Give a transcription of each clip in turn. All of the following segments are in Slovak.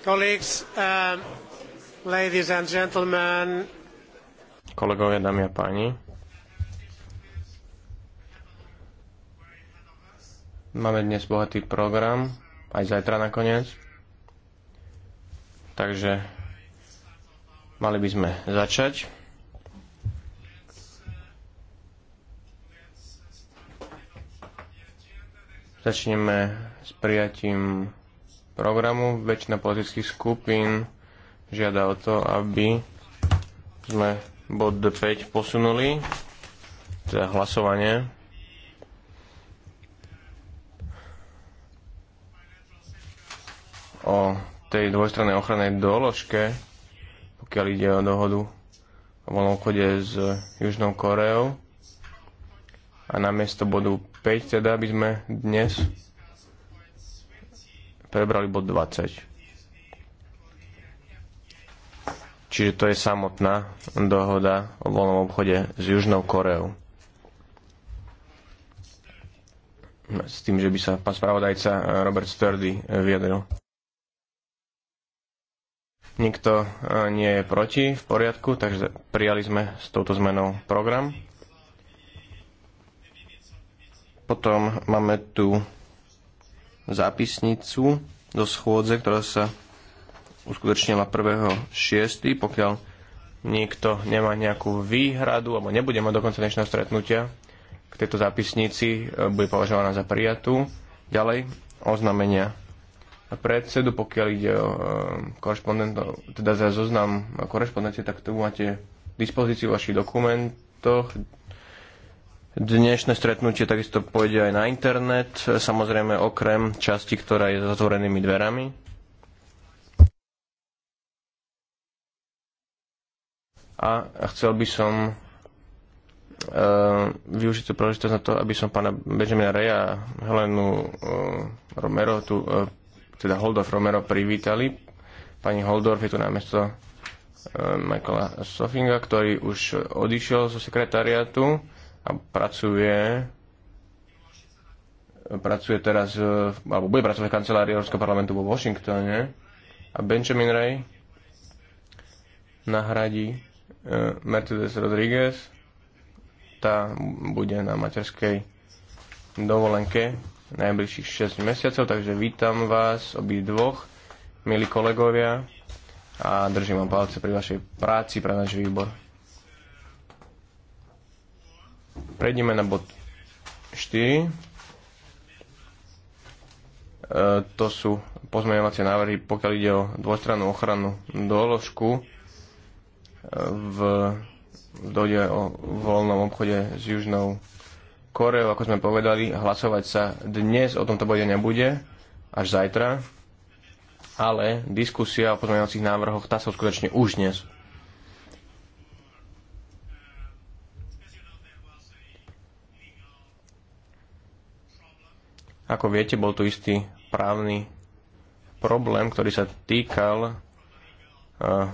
Colleagues, um, ladies and gentlemen. Kolegovia, dámy a páni. Máme dnes bohatý program, aj zajtra nakoniec. Takže mali by sme začať. Začneme s prijatím programu. Väčšina politických skupín žiada o to, aby sme bod 5 posunuli, teda hlasovanie. o tej dvojstrannej ochrannej doložke, pokiaľ ide o dohodu o voľnom chode s Južnou Koreou. A namiesto bodu 5 teda by sme dnes prebrali bod 20. Čiže to je samotná dohoda o voľnom obchode s Južnou Koreou. S tým, že by sa pán spravodajca Robert Sturdy vyjadril. Nikto e, nie je proti, v poriadku, takže prijali sme s touto zmenou program. Potom máme tu zápisnicu do schôdze, ktorá sa uskutočnila 1.6. Pokiaľ niekto nemá nejakú výhradu alebo nebude mať dokonca dnešného stretnutia k tejto zápisnici, e, bude považovaná za prijatú. Ďalej, oznámenia predsedu, pokiaľ ide o e, korešpondentov, teda za zoznam korešpondencie, tak tu máte v dispozícii vašich dokumentoch Dnešné stretnutie takisto pôjde aj na internet, samozrejme okrem časti, ktorá je s otvorenými dverami. A chcel by som e, využiť tú príležitosť na to, aby som pána Benjamina Reja, Helenu e, Romero, tu, e, teda Holdorf Romero privítali. Pani Holdorf je tu námesto Michaela Sofinga, ktorý už odišiel zo sekretariátu a pracuje pracuje teraz, alebo bude pracovať v kancelárii Európskeho parlamentu vo Washingtone a Benjamin Ray nahradí e, Mercedes Rodriguez tá bude na materskej dovolenke najbližších 6 mesiacov, takže vítam vás obi dvoch, milí kolegovia a držím vám palce pri vašej práci pre náš výbor. Prejdeme na bod 4. E, to sú pozmeňovacie návrhy, pokiaľ ide o dvojstrannú ochranu doložku e, v dojde o voľnom obchode s Južnou Koreou, ako sme povedali, hlasovať sa dnes o tomto bode nebude, až zajtra, ale diskusia o pozmeňovacích návrhoch tá sa skutočne už dnes. Ako viete, bol tu istý právny problém, ktorý sa týkal e,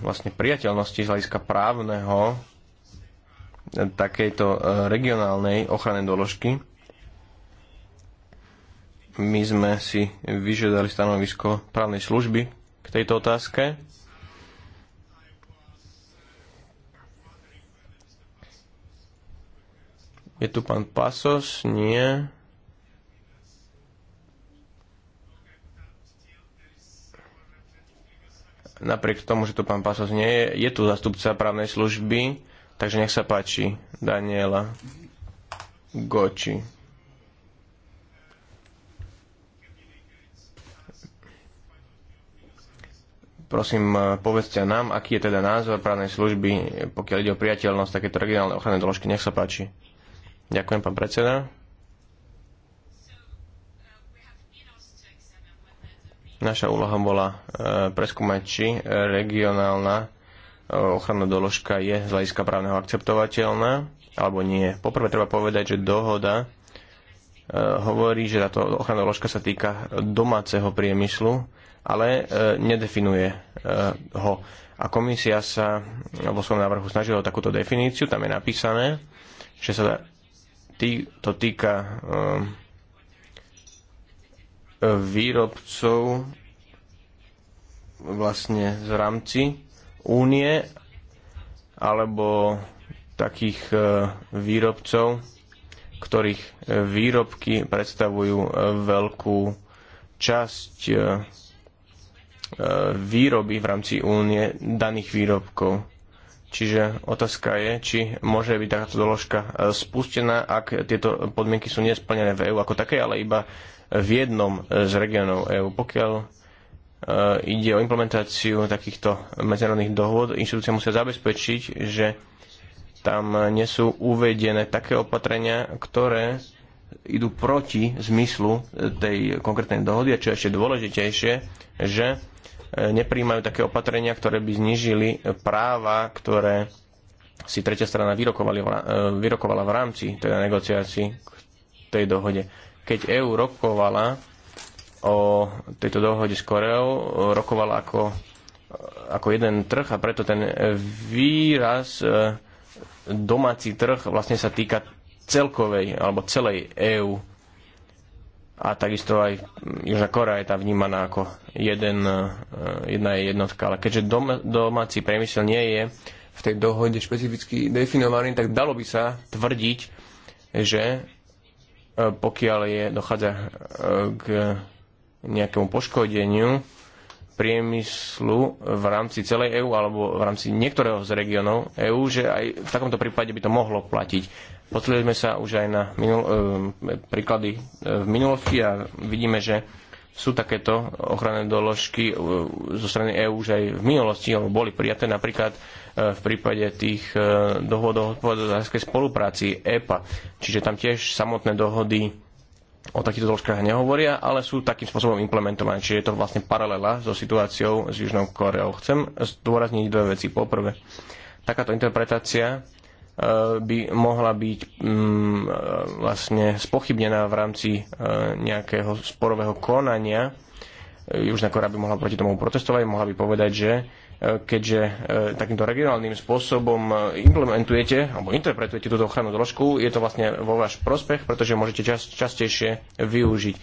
vlastne priateľnosti z hľadiska právneho takejto e, regionálnej ochrannej doložky. My sme si vyžiadali stanovisko právnej služby k tejto otázke. Je tu pán Pasos? Nie. napriek tomu, že tu pán Pasos nie je, je tu zastupca právnej služby, takže nech sa páči, Daniela Goči. Prosím, eh, povedzte nám, aký je teda názor právnej služby, eh, pokiaľ ide o priateľnosť takéto regionálnej ochranné doložky. Nech sa páči. Ďakujem, pán predseda. Naša úloha bola e, preskúmať, či e, regionálna e, ochranná doložka je z hľadiska právneho akceptovateľná alebo nie. Poprvé treba povedať, že dohoda hovorí, že táto ochranná doložka sa týka domáceho priemyslu, ale nedefinuje ho. A komisia sa vo svojom návrhu snažila o takúto definíciu, tam je napísané, že sa to týka výrobcov vlastne z rámci únie alebo takých e, výrobcov, ktorých e, výrobky predstavujú e, veľkú časť výroby v rámci únie daných výrobkov. Čiže otázka je, či môže byť takáto doložka spustená, ak tieto podmienky sú nesplnené v EÚ ako také, ale iba v jednom e, z regiónov EÚ. Pokiaľ e, ide o implementáciu takýchto medzinárodných dohôd, inštitúcie musia zabezpečiť, že tam nie sú uvedené také opatrenia, ktoré idú proti zmyslu e, tej konkrétnej dohody a čo je ešte dôležitejšie, že nepríjmajú také opatrenia, ktoré by znižili práva, ktoré si tretia strana vyrokovala, vyrokovala v rámci teda negociácií k tej dohode. Keď EÚ rokovala o tejto dohode s Koreou, rokovala ako, ako jeden trh a preto ten výraz e, domáci trh vlastne sa týka celkovej alebo celej EÚ a takisto aj Južná Korea je tam vnímaná ako jeden, e, jedna jednotka. Ale keďže dom, domáci priemysel nie je v tej dohode špecificky definovaný, tak dalo by sa tvrdiť, že pokiaľ je, dochádza e, k nejakému poškodeniu priemyslu v rámci celej EÚ alebo v rámci niektorého z regiónov EÚ, že aj v takomto prípade by to mohlo platiť. Potrebujeme sa už aj na minul- e, e, príklady v minulosti a vidíme, že sú takéto ochranné doložky e, zo strany EÚ už aj v minulosti boli prijaté napríklad e, v prípade tých e, dohod o hospodárskej spolupráci EPA. Čiže tam tiež samotné dohody o takýchto doložkách nehovoria, ale sú takým spôsobom implementované. Čiže je to vlastne paralela so situáciou s Južnou Koreou. Chcem zdôrazniť dve veci. Poprvé, takáto interpretácia Eh, by mohla byť mm, eh, vlastne spochybnená v rámci eh, nejakého sporového konania. Južná Korea by mohla proti tomu protestovať, mohla by povedať, že keďže takýmto regionálnym spôsobom implementujete alebo interpretujete túto ochrannú doložku, je to vlastne vo váš prospech, pretože môžete čas, častejšie využiť.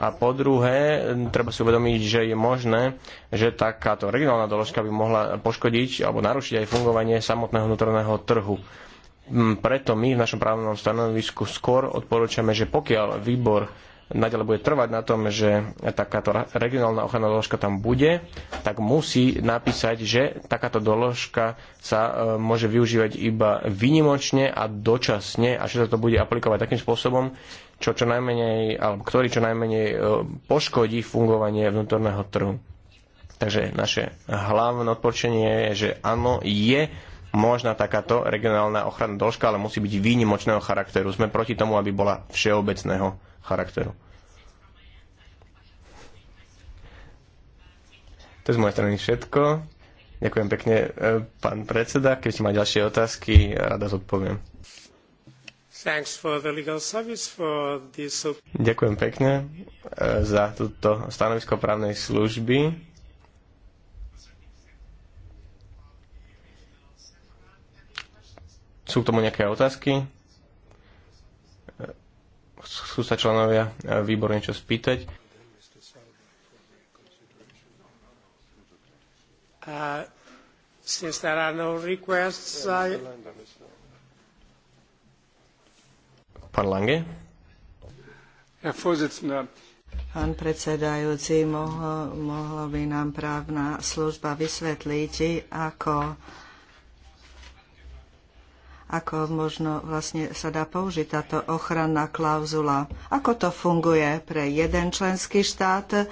A po druhé, treba si uvedomiť, že je možné, že takáto regionálna doložka by mohla poškodiť alebo narušiť aj fungovanie samotného vnútorného trhu. Mm, preto my v našom právnom stanovisku skôr odporúčame, že pokiaľ výbor naďalej bude trvať na tom, že takáto regionálna ochranná doložka tam bude, tak musí napísať, že takáto doložka sa e, môže využívať iba výnimočne a dočasne a že sa to bude aplikovať takým spôsobom, čo čo najmenej, alebo ktorý čo najmenej e, poškodí fungovanie vnútorného trhu. Takže naše hlavné odporčenie je, že áno, je možná takáto regionálna ochrana dĺžka, ale musí byť výnimočného charakteru. Sme proti tomu, aby bola všeobecného charakteru. To je z mojej strany všetko. Ďakujem pekne, e, pán predseda. Keď má ďalšie otázky, rada zodpoviem. Ďakujem pekne e, za toto stanovisko právnej služby Sú k tomu nejaké otázky? Chcú sa členovia výboru niečo spýtať? Uh, since there are no requests, I... Pán Lange? Pán predsedajúci, mohla by nám právna služba vysvetliť, ako ako možno vlastne sa dá použiť táto ochranná klauzula. Ako to funguje pre jeden členský štát? E,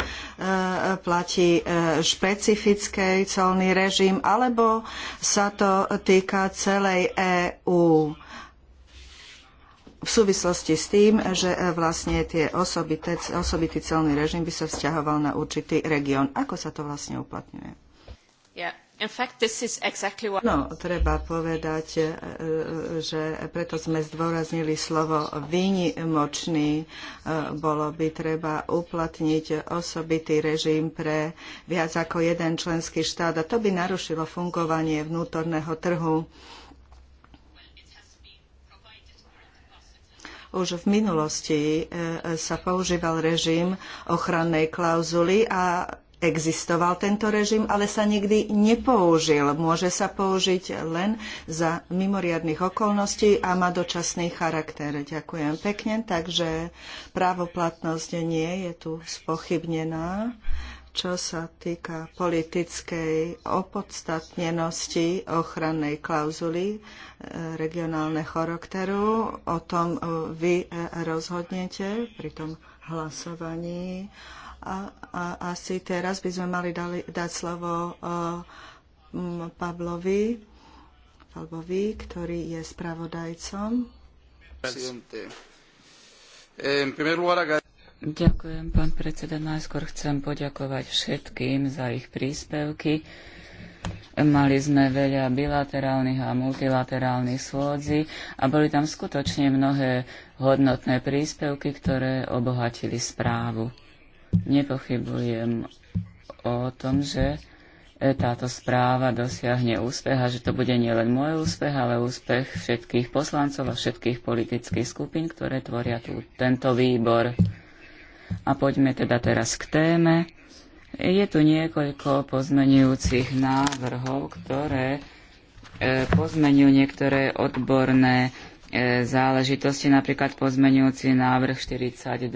platí e, špecifický colný režim, alebo sa to týka celej EÚ? v súvislosti s tým, že e, vlastne tie osobité, osobitý celný režim by sa vzťahoval na určitý región. Ako sa to vlastne uplatňuje? Yeah. No, treba povedať, e, e, že preto sme zdôraznili slovo výnimočný. E, bolo by treba uplatniť osobitý režim pre viac ako jeden členský štát a to by narušilo fungovanie vnútorného trhu. už v minulosti sa používal režim ochrannej klauzuly a existoval tento režim, ale sa nikdy nepoužil. Môže sa použiť len za mimoriadnych okolností a má dočasný charakter. Ďakujem pekne, takže právoplatnosť nie je tu spochybnená. Čo sa týka politickej opodstatnenosti ochrannej klauzuly e, regionálne charakteru, o tom e, vy e, rozhodnete pri tom hlasovaní. A, a asi teraz by sme mali dali, dať slovo uh, Pavlovi, Pavlovi, ktorý je spravodajcom. Eh, Ďakujem, pán predseda. Najskôr chcem poďakovať všetkým za ich príspevky. Mali sme veľa bilaterálnych a multilaterálnych schôdzi a boli tam skutočne mnohé hodnotné príspevky, ktoré obohatili správu. Nepochybujem o tom, že e, táto správa dosiahne úspech a že to bude nielen môj úspech, ale úspech všetkých poslancov a všetkých politických skupín, ktoré tvoria tu tento výbor. A poďme teda teraz k téme. Je tu niekoľko pozmenujúcich návrhov, ktoré e, pozmenujú niektoré odborné E, záležitosti, napríklad pozmenujúci návrh 42,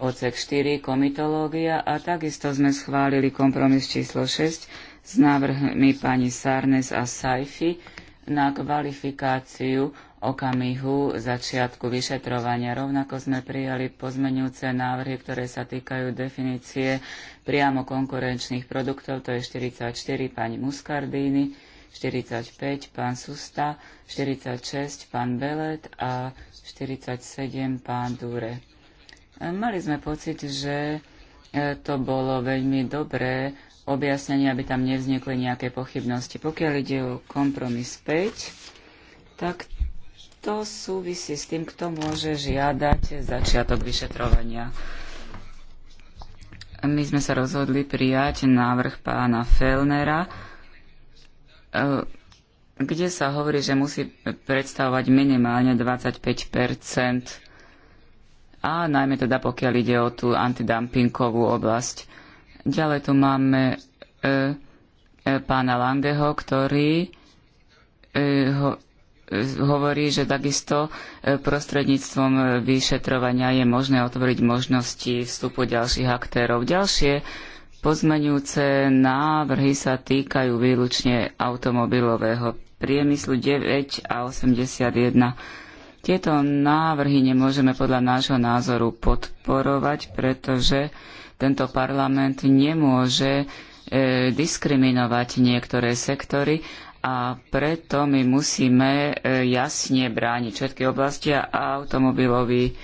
odsek 4, komitológia a takisto sme schválili kompromis číslo 6 s návrhmi pani Sarnes a Saifi na kvalifikáciu okamihu začiatku vyšetrovania. Rovnako sme prijali pozmenujúce návrhy, ktoré sa týkajú definície priamo konkurenčných produktov, to je 44 pani Muscardini, 45 pán Susta, 46 pán Belet a 47 pán Dure. E, mali sme pocit, že e, to bolo veľmi dobré objasnenie, aby tam nevznikli nejaké pochybnosti. Pokiaľ ide o kompromis 5, tak to súvisí s tým, kto môže žiadať začiatok vyšetrovania. My sme sa rozhodli prijať návrh pána Fellnera. E, kde sa hovorí, že musí predstavovať minimálne 25 a najmä teda pokiaľ ide o tú antidumpingovú oblasť. Ďalej tu máme e, e, pána Langeho, ktorý e, ho, e, hovorí, že takisto e, prostredníctvom vyšetrovania je možné otvoriť možnosti vstupu ďalších aktérov. Ďalšie Pozmeňujúce návrhy sa týkajú výlučne automobilového priemyslu 9 a 81. Tieto návrhy nemôžeme podľa nášho názoru podporovať, pretože tento parlament nemôže e, diskriminovať niektoré sektory a preto my musíme e, jasne brániť všetky oblasti a automobilový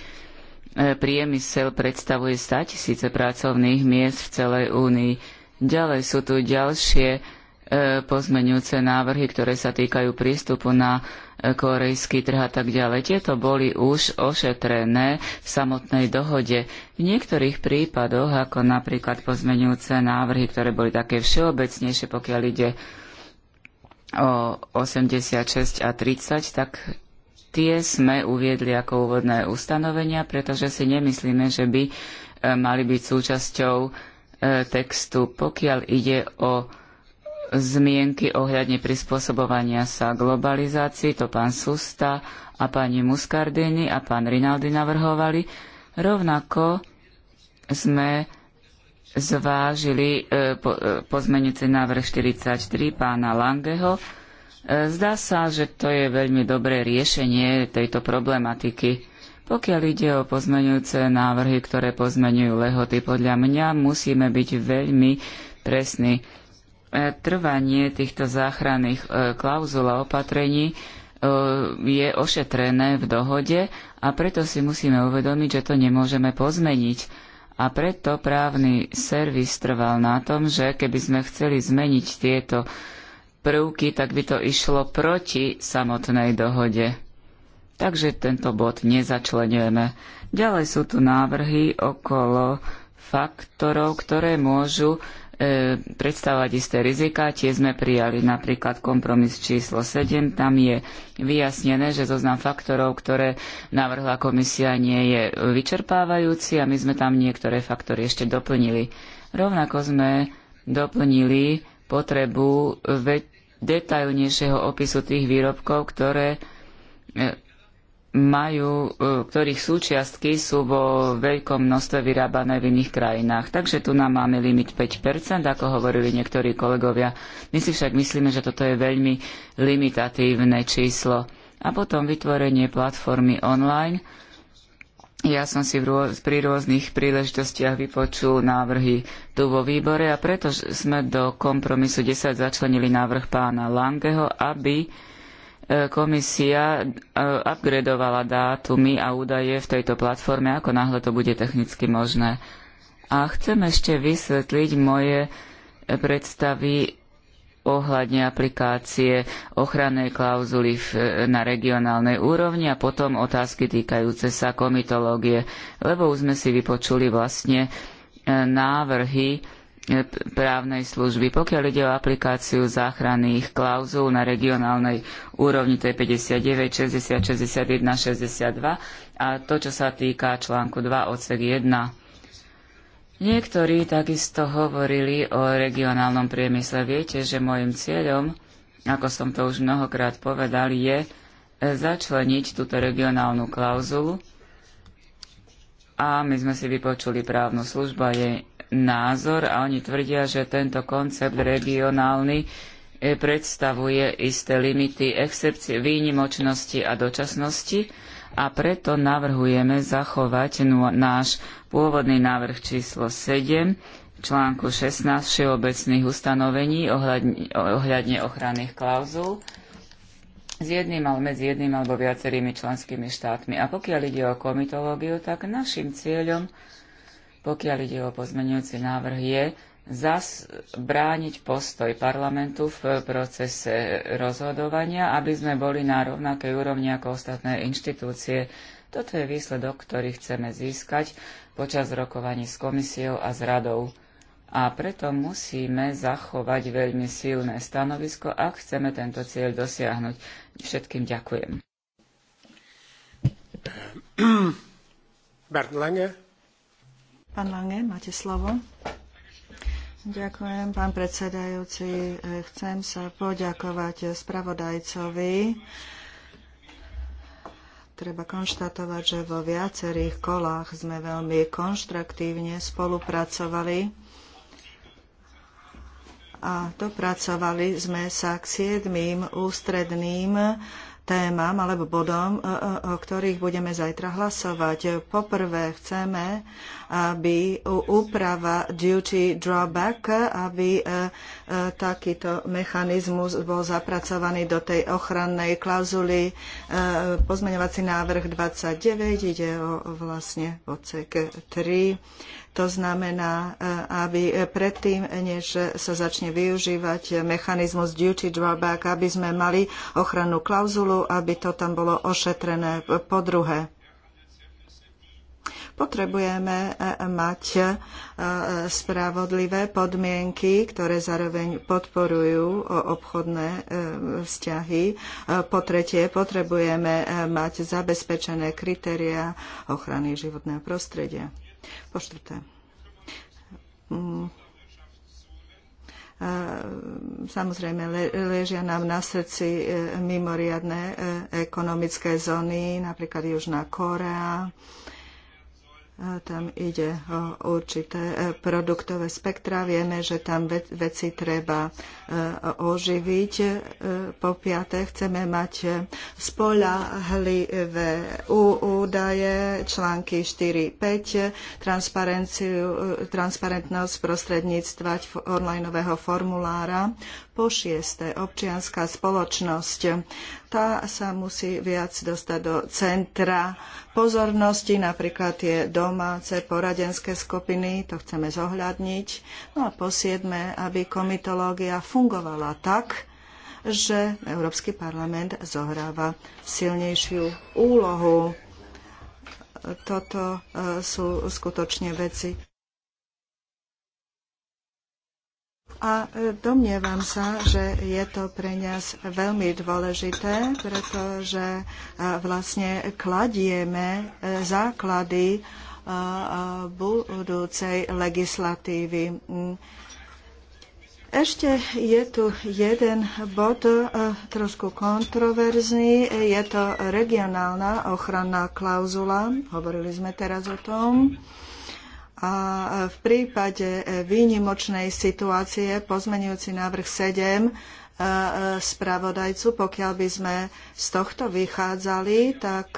priemysel predstavuje 100 tisíce pracovných miest v celej únii. Ďalej sú tu ďalšie e, pozmeňujúce návrhy, ktoré sa týkajú prístupu na e, korejský trh a tak ďalej. Tieto boli už ošetrené v samotnej dohode. V niektorých prípadoch, ako napríklad pozmeňujúce návrhy, ktoré boli také všeobecnejšie, pokiaľ ide o 86 a 30, tak tie sme uviedli ako úvodné ustanovenia, pretože si nemyslíme, že by e, mali byť súčasťou e, textu, pokiaľ ide o zmienky ohľadne prispôsobovania sa globalizácii, to pán Susta a pani Muscardini a pán Rinaldi navrhovali. Rovnako sme zvážili e, pozmenici návrh 43 pána Langeho, Zdá sa, že to je veľmi dobré riešenie tejto problematiky. Pokiaľ ide o pozmeňujúce návrhy, ktoré pozmeňujú lehoty, podľa mňa musíme byť veľmi presní. E, trvanie týchto záchranných e, klauzul a opatrení e, je ošetrené v dohode a preto si musíme uvedomiť, že to nemôžeme pozmeniť. A preto právny servis trval na tom, že keby sme chceli zmeniť tieto prvky, tak by to išlo proti samotnej dohode. Takže tento bod nezačlenujeme. Ďalej sú tu návrhy okolo faktorov, ktoré môžu e, predstavovať isté rizika. Tie sme prijali napríklad kompromis číslo 7. Tam je vyjasnené, že zoznam faktorov, ktoré navrhla komisia, nie je vyčerpávajúci a my sme tam niektoré faktory ešte doplnili. Rovnako sme doplnili potrebu väč- detailnejšieho opisu tých výrobkov, ktoré e, majú, e, ktorých súčiastky sú vo veľkom množstve vyrábané v iných krajinách. Takže tu nám máme limit 5%, ako hovorili niektorí kolegovia. My si však myslíme, že toto je veľmi limitatívne číslo. A potom vytvorenie platformy online, ja som si rôz, pri rôznych príležitostiach vypočul návrhy tu vo výbore a preto sme do kompromisu 10 začlenili návrh pána Langeho, aby e, komisia e, upgradovala dátumy a údaje v tejto platforme, ako náhle to bude technicky možné. A chcem ešte vysvetliť moje e, predstavy ohľadne aplikácie ochrannej klauzuly na regionálnej úrovni a potom otázky týkajúce sa komitológie, lebo už sme si vypočuli vlastne e, návrhy e, právnej služby. Pokiaľ ide o aplikáciu záchranných klauzul na regionálnej úrovni, to je 59, 60, 61, 62 a to, čo sa týka článku 2 odsek 1 Niektorí takisto hovorili o regionálnom priemysle. Viete, že môjim cieľom, ako som to už mnohokrát povedal, je e, začleniť túto regionálnu klauzulu. A my sme si vypočuli právnu službu a jej názor a oni tvrdia, že tento koncept regionálny e, predstavuje isté limity excepcie, výnimočnosti a dočasnosti a preto navrhujeme zachovať náš pôvodný návrh číslo 7 článku 16 všeobecných ustanovení ohľadne, ohľadne ochranných klauzul s jedným, medzi jedným alebo viacerými členskými štátmi. A pokiaľ ide o komitológiu, tak našim cieľom, pokiaľ ide o pozmenujúci návrh, je zas brániť postoj parlamentu v procese rozhodovania, aby sme boli na rovnakej úrovni ako ostatné inštitúcie. Toto je výsledok, ktorý chceme získať počas rokovaní s komisiou a s radou. A preto musíme zachovať veľmi silné stanovisko, ak chceme tento cieľ dosiahnuť. Všetkým ďakujem. Bert Lange. Pán Lange, máte slovo. Ďakujem, pán predsedajúci. Chcem sa poďakovať spravodajcovi. Treba konštatovať, že vo viacerých kolách sme veľmi konštruktívne spolupracovali a dopracovali sme sa k siedmým ústredným témam alebo bodom, e, e, o ktorých budeme zajtra hlasovať. Poprvé chceme, aby úprava duty drawback, aby e, takýto mechanizmus bol zapracovaný do tej ochrannej klauzuly. Pozmeňovací návrh 29 ide o vlastne odsek 3 to znamená, e, aby predtým, než sa začne využívať mechanizmus duty drawback, aby sme mali ochrannú klauzulu, aby to tam bolo ošetrené po druhé potrebujeme e, mať e, spravodlivé podmienky, ktoré zároveň podporujú obchodné vzťahy. Po tretie, potrebujeme mať zabezpečené kritéria ochrany životného prostredia. Po štvrté, mm. samozrejme ležia nám na srdci e, mimoriadne e, ekonomické zóny, napríklad Južná Korea. Tam ide o určité e, produktové spektra. Vieme, že tam veci treba Eh, oživiť. Eh, po piaté chceme mať eh, spolahlivé údaje, články 4, 5, transparentnosť prostredníctva onlineového formulára. Po šieste, občianská spoločnosť. Tá sa musí viac dostať do centra pozornosti, napríklad tie domáce poradenské skupiny, to chceme zohľadniť. No a po siedme, aby komitológia fungovala fungovala tak, že Európsky parlament zohráva silnejšiu úlohu. Toto e, sú skutočne veci. A e, domnievam sa, že je to pre nás veľmi dôležité, pretože e, vlastne kladieme základy budúcej legislatívy ešte je tu jeden bod e, trošku kontroverzný. Je to regionálna ochranná klauzula. Hovorili sme teraz o tom. A e, v prípade e, výnimočnej situácie pozmenujúci návrh 7 spravodajcu, pokiaľ by sme z tohto vychádzali, tak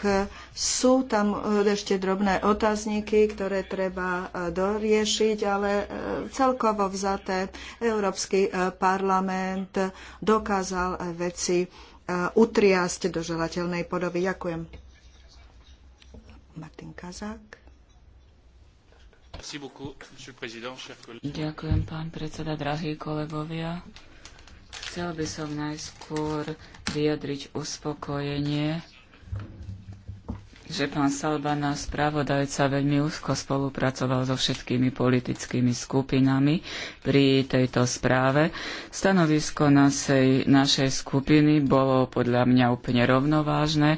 sú tam e, ešte drobné otázniky, ktoré treba e, doriešiť, ale e, celkovo vzaté Európsky parlament dokázal veci utriasť do želateľnej podoby. Ďakujem. Martin Kazák. Ďakujem, pán predseda, drahí kolegovia. Chcel by som najskôr vyjadriť uspokojenie, že pán Salbana, spravodajca, veľmi úzko spolupracoval so všetkými politickými skupinami pri tejto správe. Stanovisko nasej, našej skupiny bolo podľa mňa úplne rovnovážne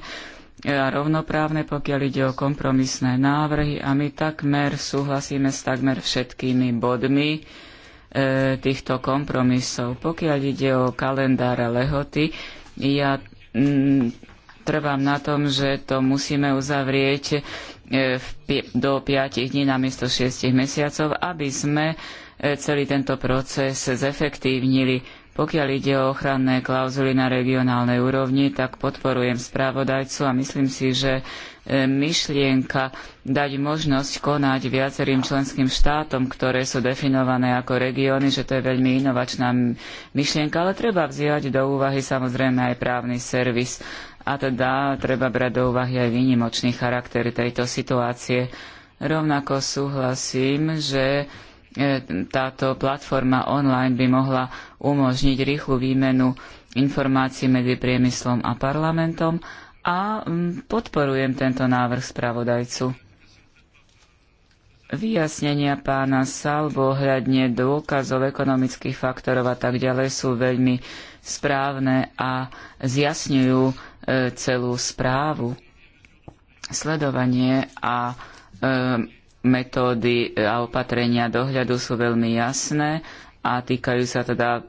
a rovnoprávne, pokiaľ ide o kompromisné návrhy a my takmer súhlasíme s takmer všetkými bodmi, E, týchto kompromisov. Pokiaľ ide o kalendára lehoty, ja m, mm, trvám na tom, že to musíme uzavrieť e, v, do 5 dní namiesto 6 mesiacov, aby sme e, celý tento proces zefektívnili pokiaľ ide o ochranné klauzuly na regionálnej úrovni, tak podporujem správodajcu a myslím si, že e, myšlienka dať možnosť konať viacerým členským štátom, ktoré sú definované ako regióny, že to je veľmi inovačná myšlienka, ale treba vziať do úvahy samozrejme aj právny servis a teda treba brať do úvahy aj výnimočný charakter tejto situácie. Rovnako súhlasím, že E, táto platforma online by mohla umožniť rýchlu výmenu informácií medzi priemyslom a parlamentom a mm, podporujem tento návrh spravodajcu. Vyjasnenia pána Salvo hľadne dôkazov ekonomických faktorov a tak ďalej sú veľmi správne a zjasňujú e, celú správu. Sledovanie a e, metódy e, a opatrenia dohľadu sú veľmi jasné a týkajú sa teda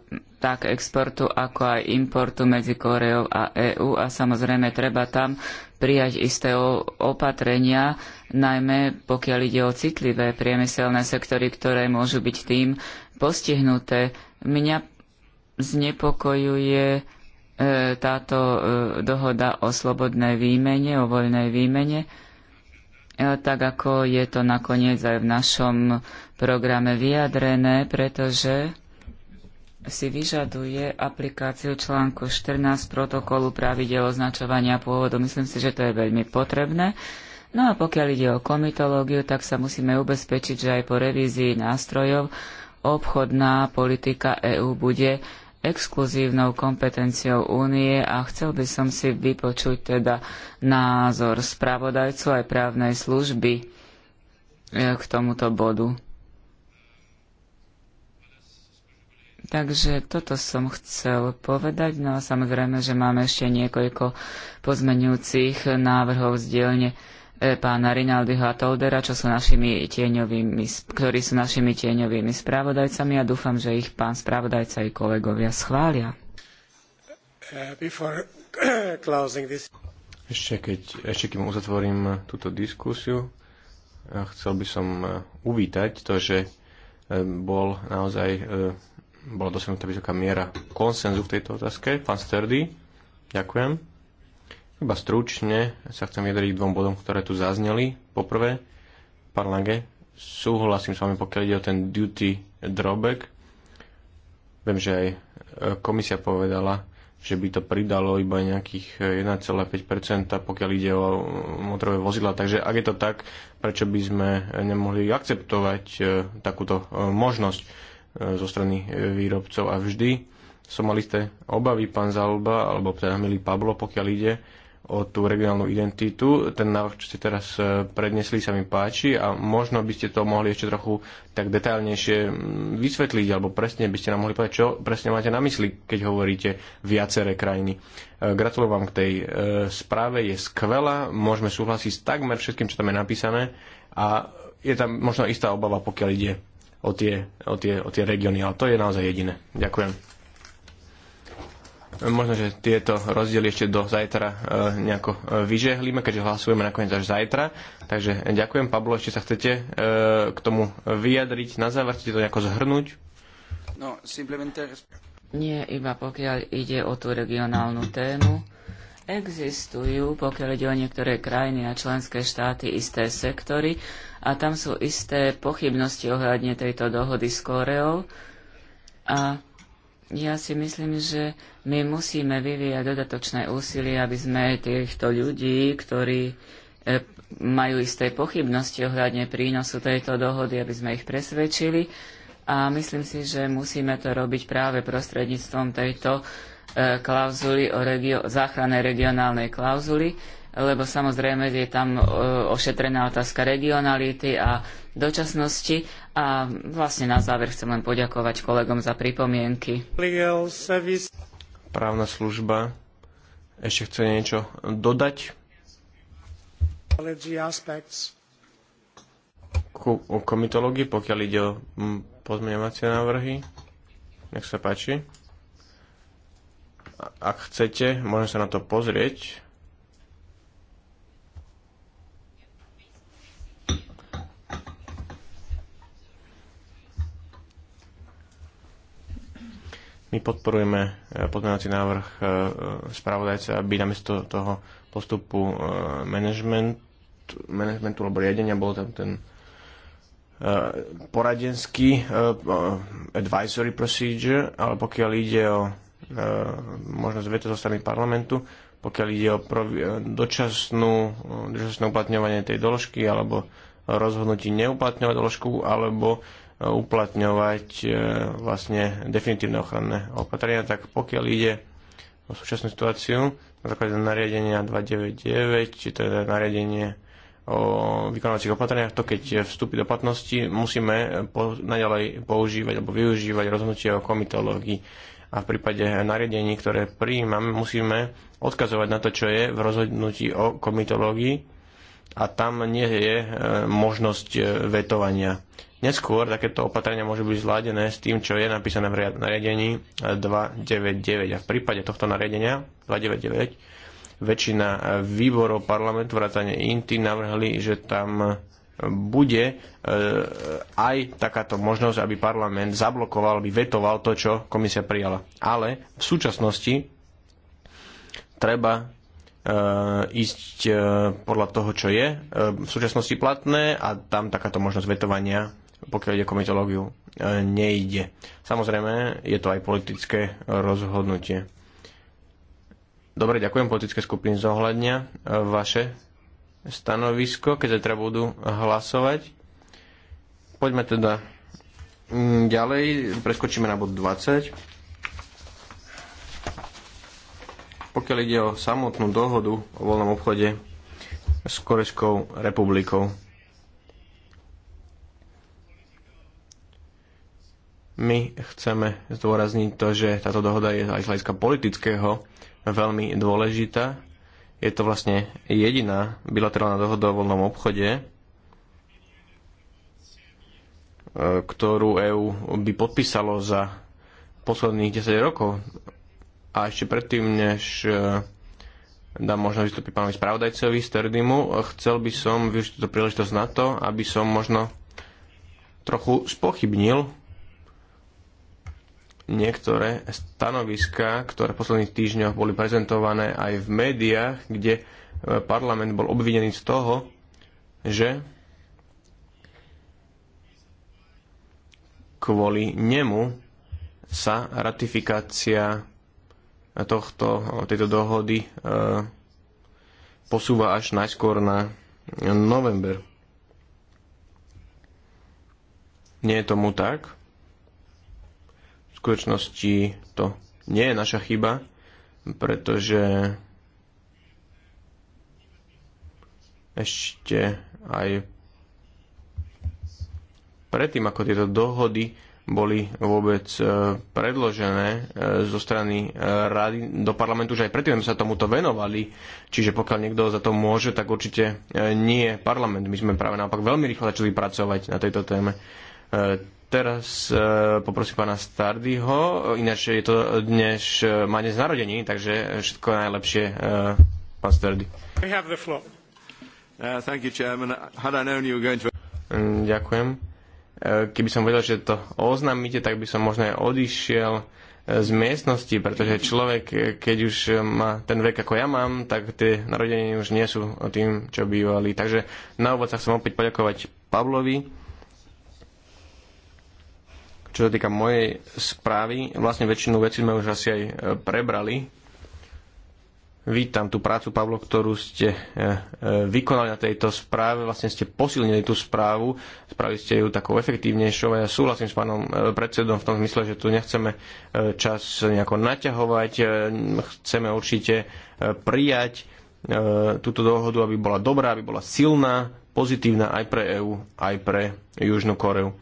tak exportu, ako aj importu medzi Kóreou a EÚ a samozrejme treba tam prijať isté opatrenia, najmä pokiaľ ide o citlivé priemyselné sektory, ktoré môžu byť tým postihnuté. Mňa znepokojuje e, táto e, dohoda o slobodnej výmene, o voľnej výmene, E, tak ako je to nakoniec aj v našom programe vyjadrené, pretože si vyžaduje aplikáciu článku 14 protokolu pravidel označovania pôvodu. Myslím si, že to je veľmi potrebné. No a pokiaľ ide o komitológiu, tak sa musíme ubezpečiť, že aj po revízii nástrojov obchodná politika EÚ bude exkluzívnou kompetenciou únie a chcel by som si vypočuť teda názor spravodajcu aj právnej služby eh, k tomuto bodu. Takže toto som chcel povedať. No a samozrejme, že máme ešte niekoľko pozmenujúcich návrhov z dielne pána Rinaldiho a Toldera, čo sú našimi tieňovými, ktorí sú našimi tieňovými spravodajcami a dúfam, že ich pán spravodajca i kolegovia schvália. Ešte, keď, ešte kým uzatvorím túto diskusiu, eh, chcel by som eh, uvítať to, že eh, bol naozaj bola dosiahnutá vysoká miera konsenzu v tejto otázke. Pán Sterdy, ďakujem. Iba stručne sa chcem vyjadriť k dvom bodom, ktoré tu zazneli. Poprvé, pán Lange, súhlasím s vami, pokiaľ ide o ten duty drawback. Viem, že aj e, komisia povedala, že by to pridalo iba nejakých 1,5%, e, pokiaľ ide o mm, motorové vozidla. Takže ak je to tak, prečo by sme nemohli akceptovať e, takúto možnosť zo strany výrobcov a vždy som mal isté obavy, pán Zalba, alebo teda milý Pablo, pokiaľ ide o tú regionálnu identitu. Ten návrh, čo ste teraz e, prednesli, sa mi páči a možno by ste to mohli ešte trochu tak detailnejšie vysvetliť, alebo presne by ste nám mohli povedať, čo presne máte na mysli, keď hovoríte viaceré krajiny. E, gratulujem vám k tej e, správe, je skvelá, môžeme súhlasiť s takmer všetkým, čo tam je napísané a je tam možno istá obava, pokiaľ ide o tie, o tie, o tie regióny, ale to je naozaj jediné. Ďakujem. Možno, že tieto rozdiely ešte do zajtra e, nejako e, vyžehlíme, keďže hlasujeme nakoniec až zajtra. Takže ďakujem. Pablo, ešte sa chcete e, k tomu vyjadriť na záver? Chcete to nejako zhrnúť? No, simplemente... Nie, iba pokiaľ ide o tú regionálnu tému. Existujú, pokiaľ ide o niektoré krajiny a členské štáty, isté sektory a tam sú isté pochybnosti ohľadne tejto dohody s Koreou. A ja si myslím, že my musíme vyvíjať dodatočné úsilie, aby sme týchto ľudí, ktorí e, majú isté pochybnosti ohľadne prínosu tejto dohody, aby sme ich presvedčili. A myslím si, že musíme to robiť práve prostredníctvom tejto e, klauzuly o regio- záchrane regionálnej klauzuly, lebo samozrejme je tam e, ošetrená otázka regionality a dočasnosti. A vlastne na záver chcem len poďakovať kolegom za pripomienky. Právna služba. Ešte chce niečo dodať? Ku, o komitológii, pokiaľ ide o pozmeňovacie návrhy. Nech sa páči. Ak chcete, môžem sa na to pozrieť. My podporujeme e, pozmeňovací návrh e, e, spravodajca, aby namiesto toho postupu management, managementu alebo riadenia bol tam ten poradenský advisory procedure, ale pokiaľ ide o možnosť veto zo strany parlamentu, pokiaľ ide o dočasnú, dočasné uplatňovanie tej doložky alebo rozhodnutí neuplatňovať doložku alebo uplatňovať e, vlastne definitívne ochranné opatrenia, tak pokiaľ ide o súčasnú situáciu na základe nariadenia 299, či teda nariadenie o vykonávacích opatreniach, to keď vstúpi do platnosti, musíme po, naďalej používať alebo využívať rozhodnutie o komitológii. A v prípade nariadení, ktoré prijímame, musíme odkazovať na to, čo je v rozhodnutí o komitológii a tam nie je e, možnosť e, vetovania. Neskôr takéto opatrenia môžu byť zladené s tým, čo je napísané v nariadení 299. A v prípade tohto nariadenia 299 väčšina výborov parlamentu vrátane InTI navrhli, že tam bude e, aj takáto možnosť, aby parlament zablokoval, aby vetoval to, čo komisia prijala. Ale v súčasnosti treba e, ísť e, podľa toho, čo je v súčasnosti platné a tam takáto možnosť vetovania pokiaľ ide komitológiu, e, nejde. Samozrejme, je to aj politické rozhodnutie. Dobre, ďakujem. Politické skupiny zohľadňa e, vaše stanovisko, keď teda budú hlasovať. Poďme teda mm, ďalej, preskočíme na bod 20. Pokiaľ ide o samotnú dohodu o voľnom obchode s Korejskou republikou. My chceme zdôrazniť to, že táto dohoda je aj z hľadiska politického veľmi dôležitá. Je to vlastne jediná bilaterálna dohoda o voľnom obchode, e, ktorú EÚ by podpísalo za posledných 10 rokov. A ešte predtým, než e, dám možno vystúpiť pánovi spravodajcovi Sterdimu, chcel by som využiť túto príležitosť na to, aby som možno trochu spochybnil niektoré stanoviská, ktoré v posledných týždňoch boli prezentované aj v médiách, kde e, parlament bol obvinený z toho, že kvôli nemu sa ratifikácia tohto, tejto dohody e, posúva až najskôr na november. Nie je tomu tak skutočnosti to nie je naša chyba, pretože ešte aj predtým, ako tieto dohody boli vôbec e, predložené e, zo strany e, rady do parlamentu, že aj predtým sa tomuto venovali. Čiže pokiaľ niekto za to môže, tak určite nie parlament. My sme práve naopak veľmi rýchlo začali pracovať na tejto téme. E, teraz e, poprosím pána Stardyho, ináč je to dnes, e, má dnes narodení, takže všetko najlepšie, pán Stardy. Uh, mm, ďakujem. Keby som vedel, že to oznámite, tak by som možno aj odišiel z miestnosti, pretože človek, keď už má ten vek, ako ja mám, tak tie narodeniny už nie sú tým, čo bývali. Takže na úvod sa chcem opäť poďakovať Pavlovi čo sa týka mojej správy, vlastne väčšinu vecí sme už asi aj e, prebrali. Vítam tú prácu, Pavlo, ktorú ste e, e, vykonali na tejto správe. Vlastne ste posilnili tú správu, spravili ste ju takou efektívnejšou a ja súhlasím s pánom predsedom v tom zmysle, že tu nechceme čas nejako naťahovať, chceme určite prijať túto dohodu, aby bola dobrá, aby bola silná, pozitívna aj pre EÚ, aj pre Južnú Koreu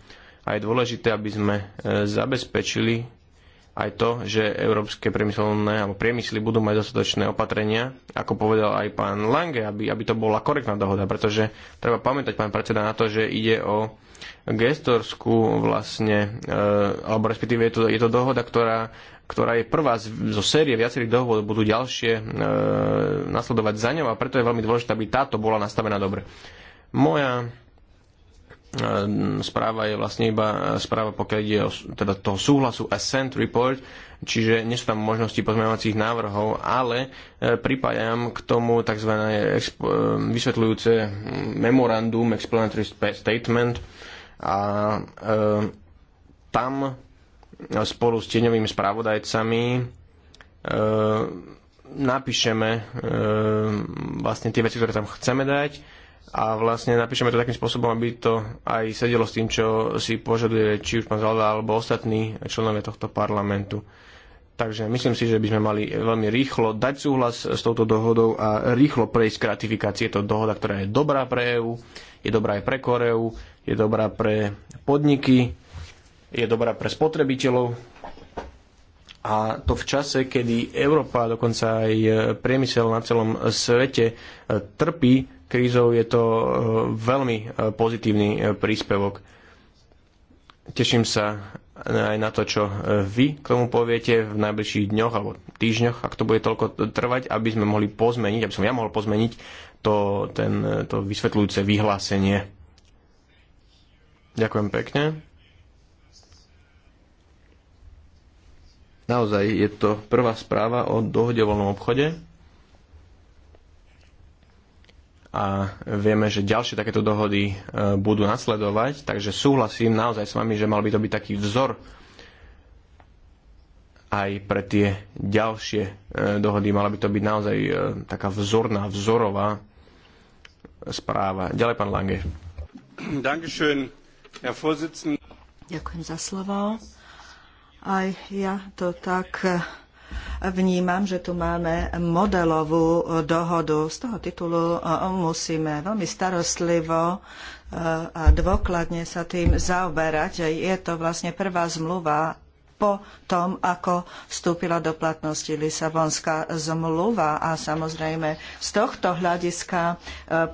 a je dôležité, aby sme e, zabezpečili aj to, že európske priemyselné alebo priemysly budú mať dostatočné opatrenia, ako povedal aj pán Lange, aby, aby to bola korektná dohoda, pretože treba pamätať, pán predseda, na to, že ide o gestorskú vlastne, e, alebo respektíve je to, je to dohoda, ktorá ktorá je prvá z, zo série viacerých dohôd, budú ďalšie e, nasledovať za ňou a preto je veľmi dôležité, aby táto bola nastavená dobre. Moja Ehm, správa je vlastne iba eh, správa, pokiaľ ide o teda toho súhlasu Ascent report, čiže nie sú tam možnosti pozmeňovacích návrhov, ale eh, pripájam k tomu tzv. Ehm, vysvetľujúce hm, memorandum, explanatory statement a ehm, tam eh, spolu s tieňovými správodajcami napíšeme vlastne tie veci, ktoré tam chceme dať a vlastne napíšeme to takým spôsobom, aby to aj sedelo s tým, čo si požaduje či už pán Zalda alebo ostatní členovia tohto parlamentu. Takže myslím si, že by sme mali veľmi rýchlo dať súhlas s touto dohodou a rýchlo prejsť k ratifikácii. Je to dohoda, ktorá je dobrá pre EÚ, je dobrá aj pre Koreu, e je dobrá pre podniky, je dobrá pre spotrebiteľov a to v čase, kedy Európa, dokonca aj priemysel na celom svete trpí krízou je to e, veľmi e, pozitívny e, príspevok. Teším sa aj na to, čo vy k tomu poviete v najbližších dňoch alebo týždňoch, ak to bude toľko trvať, aby sme mohli pozmeniť, aby som ja mohol pozmeniť to, ten, to vysvetľujúce vyhlásenie. Ďakujem pekne. Naozaj je to prvá správa o dohode o voľnom obchode a vieme, že ďalšie takéto dohody e, budú nasledovať, takže súhlasím naozaj s vami, že mal by to byť taký vzor aj pre tie ďalšie e, dohody. Mala by to byť naozaj e, taká vzorná, vzorová správa. Ďalej, pán Lange. Ďakujem za slovo. Aj ja to tak Vnímam, že tu máme modelovú dohodu. Z toho titulu e, musíme veľmi starostlivo e, a dôkladne sa tým zaoberať. Je to vlastne prvá zmluva po tom, ako vstúpila do platnosti Lisabonská zmluva a samozrejme z tohto hľadiska e,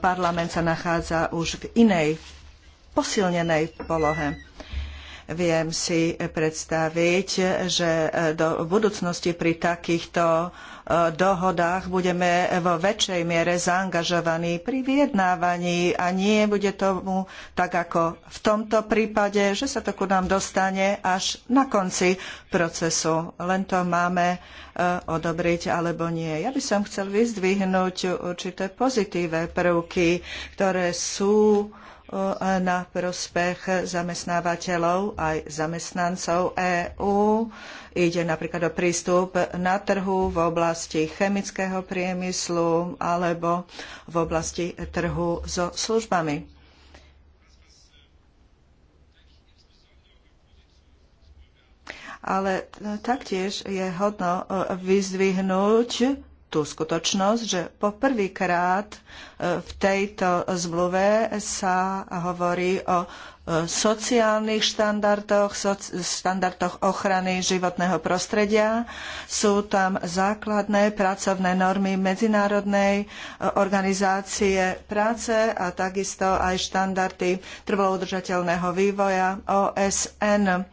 parlament sa nachádza už v inej posilnenej polohe. Viem si predstaviť, že e, do budúcnosti pri takýchto e, dohodách budeme vo väčšej miere zaangažovaní pri vyjednávaní a nie bude tomu tak ako v tomto prípade, že sa to ku nám dostane až na konci procesu. Len to máme e, odobriť alebo nie. Ja by som chcel vyzdvihnúť určité pozitívne prvky, ktoré sú na prospech zamestnávateľov aj zamestnancov EÚ. Ide napríklad o prístup na trhu v oblasti chemického priemyslu alebo v oblasti trhu so službami. Ale taktiež je hodno e, vyzdvihnúť tú skutočnosť, že po prvýkrát e, v tejto zmluve sa hovorí o e, sociálnych štandardoch, štandardoch ochrany životného prostredia. Sú tam základné pracovné normy Medzinárodnej e, organizácie práce a takisto aj štandardy trvalo udržateľného vývoja OSN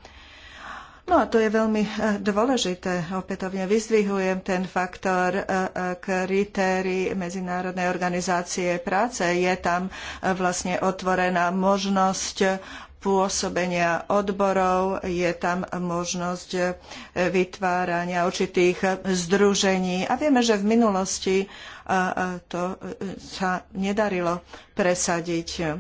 No a to je veľmi eh, dôležité. Opätovne vyzdvihujem ten faktor eh, eh, kritérií Medzinárodnej organizácie práce. Je tam vlastne otvorená možnosť pôsobenia odborov, je tam možnosť vytvárania určitých združení. A vieme, že v minulosti to sa nedarilo presadiť.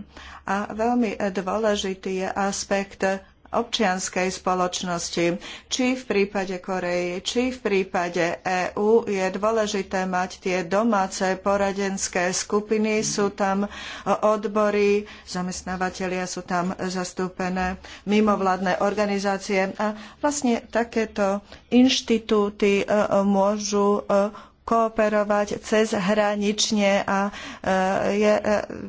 A veľmi dôležitý je aspekt občianskej spoločnosti. Či v prípade Koreji, či v prípade EÚ je dôležité mať tie domáce poradenské skupiny, sú tam odbory, zamestnávateľia sú tam zastúpené, mimovládne organizácie a vlastne takéto inštitúty e, e, môžu e, kooperovať cez hranične a e, je e,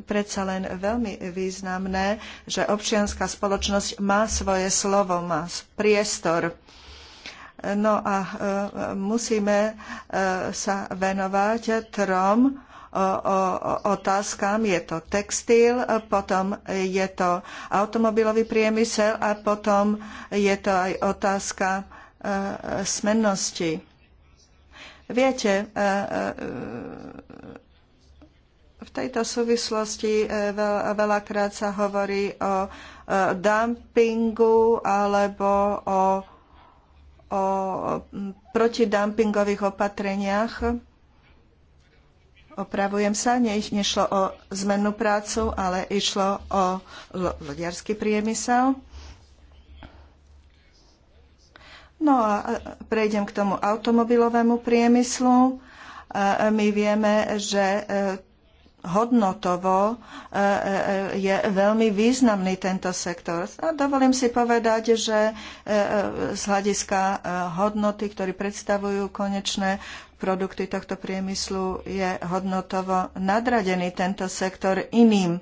predsa len veľmi významné, že občianská spoločnosť má svoje slovo, má priestor. No a e, musíme sa venovať trom otázkam. Je to textil, potom je to automobilový priemysel a potom je to aj otázka smennosti Viete, e, e, v tejto súvislosti e, veľakrát sa hovorí o dumpingu alebo o, o protidumpingových opatreniach. Opravujem sa, ne, nešlo o zmennú prácu, ale išlo o lodiarský priemysel. No a prejdem k tomu automobilovému priemyslu. My vieme, že e, hodnotovo e, e, je veľmi významný tento sektor. A dovolím si povedať, že z hľadiska hodnoty, ktorý predstavujú konečné produkty tohto priemyslu, je hodnotovo nadradený tento sektor iným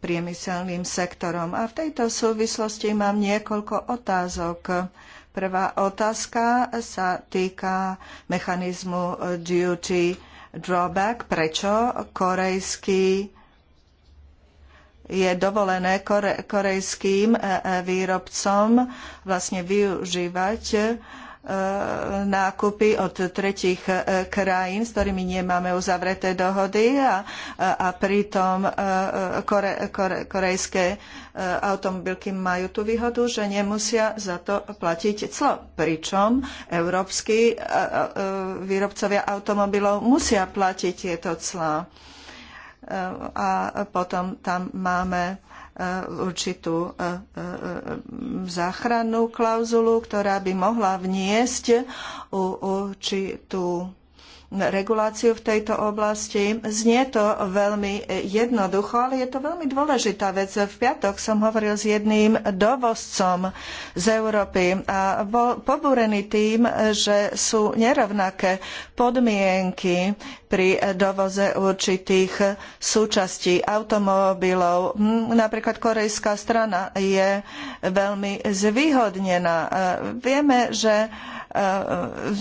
priemyselným sektorom. A v tejto súvislosti mám niekoľko otázok Prvá otázka sa týka mechanizmu duty drawback. Prečo korejský je dovolené korejským e, e, výrobcom vlastne využívať nákupy od tretich e, krajín, s ktorými nemáme uzavreté dohody a, a, pritom e, e, kore, kore, korejské automobilky majú tú výhodu, že nemusia za to platiť clo. Pričom európski výrobcovia automobilov musia platiť tieto clá. A potom tam máme E, určitú e, e, záchrannú klauzulu, ktorá by mohla vniesť určitú reguláciu v tejto oblasti. Znie to veľmi jednoducho, ale je to veľmi dôležitá vec. V piatok som hovoril s jedným dovozcom z Európy a bol pobúrený tým, že sú nerovnaké podmienky pri dovoze určitých súčastí automobilov. Napríklad korejská strana je veľmi zvýhodnená. Vieme, že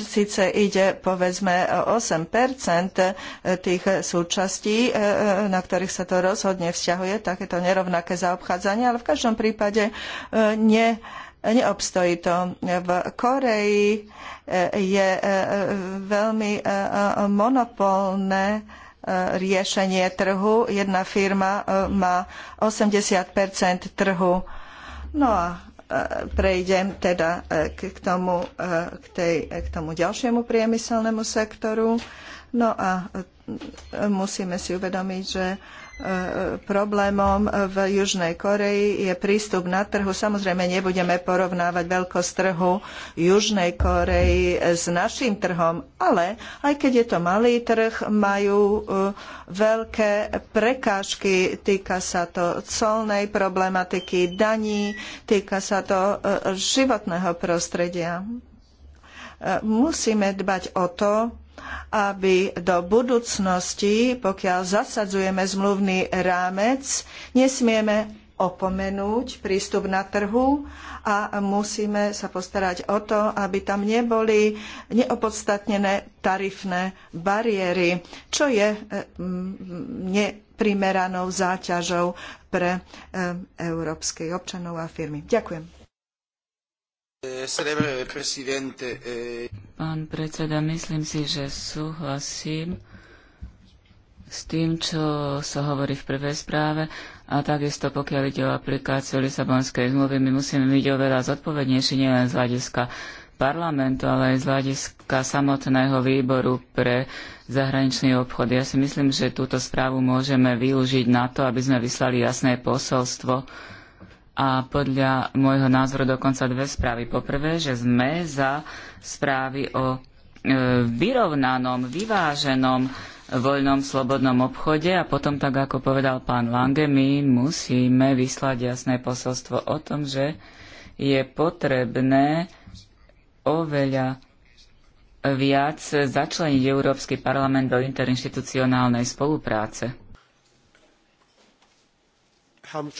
síce ide povedzme 8 tých súčastí, na ktorých sa to rozhodne vzťahuje, takéto nerovnaké zaobchádzanie, ale v každom prípade ne, neobstojí to. V Koreji e, je e, veľmi e, monopolné riešenie trhu. Jedna firma má 80 trhu. No a E, prejdem teda e, k tomu, e, k, tej, k tomu ďalšiemu priemyselnému sektoru. No a musíme si uvedomiť, že problémom v Južnej Koreji je prístup na trhu. Samozrejme, nebudeme porovnávať veľkosť trhu Južnej Koreji s naším trhom, ale aj keď je to malý trh, majú e, veľké prekážky. Týka sa to colnej problematiky, daní, týka sa to e, životného prostredia. E, musíme dbať o to, aby do budúcnosti, pokiaľ zasadzujeme zmluvný rámec, nesmieme opomenúť prístup na trhu a musíme sa postarať o to, aby tam neboli neopodstatnené tarifné bariéry, čo je e, neprimeranou záťažou pre e, európskych občanov a firmy. Ďakujem. Eh, eh, eh. Pán predseda, myslím si, že súhlasím s tým, čo sa hovorí v prvej správe a takisto pokiaľ ide o aplikáciu Lisabonskej zmluvy, my musíme byť oveľa zodpovednejší nielen z hľadiska parlamentu, ale aj z hľadiska samotného výboru pre zahraničný obchod. Ja si myslím, že túto správu môžeme využiť na to, aby sme vyslali jasné posolstvo a podľa môjho názoru dokonca dve správy. Poprvé, že sme za správy o e, vyrovnanom, vyváženom voľnom slobodnom obchode a potom, tak ako povedal pán Lange, my musíme vyslať jasné posolstvo o tom, že je potrebné oveľa viac začleniť Európsky parlament do interinštitucionálnej spolupráce. Helmut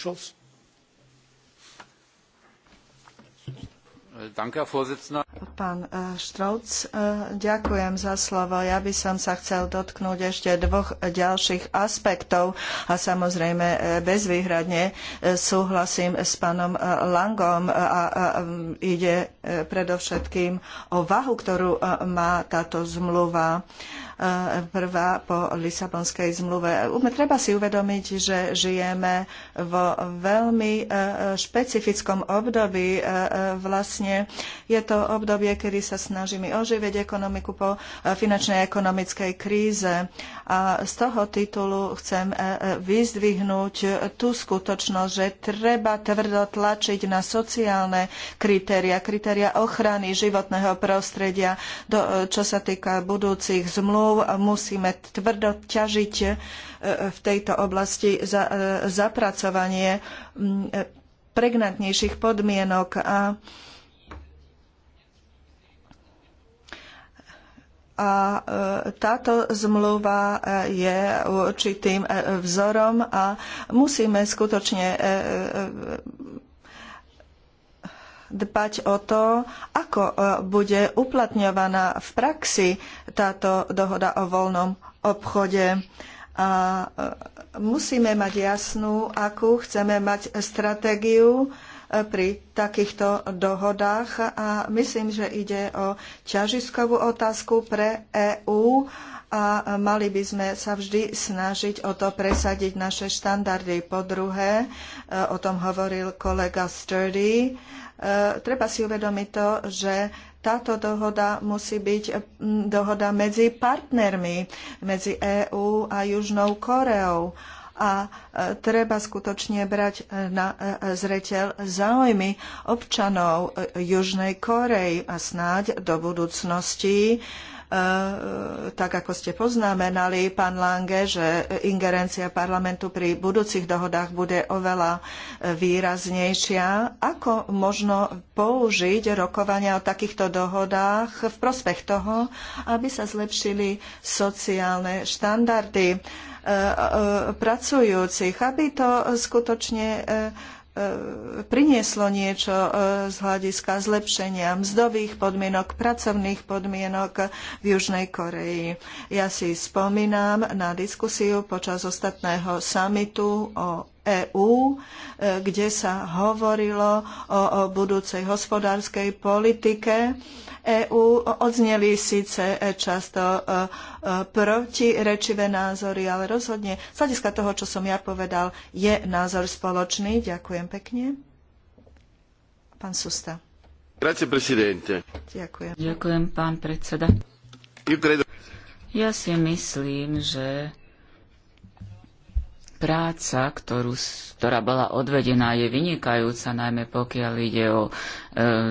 Pán eh, Štrauc, eh, ďakujem za slovo. Ja by som sa chcel dotknúť ešte dvoch ďalších aspektov a samozrejme eh, bezvýhradne súhlasím s pánom Langom a mm, ide predovšetkým o váhu, ktorú má táto zmluva prvá po Lisabonskej zmluve. Treba si uvedomiť, že žijeme vo veľmi e, špecifickom období. E, e, vlastne je to obdobie, kedy sa snažíme oživiť ekonomiku po finančnej a ekonomickej kríze. A z toho titulu chcem vyzdvihnúť tú skutočnosť, že treba tvrdo tlačiť na sociálne kritéria, kritéria ochrany životného prostredia, do, čo sa týka budúcich zmluv zmluv musíme tvrdo ťažiť e, e, v tejto oblasti za e, zapracovanie pregnantnejších podmienok a a táto zmluva je určitým vzorom a musíme skutočne dbať o to, ako e, bude uplatňovaná v praxi táto dohoda o voľnom obchode. A e, musíme mať jasnú, akú chceme mať stratégiu e, pri takýchto dohodách a myslím, že ide o ťažiskovú otázku pre EÚ a mali by sme sa vždy snažiť o to presadiť naše štandardy. Po druhé, o tom hovoril kolega Sturdy, E, treba si uvedomiť to, že táto dohoda musí byť dohoda medzi partnermi, medzi EÚ a Južnou Koreou a e, treba skutočne brať na e, zreteľ záujmy občanov Južnej Korei a snáď do budúcnosti uh, Eh, tak ako ste poznamenali, pán Lange, že ingerencia parlamentu pri budúcich dohodách bude oveľa eh, výraznejšia. Ako možno použiť rokovania o takýchto dohodách v prospech toho, aby sa zlepšili sociálne štandardy eh, pracujúcich, aby to skutočne E, prinieslo niečo e, z hľadiska zlepšenia mzdových podmienok, pracovných podmienok v Južnej Koreji. Ja si spomínam na diskusiu počas ostatného samitu o EÚ, e, kde sa hovorilo o, budúcej hospodárskej politike EÚ odzneli síce často e, e, protirečivé názory, ale rozhodne z hľadiska toho, čo som ja povedal, je názor spoločný. Ďakujem pekne. Pán Susta. Grazie, presidente. Ďakujem. Ďakujem, pán predseda. Ja si myslím, že práca, ktorú, ktorá bola odvedená, je vynikajúca, najmä pokiaľ ide o e,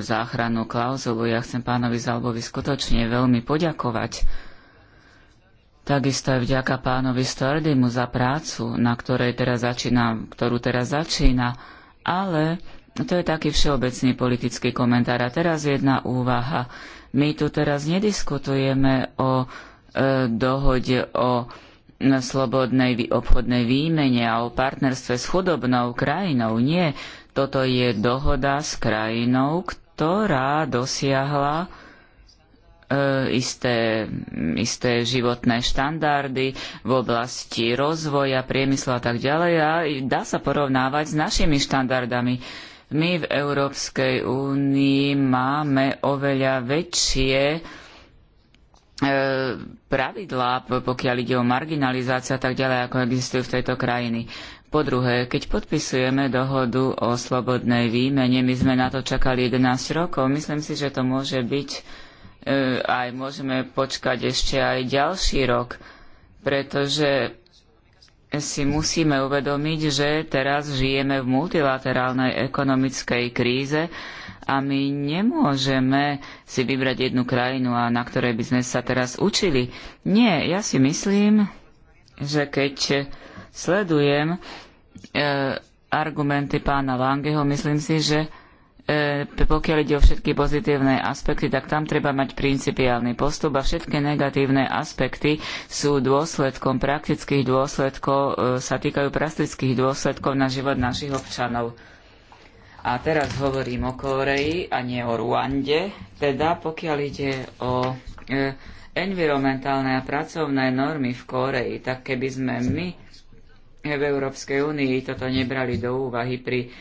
záchrannú klauzulu. Ja chcem pánovi Zalbovi skutočne veľmi poďakovať. Takisto aj vďaka pánovi Stordimu za prácu, na ktorej teraz začína, ktorú teraz začína, ale to je taký všeobecný politický komentár. A teraz jedna úvaha. My tu teraz nediskutujeme o e, dohode o na slobodnej obchodnej výmene a o partnerstve s chudobnou krajinou. Nie, toto je dohoda s krajinou, ktorá dosiahla e, isté, isté životné štandardy v oblasti rozvoja, priemyslu a tak ďalej a dá sa porovnávať s našimi štandardami. My v Európskej únii máme oveľa väčšie E, pravidlá, pokiaľ ide o marginalizáciu a tak ďalej, ako existujú v tejto krajiny. Po druhé, keď podpisujeme dohodu o slobodnej výmene, my sme na to čakali 11 rokov, myslím si, že to môže byť, e, aj môžeme počkať ešte aj ďalší rok, pretože si musíme uvedomiť, že teraz žijeme v multilaterálnej ekonomickej kríze, a my nemôžeme si vybrať jednu krajinu, a na ktorej by sme sa teraz učili. Nie, ja si myslím, že keď sledujem e, argumenty pána Langeho, myslím si, že e, pokiaľ ide o všetky pozitívne aspekty, tak tam treba mať principiálny postup a všetky negatívne aspekty sú dôsledkom, praktických dôsledkov, e, sa týkajú praktických dôsledkov na život našich občanov. A teraz hovorím o Kóreji a nie o Ruande. Teda pokiaľ ide o e, environmentálne a pracovné normy v Kóreji, tak keby sme my v Európskej únii toto nebrali do úvahy pri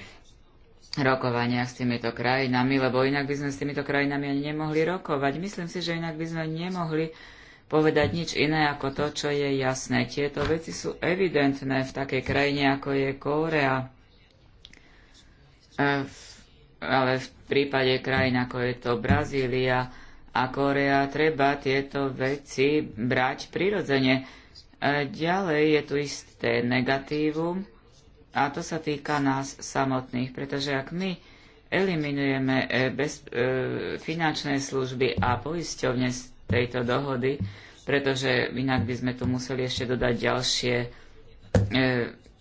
rokovaniach s týmito krajinami, lebo inak by sme s týmito krajinami ani nemohli rokovať. Myslím si, že inak by sme nemohli povedať nič iné ako to, čo je jasné. Tieto veci sú evidentné v takej krajine, ako je Kórea ale v prípade krajín ako je to Brazília a Korea, treba tieto veci brať prirodzene. E, ďalej je tu isté negatívum a to sa týka nás samotných, pretože ak my eliminujeme e, bez, e, finančné služby a poisťovne z tejto dohody, pretože inak by sme tu museli ešte dodať ďalšie e,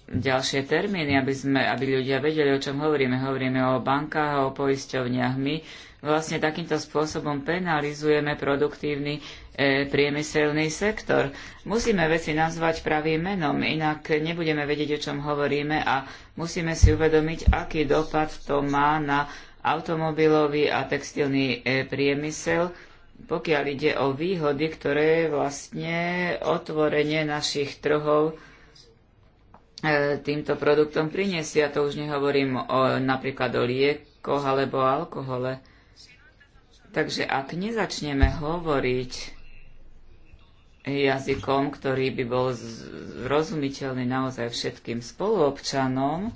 ďalšie termíny, aby, sme, aby ľudia vedeli, o čom hovoríme. Hovoríme o bankách, a o poisťovniach. My vlastne takýmto spôsobom penalizujeme produktívny e, priemyselný sektor. Musíme veci nazvať pravým menom, inak nebudeme vedieť, o čom hovoríme a musíme si uvedomiť, aký dopad to má na automobilový a textilný e, priemysel, pokiaľ ide o výhody, ktoré vlastne otvorenie našich trhov E, týmto produktom priniesie. Ja to už nehovorím o, napríklad o liekoch alebo o alkohole. Takže ak nezačneme hovoriť jazykom, ktorý by bol zrozumiteľný naozaj všetkým spoluobčanom,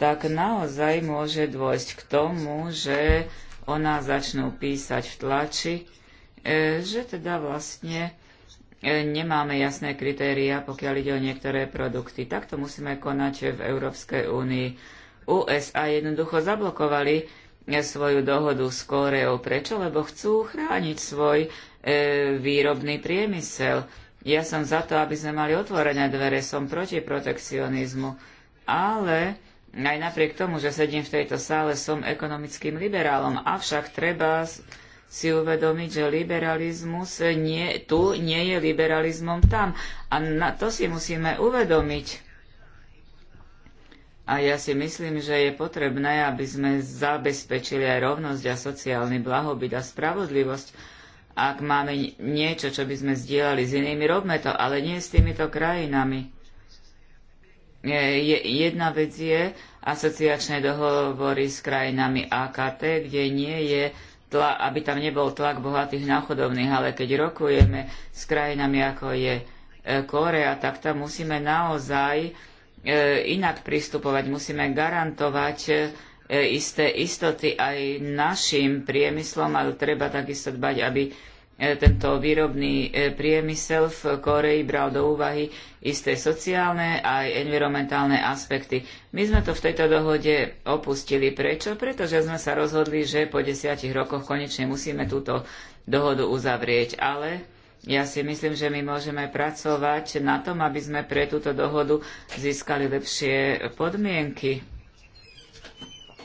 tak naozaj môže dôjsť k tomu, že o nás začnú písať v tlači, e, že teda vlastne E, nemáme jasné kritéria, pokiaľ ide o niektoré produkty. Takto musíme konať v Európskej únii. USA jednoducho zablokovali e, svoju dohodu s Kóreou. Prečo? Lebo chcú chrániť svoj e, výrobný priemysel. Ja som za to, aby sme mali otvorené dvere, som proti protekcionizmu. Ale aj napriek tomu, že sedím v tejto sále, som ekonomickým liberálom. Avšak treba si uvedomiť, že liberalizmus nie, tu nie je liberalizmom tam. A na to si musíme uvedomiť. A ja si myslím, že je potrebné, aby sme zabezpečili aj rovnosť a sociálny blahobyt a spravodlivosť. Ak máme niečo, čo by sme sdielali s inými, robme to, ale nie s týmito krajinami. Je, jedna vec je asociačné dohovory s krajinami AKT, kde nie je tla, aby tam nebol tlak bohatých na chudobných, ale keď rokujeme s krajinami ako je e, Korea, tak tam musíme naozaj e, inak pristupovať, musíme garantovať e, isté istoty aj našim priemyslom, ale treba takisto dbať, aby E, tento výrobný e, priemysel v Koreji bral do úvahy isté sociálne aj environmentálne aspekty. My sme to v tejto dohode opustili. Prečo? Pretože sme sa rozhodli, že po desiatich rokoch konečne musíme túto dohodu uzavrieť. Ale ja si myslím, že my môžeme pracovať na tom, aby sme pre túto dohodu získali lepšie podmienky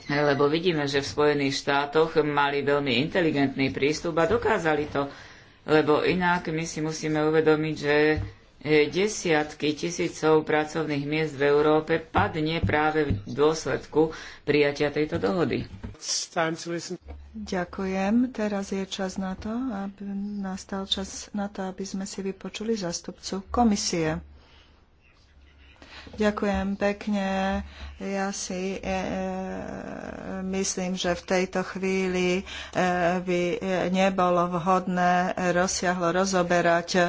lebo vidíme, že v Spojených štátoch mali veľmi inteligentný prístup a dokázali to lebo inak my si musíme uvedomiť, že e, desiatky tisícov pracovných miest v Európe padne práve v dôsledku prijatia tejto dohody. Ďakujem. Teraz je čas na to, aby nastal čas na to, aby sme si vypočuli zástupcu komisie. Ďakujem pekne. Ja si e, e, myslím, že v tejto chvíli e, by e, nebolo vhodné rozsiahlo rozoberať e,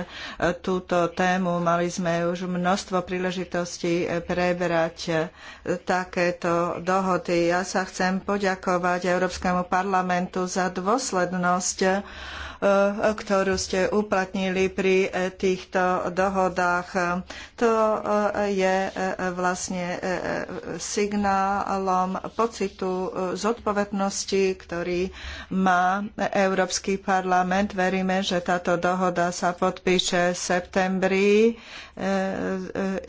túto tému. Mali sme už množstvo príležitostí e, prebrať takéto dohody. Ja sa chcem poďakovať Európskemu parlamentu za dôslednosť Eh, ktorú ste uplatnili pri eh, týchto dohodách. To eh, je vlastne signálom pocitu zodpovednosti, ktorý má Európsky parlament. Veríme, že táto dohoda sa podpíše v septembri.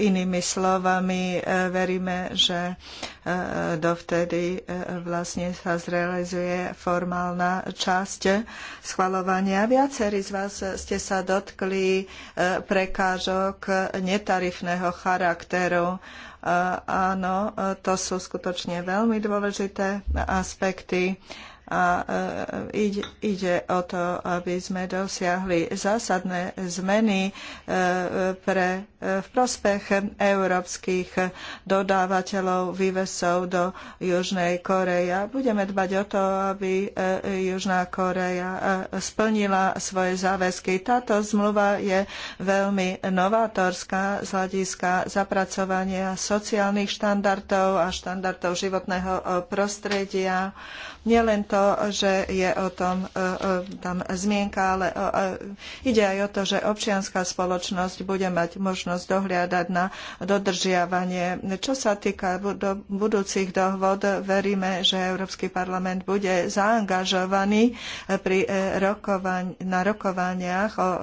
Inými slovami, veríme, že dovtedy vlastne sa zrealizuje formálna časť schvalovania vzdelávania. Viacerí z vás ste sa dotkli e, prekážok netarifného charakteru. E, áno, e, to sú skutočne veľmi dôležité aspekty a ide, ide o to, aby sme dosiahli zásadné zmeny pre v prospech európskych dodávateľov vývesov do Južnej Koreje. Budeme dbať o to, aby e, Južná Korea e, splnila svoje záväzky. Táto zmluva je veľmi novátorská z hľadiska zapracovania sociálnych štandardov a štandardov životného e, prostredia. Nielen to, že je o tom tam zmienka, ale ide aj o to, že občianská spoločnosť bude mať možnosť možnosť dohliadať na dodržiavanie. Čo sa týka budúcich dohod, veríme, že Európsky parlament bude zaangažovaný eh, pri eh, na rokovaniach o mm,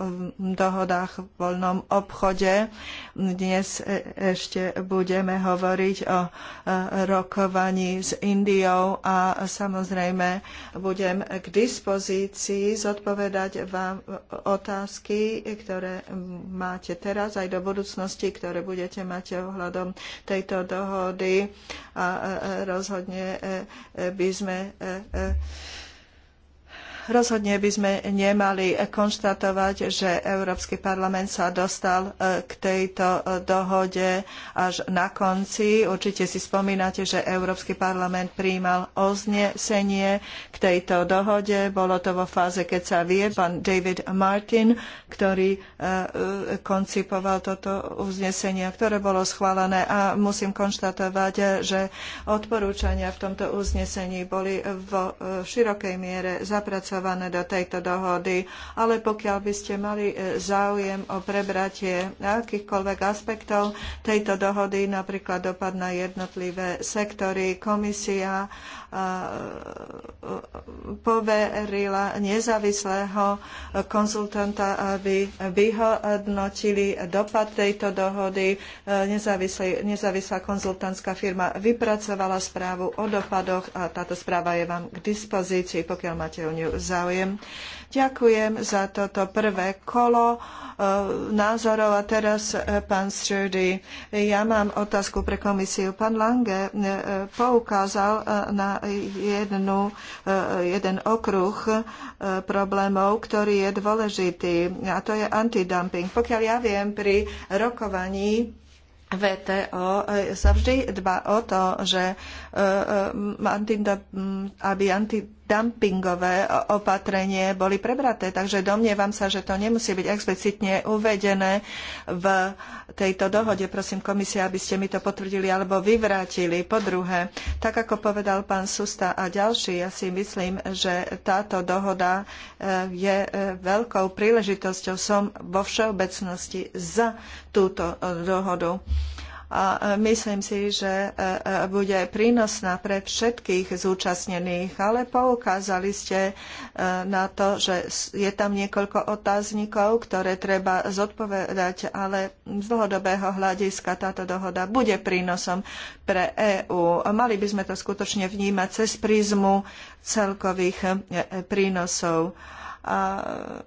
dohodách v voľnom obchode. Dnes eh, ešte budeme hovoriť o rokovaní s Indiou a samozrejme budem k dispozícii zodpovedať vám otázky, ktoré mm, máte teraz aj do budúcnosti budúcnosti, ktoré budete mať ohľadom tejto dohody a rozhodne e, e, by sme e, rozhodne by sme nemali konštatovať, že Európsky parlament sa dostal e, k tejto e, dohode až na konci. Určite si spomínate, že Európsky parlament prijímal oznesenie k tejto dohode. Bolo to vo fáze, keď sa vie pán David Martin, ktorý e, koncipoval toto uznesenie, ktoré bolo schválené. A musím konštatovať, že odporúčania v tomto uznesení boli vo širokej miere zapracované zapracované do tejto dohody, ale pokiaľ by ste mali e, záujem o prebratie akýchkoľvek aspektov tejto dohody, napríklad dopad na jednotlivé sektory, komisia e, poverila nezávislého konzultanta, aby vyhodnotili dopad tejto dohody. E, nezávislá konzultantská firma vypracovala správu o dopadoch a táto správa je vám k dispozícii, pokiaľ máte o ňu záujem. Ďakujem za toto prvé kolo e, názorov a teraz e, pán Sturdy. Ja mám otázku pre komisiu. Pán Lange e, poukázal na jednu, jeden okruh problémov, ktorý je dôležitý a to je antidumping. Pokiaľ ja viem, pri rokovaní VTO sa vždy dba o to, že aby antidumping dumpingové opatrenie boli prebraté. Takže domnievam sa, že to nemusí byť explicitne uvedené v tejto dohode. Prosím komisia, aby ste mi to potvrdili alebo vyvrátili. Po druhé, tak ako povedal pán Susta a ďalší, ja si myslím, že táto dohoda eh, je eh, veľkou príležitosťou. Som vo všeobecnosti za túto eh, dohodu a e, myslím si, že e, e, bude prínosná pre všetkých zúčastnených, ale poukázali ste na to, že je tam niekoľko otáznikov, ktoré treba zodpovedať, ale z dlhodobého hľadiska táto dohoda bude prínosom pre EÚ. Mali by sme to skutočne vnímať cez prízmu celkových prínosov. A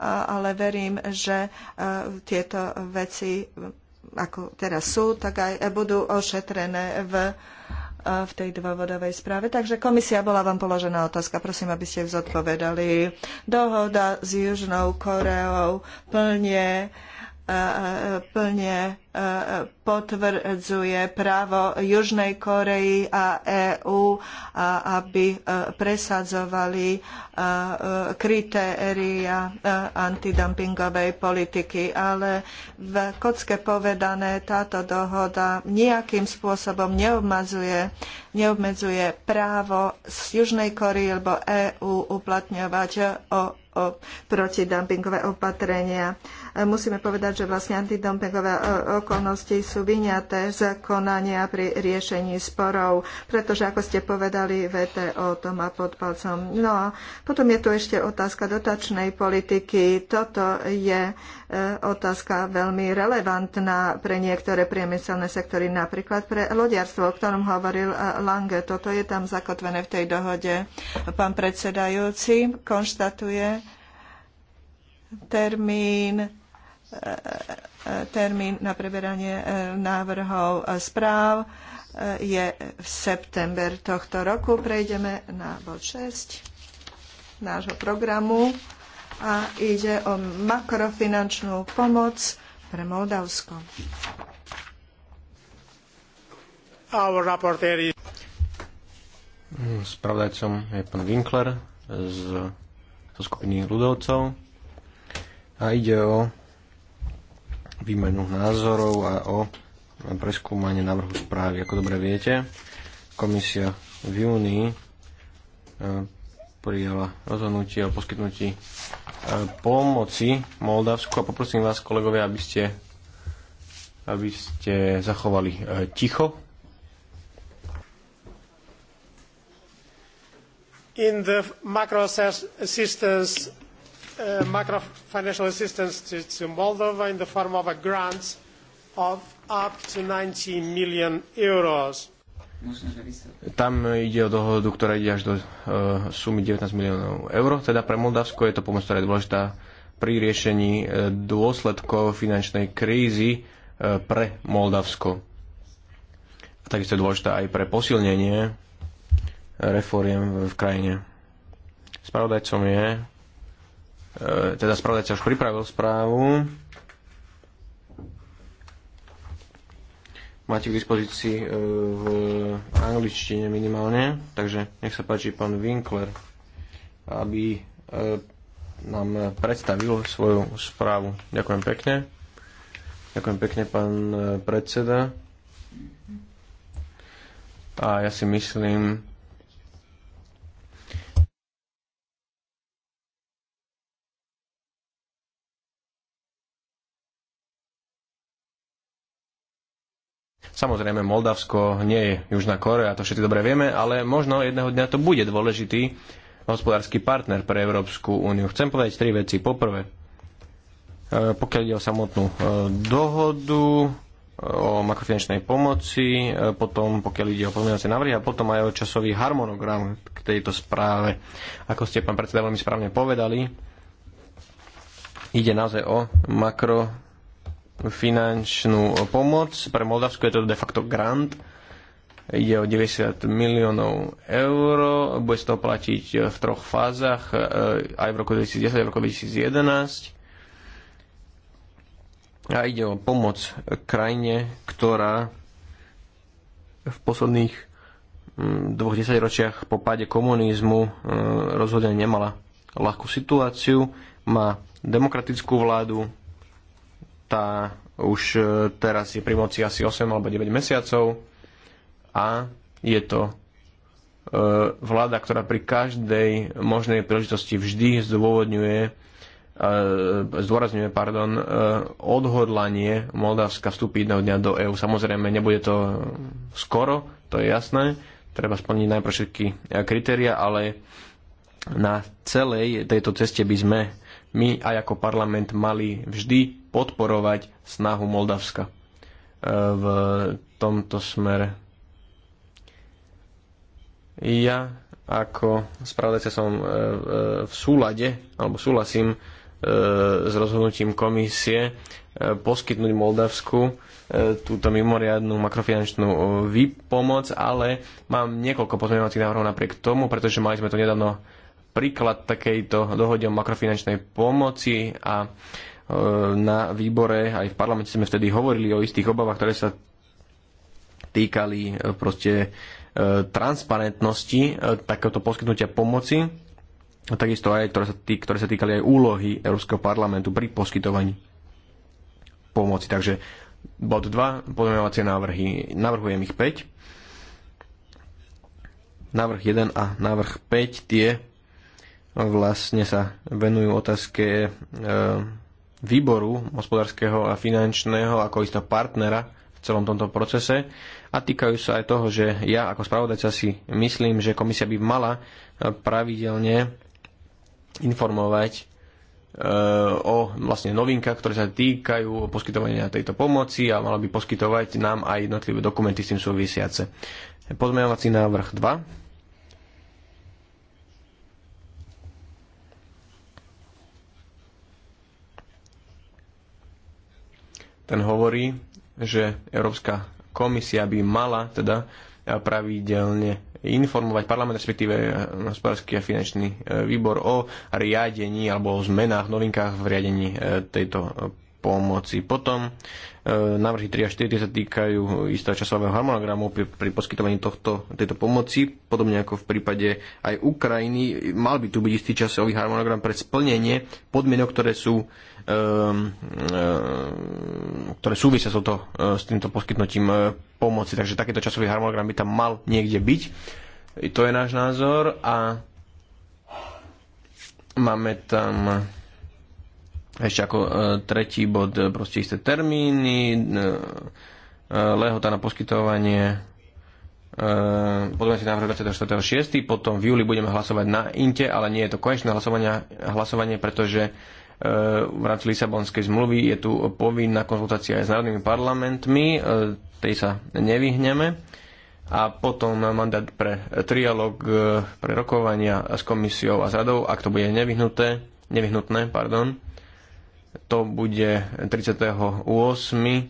ale verím, že tieto veci ako teraz sú, tak aj budú ošetrené v, e, v tej dôvodovej správe. Takže komisia bola vám položená otázka. Prosím, aby ste ju zodpovedali. Dohoda s Južnou Koreou plne plne e, potvrdzuje právo Južnej Koreji a EÚ, aby e, presadzovali e, kritéria antidumpingovej politiky. Ale v kocke povedané táto dohoda nejakým spôsobom neobmedzuje, neobmedzuje právo z Južnej Koreji alebo EÚ uplatňovať o, o protidumpingové opatrenia musíme povedať, že vlastne antidumpingové e, okolnosti sú vyňaté z konania pri riešení sporov, pretože ako ste povedali, VTO to má pod palcom. No a potom je tu ešte otázka dotačnej politiky. Toto je e, otázka veľmi relevantná pre niektoré priemyselné sektory, napríklad pre lodiarstvo, o ktorom hovoril e, Lange. Toto je tam zakotvené v tej dohode. Pán predsedajúci konštatuje termín termín na preberanie e, návrhov správ e, je v september tohto roku. Prejdeme na bod 6 nášho programu a ide o makrofinančnú pomoc pre Moldavsko. Spravodajcom je pán Winkler z, zo skupiny ľudovcov a ide o výmenu názorov a o preskúmanie návrhu správy. Ako dobre viete, komisia v júni e, prijala rozhodnutie o poskytnutí e, pomoci Moldavsku a poprosím vás, kolegovia, aby ste, aby ste zachovali e, ticho. In the macro assistance uh, macro financial assistance to, to Moldova in the form of a grant of up to 90 million euros. Tam ide o dohodu, ktorá ide až do uh, sumy 19 miliónov eur. Teda pre Moldavsko je to pomoc, ktorá je dôležitá pri riešení uh, dôsledkov finančnej krízy uh, pre Moldavsko. A takisto je dôležitá aj pre posilnenie uh, reforiem v krajine. Spravodajcom je E, teda spravodajca už pripravil správu. Máte k dispozícii e, v angličtine minimálne, takže nech sa páči pán Winkler, aby e, nám predstavil svoju správu. Ďakujem pekne. Ďakujem pekne, pán predseda. A ja si myslím, Samozrejme, Moldavsko nie je Južná Korea, to všetci dobre vieme, ale možno jedného dňa to bude dôležitý hospodársky partner pre Európsku úniu. Chcem povedať tri veci. Poprvé, e, pokiaľ ide o samotnú e, dohodu, e, o makrofinančnej pomoci, potom pokiaľ ide o pozmeňovacie návrhy a potom aj o časový harmonogram k tejto správe. Ako ste, pán predseda, veľmi správne povedali, ide naozaj o makro finančnú pomoc. Pre Moldavsko je to de facto grant. Ide o 90 miliónov eur. Bude sa to platiť e, v troch fázach, e, aj v roku 2010, aj v roku 2011. A ide o pomoc krajine, ktorá v posledných mm, dvoch desaťročiach po páde komunizmu e, rozhodne nemala ľahkú situáciu, má demokratickú vládu, tá už e, teraz je pri moci asi 8 alebo 9 mesiacov a je to e, vláda, ktorá pri každej možnej príležitosti vždy zdôvodňuje e, zdôrazňuje pardon, odhodlanie Moldavska vstúpiť jedného dňa do EÚ. Samozrejme, nebude to skoro, to je jasné. Treba splniť najprv všetky kritéria, ale na celej tejto ceste by sme my aj ako parlament mali vždy podporovať snahu Moldavska eh, v tomto smere. Ja ako spravodajca som eh, eh, v súlade, alebo súhlasím s rozhodnutím komisie poskytnúť Moldavsku túto mimoriadnú makrofinančnú výpomoc, ale mám niekoľko pozmeňovacích návrhov napriek tomu, pretože mali sme to nedávno príklad takejto dohode o makrofinančnej pomoci a e, na výbore aj v parlamente sme vtedy hovorili o istých obavách, ktoré sa týkali e, proste e, transparentnosti takéhoto poskytnutia pomoci a takisto aj, ktoré sa, tý, ktoré sa týkali aj úlohy Európskeho parlamentu pri poskytovaní pomoci. Takže bod 2, pozmeňovacie návrhy. Navrhujem ich 5. Návrh 1 a návrh 5 tie vlastne sa venujú otázke e, výboru hospodárskeho a finančného ako istého partnera v celom tomto procese a týkajú sa aj toho, že ja ako spravodajca si myslím, že komisia by mala e, pravidelne informovať e, o vlastne novinkách, ktoré sa týkajú poskytovania tejto pomoci a mala by poskytovať nám aj jednotlivé dokumenty s tým súvisiace. Pozmeňovací návrh 2. Ten hovorí, že Európska komisia by mala teda pravidelne informovať parlament, respektíve hospodársky a finančný e, výbor o riadení alebo o zmenách, novinkách v riadení e, tejto pomoci. Potom e, návrhy 3 a 4 sa týkajú istého časového harmonogramu pri, pri poskytovaní tohto, tejto pomoci, podobne ako v prípade aj Ukrajiny. Mal by tu byť istý časový harmonogram pre splnenie podmienok, ktoré sú e, e, ktoré súvisia s, to, e, s týmto poskytnutím e, pomoci. Takže takýto časový harmonogram by tam mal niekde byť. To je náš názor a máme tam ešte ako e, tretí bod, e, proste isté termíny, e, lehota na poskytovanie si návrh 24.6. Potom v júli budeme hlasovať na INTE, ale nie je to konečné hlasovanie, hlasovanie pretože v rámci Lisabonskej zmluvy je tu povinná konzultácia aj s národnými parlamentmi, tej sa nevyhneme. A potom mandát pre trialog, pre rokovania s komisiou a s radou, ak to bude nevyhnuté, nevyhnutné, pardon, to bude 38. E,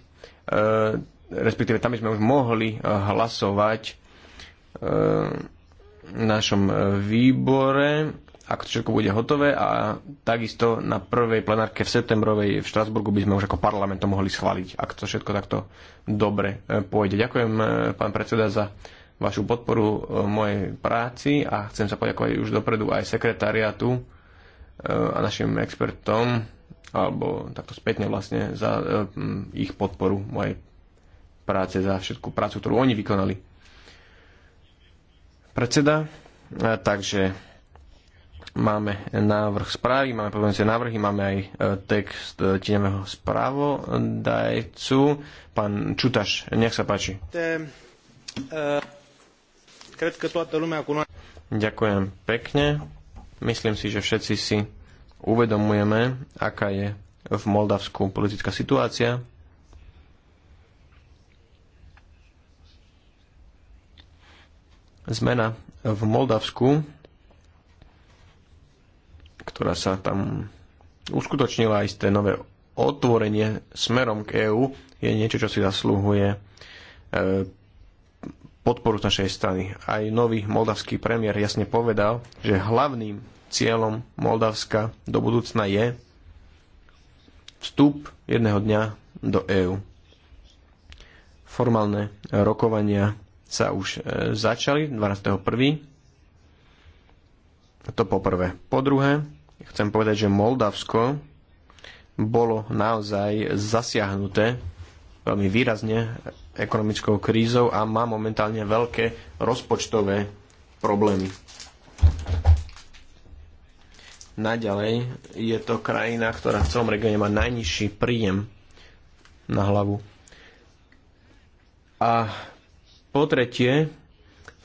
respektíve tam by sme už mohli e, hlasovať e, v našom výbore, ako to všetko bude hotové a takisto na prvej plenárke v septembrovej v Štrasburgu by sme už ako parlament to mohli schváliť, ak to všetko takto dobre pôjde. Ďakujem, pán predseda, za vašu podporu mojej práci a chcem sa poďakovať už dopredu aj sekretariatu a našim expertom, alebo takto spätne vlastne za e, ich podporu mojej práce, za všetku prácu, ktorú oni vykonali. Predseda, e, takže máme návrh správy, máme pozornice návrhy, máme aj e, text tieňového správodajcu. Pán Čutaš, nech sa páči. Ďakujem pekne. Myslím si, že všetci si uvedomujeme, aká je v Moldavsku politická situácia. Zmena v Moldavsku, ktorá sa tam uskutočnila isté nové otvorenie smerom k EÚ, je niečo, čo si zaslúhuje e, podporu z našej strany. Aj nový moldavský premiér jasne povedal, že hlavným cieľom Moldavska do budúcna je vstup jedného dňa do EÚ. Formálne rokovania sa už e, začali 12.1. To poprvé. Po druhé, chcem povedať, že Moldavsko bolo naozaj zasiahnuté veľmi výrazne ekonomickou krízou a má momentálne veľké rozpočtové problémy. Naďalej je to krajina, ktorá v celom regióne má najnižší príjem na hlavu. A po tretie,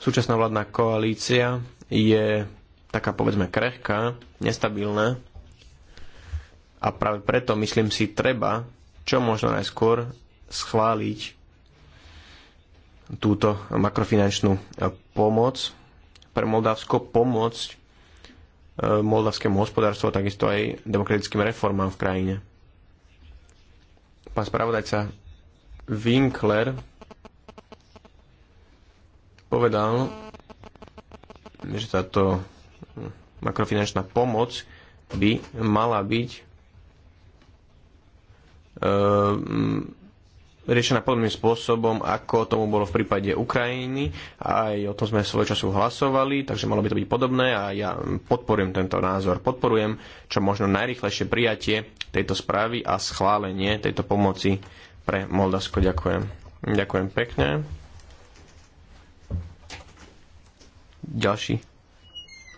súčasná vládna koalícia je taká povedzme krehká, nestabilná a práve preto myslím si treba čo možno najskôr schváliť túto makrofinančnú e, pomoc pre Moldavsko pomôcť moldavskému hospodárstvu a takisto aj demokratickým reformám v krajine. Pán spravodajca Winkler povedal, že táto makrofinančná pomoc by mala byť eh, riešená podobným spôsobom, ako tomu bolo v prípade Ukrajiny. Aj o tom sme svoj času hlasovali, takže malo by to byť podobné a ja podporujem tento názor. Podporujem čo možno najrychlejšie prijatie tejto správy a schválenie tejto pomoci pre Moldavsko. Ďakujem. Ďakujem pekne. Ďalší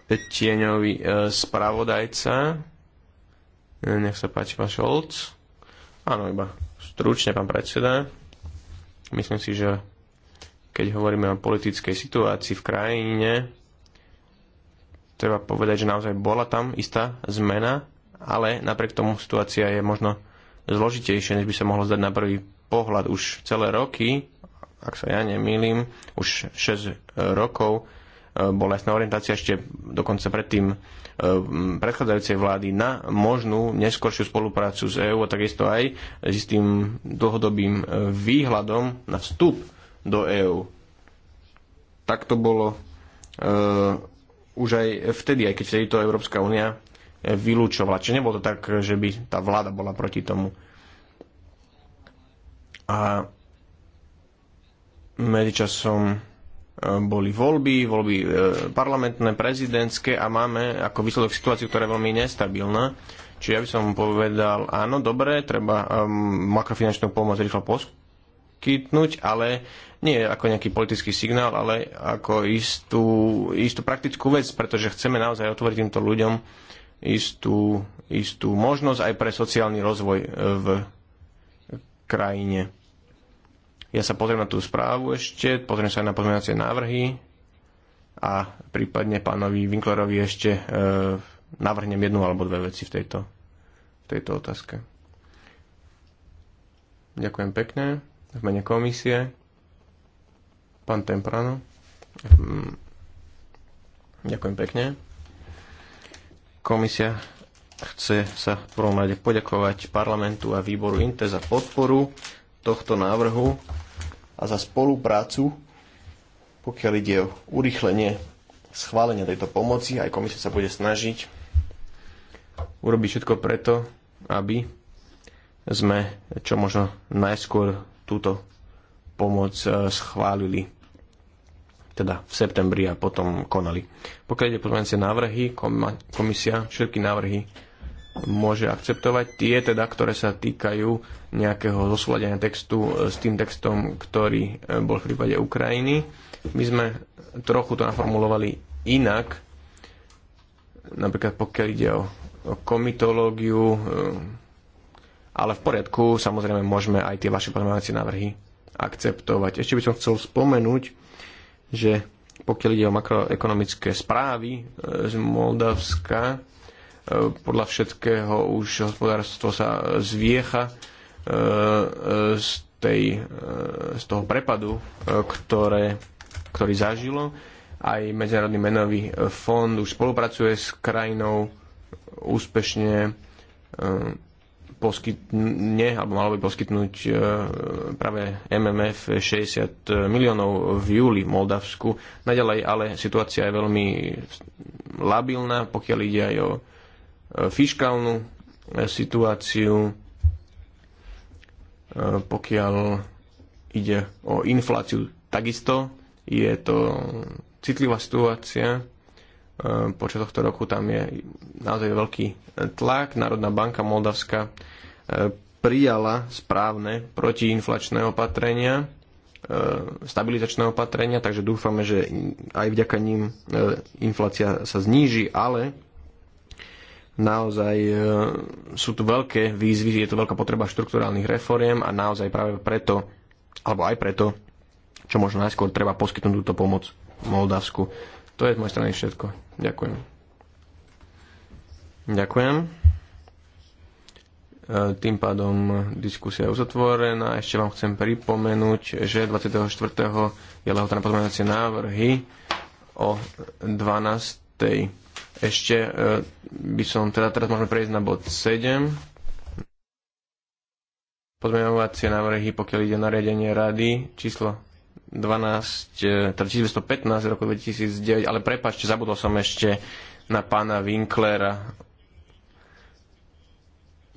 tieňový e, spravodajca. Nech sa páči, pán Šolc. Áno, iba Stručne, pán predseda, myslím si, že keď hovoríme o politickej situácii v krajine, treba povedať, že naozaj bola tam istá zmena, ale napriek tomu situácia je možno zložitejšia, než by sa mohlo zdať na prvý pohľad. Už celé roky, ak sa ja nemýlim, už 6 rokov e, bola jasná orientácia ešte dokonca predtým Ehm, predchádzajúcej vlády na možnú neskôršiu spoluprácu s EÚ a takisto aj s istým dlhodobým e, výhľadom na vstup do EÚ. Tak to bolo uh, už aj vtedy, aj keď vtedy to Európska únia e, vylúčovala. Čiže nebolo to tak, že by tá vláda bola proti tomu. A medzičasom boli voľby, voľby e, parlamentné, prezidentské a máme ako výsledok situáciu, ktorá je veľmi nestabilná. Čiže ja by som povedal, áno, dobre, treba um, makrofinančnú pomoc rýchlo poskytnúť, ale nie ako nejaký politický signál, ale ako istú, istú praktickú vec, pretože chceme naozaj otvoriť týmto ľuďom istú, istú možnosť aj pre sociálny rozvoj e, v krajine. Ja sa pozriem na tú správu ešte, pozriem sa aj na pozmeňovacie návrhy a prípadne pánovi Winklerovi ešte e, navrhnem jednu alebo dve veci v tejto, v tejto otázke. Ďakujem pekne. V mene komisie. Pán Temprano. Mm. Ďakujem pekne. Komisia chce sa v prvom rade poďakovať parlamentu a výboru INTE za podporu tohto návrhu a za spoluprácu, pokiaľ ide o urychlenie schválenia tejto pomoci. Aj komisia sa bude snažiť urobiť všetko preto, aby sme čo možno najskôr túto pomoc e, schválili teda v septembri a potom konali. Pokiaľ ide pozmeňujúce návrhy, komisia všetky návrhy môže akceptovať. Tie teda, ktoré sa týkajú nejakého zosúladenia textu e, s tým textom, ktorý e, bol v prípade Ukrajiny. My sme trochu to naformulovali inak, napríklad pokiaľ ide o, o komitológiu, e, ale v poriadku, samozrejme môžeme aj tie vaše pozmeňovacie návrhy akceptovať. Ešte by som chcel spomenúť, že pokiaľ ide o makroekonomické správy z Moldavska, E, podľa všetkého už hospodárstvo sa zviecha e, e, z, tej, z toho prepadu, ktoré, ktorý zažilo. Aj Medzinárodný menový fond už spolupracuje s krajinou úspešne poskytne, alebo malo by poskytnúť práve MMF 60 miliónov v júli v Moldavsku. Naďalej ale situácia je veľmi labilná, pokiaľ ide aj o E, fiškálnu e, situáciu, e, pokiaľ ide o infláciu. Takisto je to citlivá situácia. Počas tohto roku tam je naozaj veľký tlak. Národná banka Moldavska prijala správne protiinflačné opatrenia, stabilizačné opatrenia, takže dúfame, že aj vďaka ním inflácia sa zníži, ale naozaj e, sú tu veľké výzvy, je tu veľká potreba štrukturálnych reforiem a naozaj práve preto, alebo aj preto, čo možno najskôr treba poskytnúť túto pomoc Moldavsku. To je z mojej strany všetko. Ďakujem. Ďakujem. E, tým pádom diskusia je uzatvorená. Ešte vám chcem pripomenúť, že 24. je lehota na pozmeňovacie návrhy o 12. Ešte e, by som, teda teraz môžeme prejsť na bod 7. Pozmeňovacie návrhy, pokiaľ ide na riadenie rady, číslo 12, e, teda 1915 roku 2009, ale prepačte, zabudol som ešte na pána Winklera.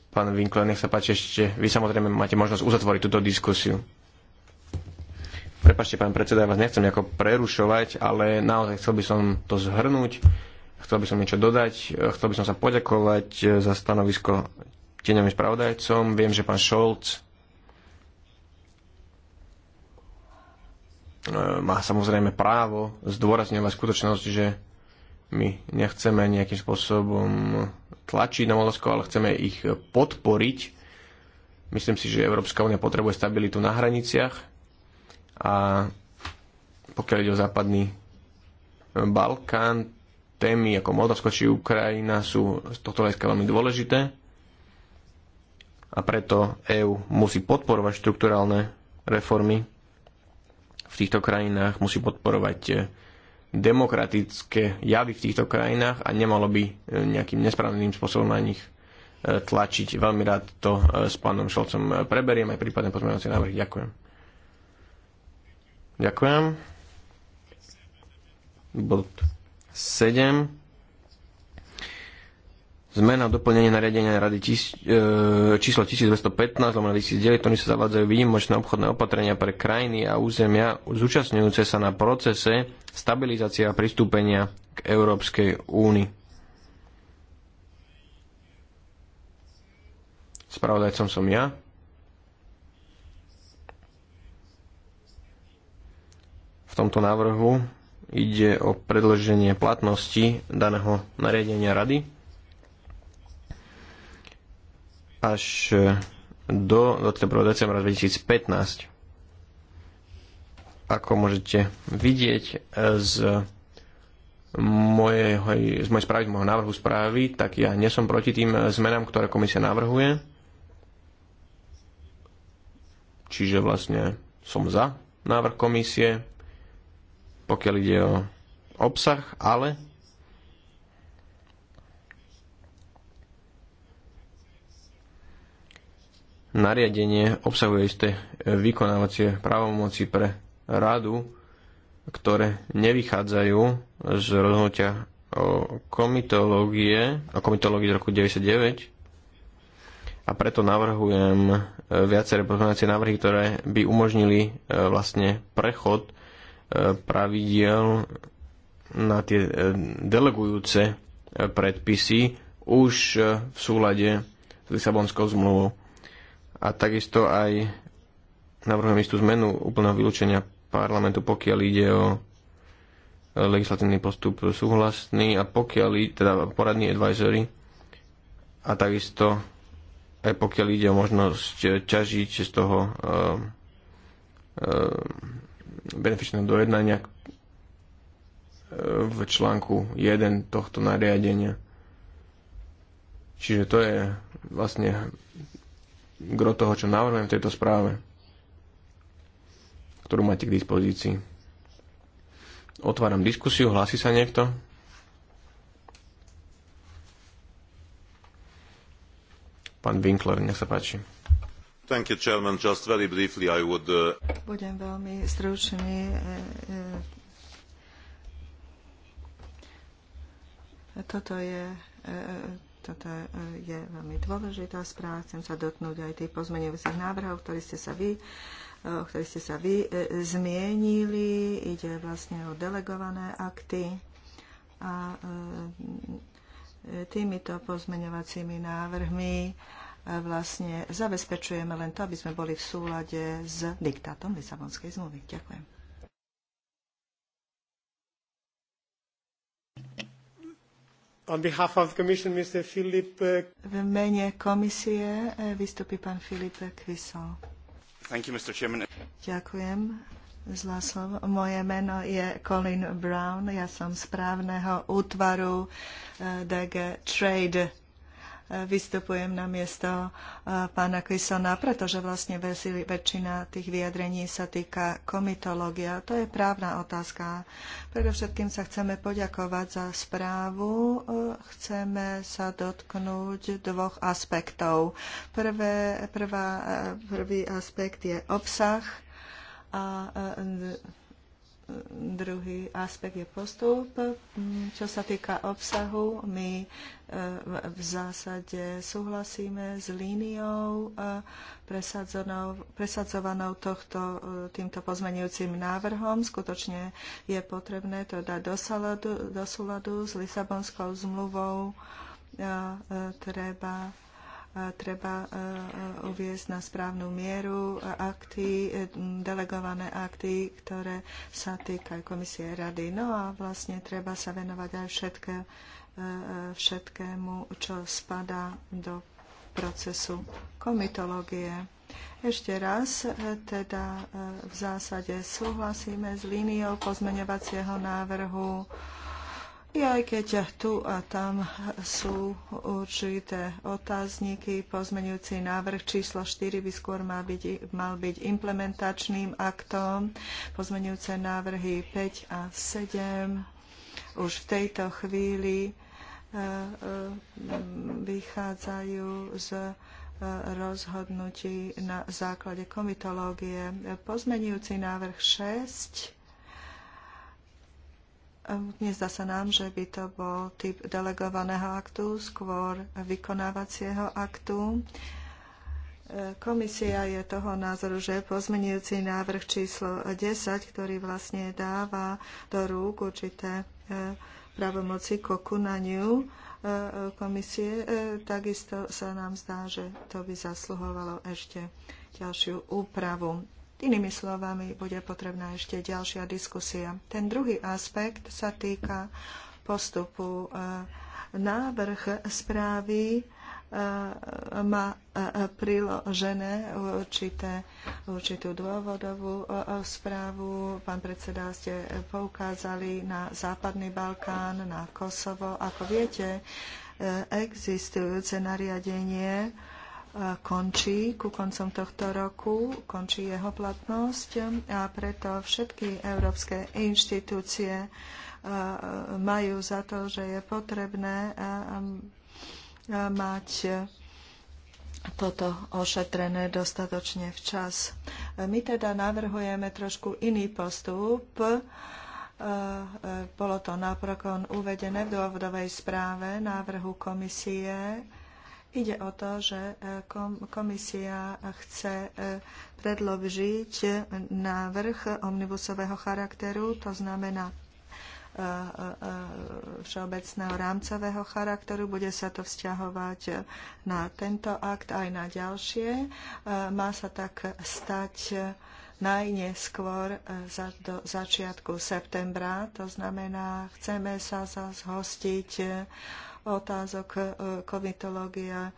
Pán Winkler, nech sa páči ešte. Vy samozrejme máte možnosť uzatvoriť túto diskusiu. Prepačte, pán predseda, ja vás nechcem nejako prerušovať, ale naozaj chcel by som to zhrnúť Chcel by som niečo dodať. Chcel by som sa poďakovať eh, za stanovisko tieňovým spravodajcom. Viem, že pán Šolc eh, má samozrejme právo zdôrazňovať skutočnosť, že my nechceme nejakým spôsobom tlačiť na Moldavsko, ale chceme ich podporiť. Myslím si, že Európska únia potrebuje stabilitu na hraniciach a pokiaľ ide o západný Balkán, témy ako Moldavsko či Ukrajina sú z tohto hľadiska veľmi dôležité a preto EÚ musí podporovať štrukturálne reformy v týchto krajinách, musí podporovať e, demokratické javy v týchto krajinách a nemalo by e, nejakým nesprávnym spôsobom na nich e, tlačiť. Veľmi rád to s pánom Šolcom preberiem aj prípadne pozmeňovacie návrhy. Ďakujem. Ďakujem. Bod 7. Zmena doplnenia doplnenie nariadenia Rady tis, e, číslo 1215 lomeno 2009, ktorým sa zavádzajú výnimočné obchodné opatrenia pre krajiny a územia zúčastňujúce sa na procese stabilizácia a pristúpenia k Európskej únii. Spravodajcom som ja. V tomto návrhu Ide o predloženie platnosti daného nariadenia rady až eh, do 21. decembra 2015. Ako môžete vidieť eh, z mojej, z mojej správy, z môjho návrhu správy, tak ja nesom proti tým eh, zmenám, ktoré komisia navrhuje. Čiže vlastne som za návrh komisie pokiaľ ide o obsah, ale nariadenie obsahuje isté vykonávacie právomoci pre radu, ktoré nevychádzajú z rozhodnutia o komitológie, o komitológii z roku 99 a preto navrhujem viaceré pozmeňovacie návrhy, ktoré by umožnili e, vlastne prechod pravidiel na tie e, delegujúce e, predpisy už e, v súlade s Lisabonskou zmluvou. A takisto aj navrhujem istú zmenu úplného vylúčenia parlamentu, pokiaľ ide o legislatívny postup súhlasný a pokiaľ ide, teda poradní advisory a takisto aj pokiaľ ide o možnosť ťažiť z toho benefičného dojednania e, v článku 1 tohto nariadenia. Čiže to je vlastne gro toho, čo navrhujem v tejto správe, ktorú máte k dispozícii. Otváram diskusiu, hlási sa niekto? Pán Winkler, nech sa páči. Uh, Budem veľmi stručný. E, e, toto je, e, toto je veľmi dôležitá správa. Chcem sa dotknúť aj tých pozmeňujúcich návrhov, ktorých ste sa vy o ktorých ste sa vy zmienili. Ide vlastne o delegované akty a týmito pozmeňovacími návrhmi vlastne zabezpečujeme len to, aby sme boli v súlade s diktátom Lisabonskej zmluvy. Ďakujem. On behalf of commission, Mr. Philip... Uh, v mene komisie uh, vystupí pán Filip Kvison. Thank you, Mr. Chairman. Ďakujem zlá slovo. Moje meno je Colin Brown, ja som správneho útvaru uh, DG Trade vystupujem na miesto eh, pána Krisona, pretože vlastne väčšina tých vyjadrení sa týka komitológia. To je právna otázka. Predovšetkým sa chceme poďakovať za správu. Eh, chceme sa dotknúť dvoch aspektov. Prvé, prvá, eh, prvý aspekt je obsah a druhý aspekt je postup. Čo sa týka obsahu, my e, v zásade súhlasíme s líniou e, presadzovanou tohto, e, týmto pozmenujúcim návrhom. Skutočne je potrebné to dať do, saladu, do súladu s Lisabonskou zmluvou. Treba treba e, e, uviezť na správnu mieru akty, e, delegované akty, ktoré sa týkajú komisie rady. No a vlastne treba sa venovať aj všetké, všetkému, čo spadá do procesu komitológie. Ešte raz, teda v zásade súhlasíme s líniou pozmeňovacieho návrhu i aj keď tu a tam sú určité otázniky, pozmeňujúci návrh číslo 4 by skôr mal byť, mal byť implementačným aktom, pozmeňujúce návrhy 5 a 7 už v tejto chvíli e, e, vychádzajú z e, rozhodnutí na základe komitológie. Pozmeňujúci návrh 6 Ehm, Nezdá sa nám, že by to bol typ delegovaného aktu, skôr vykonávacieho aktu. Ehm, komisia je toho názoru, že pozmenujúci návrh číslo 10, ktorý vlastne dáva do rúk určité ehm, pravomoci k okunaniu komisie, takisto sa nám zdá, že to by zasluhovalo ešte ďalšiu úpravu. Inými slovami, bude potrebná ešte ďalšia diskusia. Ten druhý aspekt sa týka postupu. E, návrh správy e, má e, priložené určité, určitú dôvodovú správu. Pán predseda, ste poukázali na Západný Balkán, na Kosovo. Ako viete, existujúce nariadenie končí ku koncom tohto roku, končí jeho platnosť a preto všetky európske inštitúcie e, majú za to, že je potrebné e, e, mať toto ošetrené dostatočne včas. My teda navrhujeme trošku iný postup. Bolo to napokon uvedené v dôvodovej správe návrhu komisie Ide o to, že e, komisia chce e, predložiť návrh omnibusového charakteru, to znamená e, všeobecného rámcového charakteru. Bude sa to vzťahovať na tento akt aj na ďalšie. Má sa tak stať najneskôr za, do začiatku septembra. To znamená, chceme sa zhostiť otázok e, komitológia e,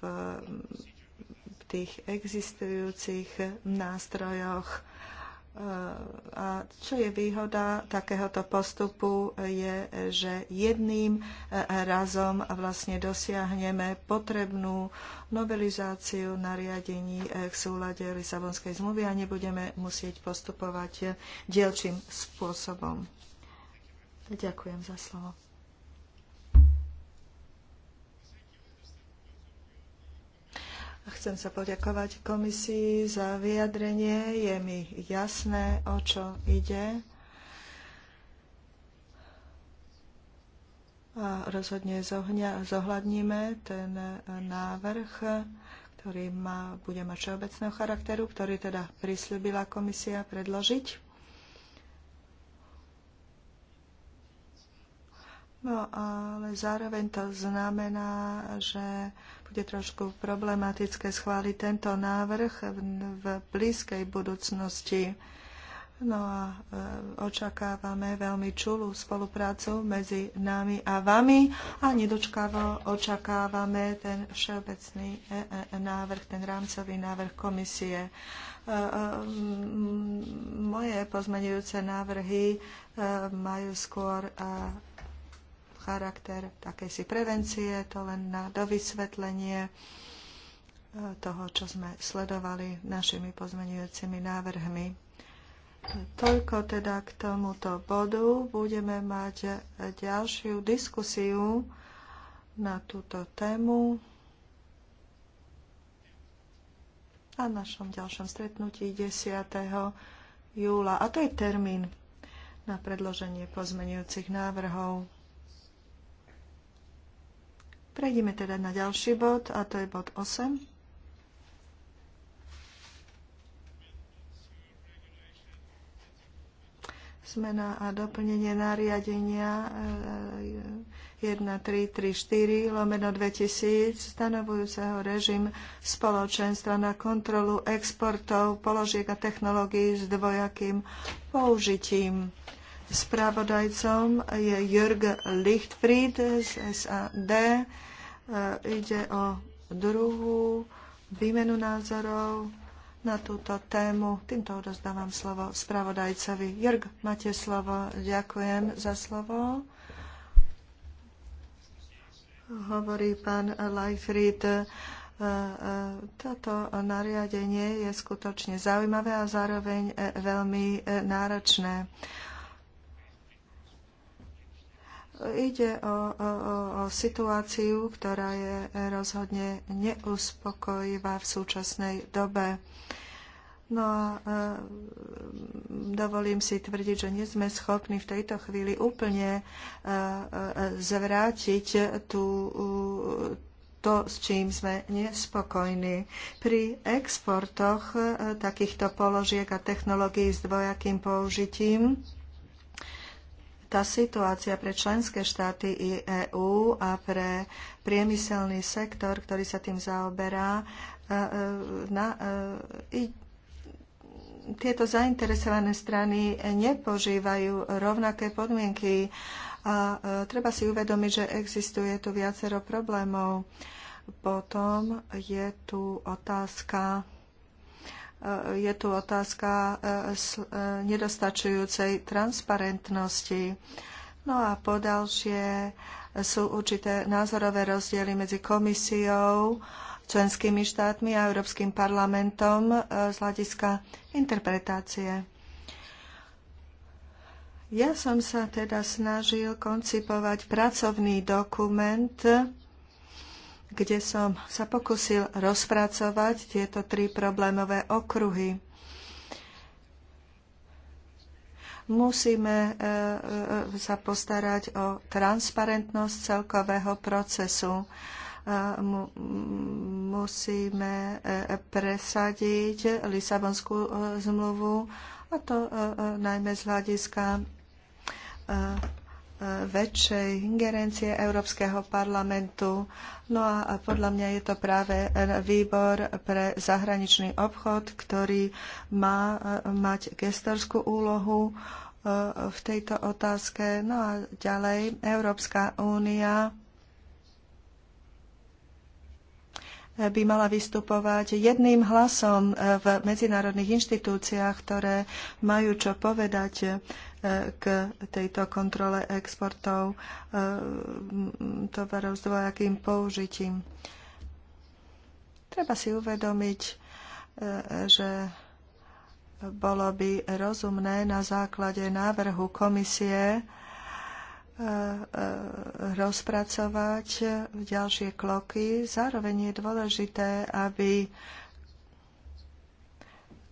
v tých existujúcich nástrojoch. E, a čo je výhoda takéhoto postupu je, že jedným razom vlastne dosiahneme potrebnú novelizáciu nariadení k súlade Lisabonskej zmluvy a nebudeme musieť postupovať dielčím spôsobom. Ďakujem za slovo. Chcem sa poďakovať komisii za vyjadrenie. Je mi jasné, o čo ide. A rozhodne zohľadníme ten návrh, ktorý má, bude mať všeobecného charakteru, ktorý teda prislúbila komisia predložiť. No ale zároveň to znamená, že bude trošku problematické schváliť tento návrh v, v blízkej budúcnosti. No a e, očakávame veľmi čulú spoluprácu medzi nami a vami a nedočkavo očakávame ten všeobecný e, e, návrh, ten rámcový návrh komisie. E, e, moje pozmenujúce návrhy e, majú skôr charakter takejsi prevencie, to len na dovysvetlenie e, toho, čo sme sledovali našimi pozmenujúcimi návrhmi. Toľko teda k tomuto bodu. Budeme mať ďalšiu diskusiu na túto tému na našom ďalšom stretnutí 10. júla. A to je termín na predloženie pozmenujúcich návrhov. Prejdeme teda na ďalší bod a to je bod 8. Zmena a doplnenie nariadenia 1334 e, e, lomeno 2000 stanovujúceho režim spoločenstva na kontrolu exportov položiek a technológií s dvojakým použitím. Spravodajcom je Jörg Lichtfried z SAD. E, ide o druhú výmenu názorov na túto tému. Týmto odozdávam slovo spravodajcovi. Jörg, máte slovo. Ďakujem za slovo. Hovorí pán Leifried e, e, toto nariadenie je skutočne zaujímavé a zároveň veľmi náročné. Ide o, o, o situáciu, ktorá je rozhodne neuspokojivá v súčasnej dobe. No a e, dovolím si tvrdiť, že nie sme schopní v tejto chvíli úplne e, e, zvrátiť tú, to, s čím sme nespokojní. Pri exportoch takýchto položiek a technológií s dvojakým použitím tá situácia pre členské štáty i EÚ a pre priemyselný sektor, ktorý sa tým zaoberá, e, e, na, e, i, tieto zainteresované strany nepožívajú rovnaké podmienky a treba si uvedomiť, že existuje tu viacero problémov. Potom je tu otázka je tu otázka e, e, nedostačujúcej transparentnosti. No a podalšie sú určité názorové rozdiely medzi komisiou, členskými štátmi a Európskym parlamentom e, z hľadiska interpretácie. Ja som sa teda snažil koncipovať pracovný dokument, kde som sa pokusil rozpracovať tieto tri problémové okruhy. Musíme e, e, sa postarať o transparentnosť celkového procesu e, musíme presadiť Lisabonskú zmluvu, a to najmä z hľadiska väčšej ingerencie Európskeho parlamentu. No a podľa mňa je to práve výbor pre zahraničný obchod, ktorý má e, mať gestorskú úlohu e, v tejto otázke. No a ďalej Európska únia by mala vystupovať jedným hlasom e, v medzinárodných inštitúciách, ktoré majú čo povedať k tejto kontrole exportov e, tovarov s dvojakým použitím. Treba si uvedomiť, e, že bolo by rozumné na základe návrhu komisie e, rozpracovať ďalšie kloky. Zároveň je dôležité, aby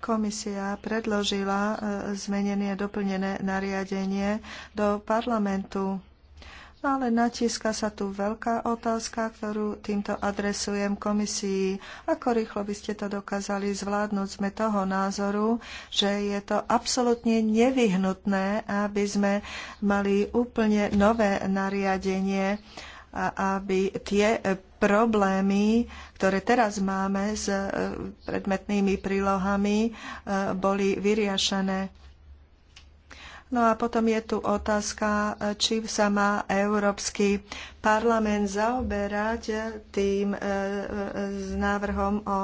Komisia predložila e, zmenené a doplnené nariadenie do parlamentu. No, ale natíska sa tu veľká otázka, ktorú týmto adresujem komisii. Ako rýchlo by ste to dokázali zvládnuť? Sme toho názoru, že je to absolútne nevyhnutné, aby sme mali úplne nové nariadenie, a aby tie problémy, ktoré teraz máme s e, predmetnými prílohami, e, boli vyriešené. No a potom je tu otázka, e, či sa má Európsky parlament zaoberať tým s návrhom o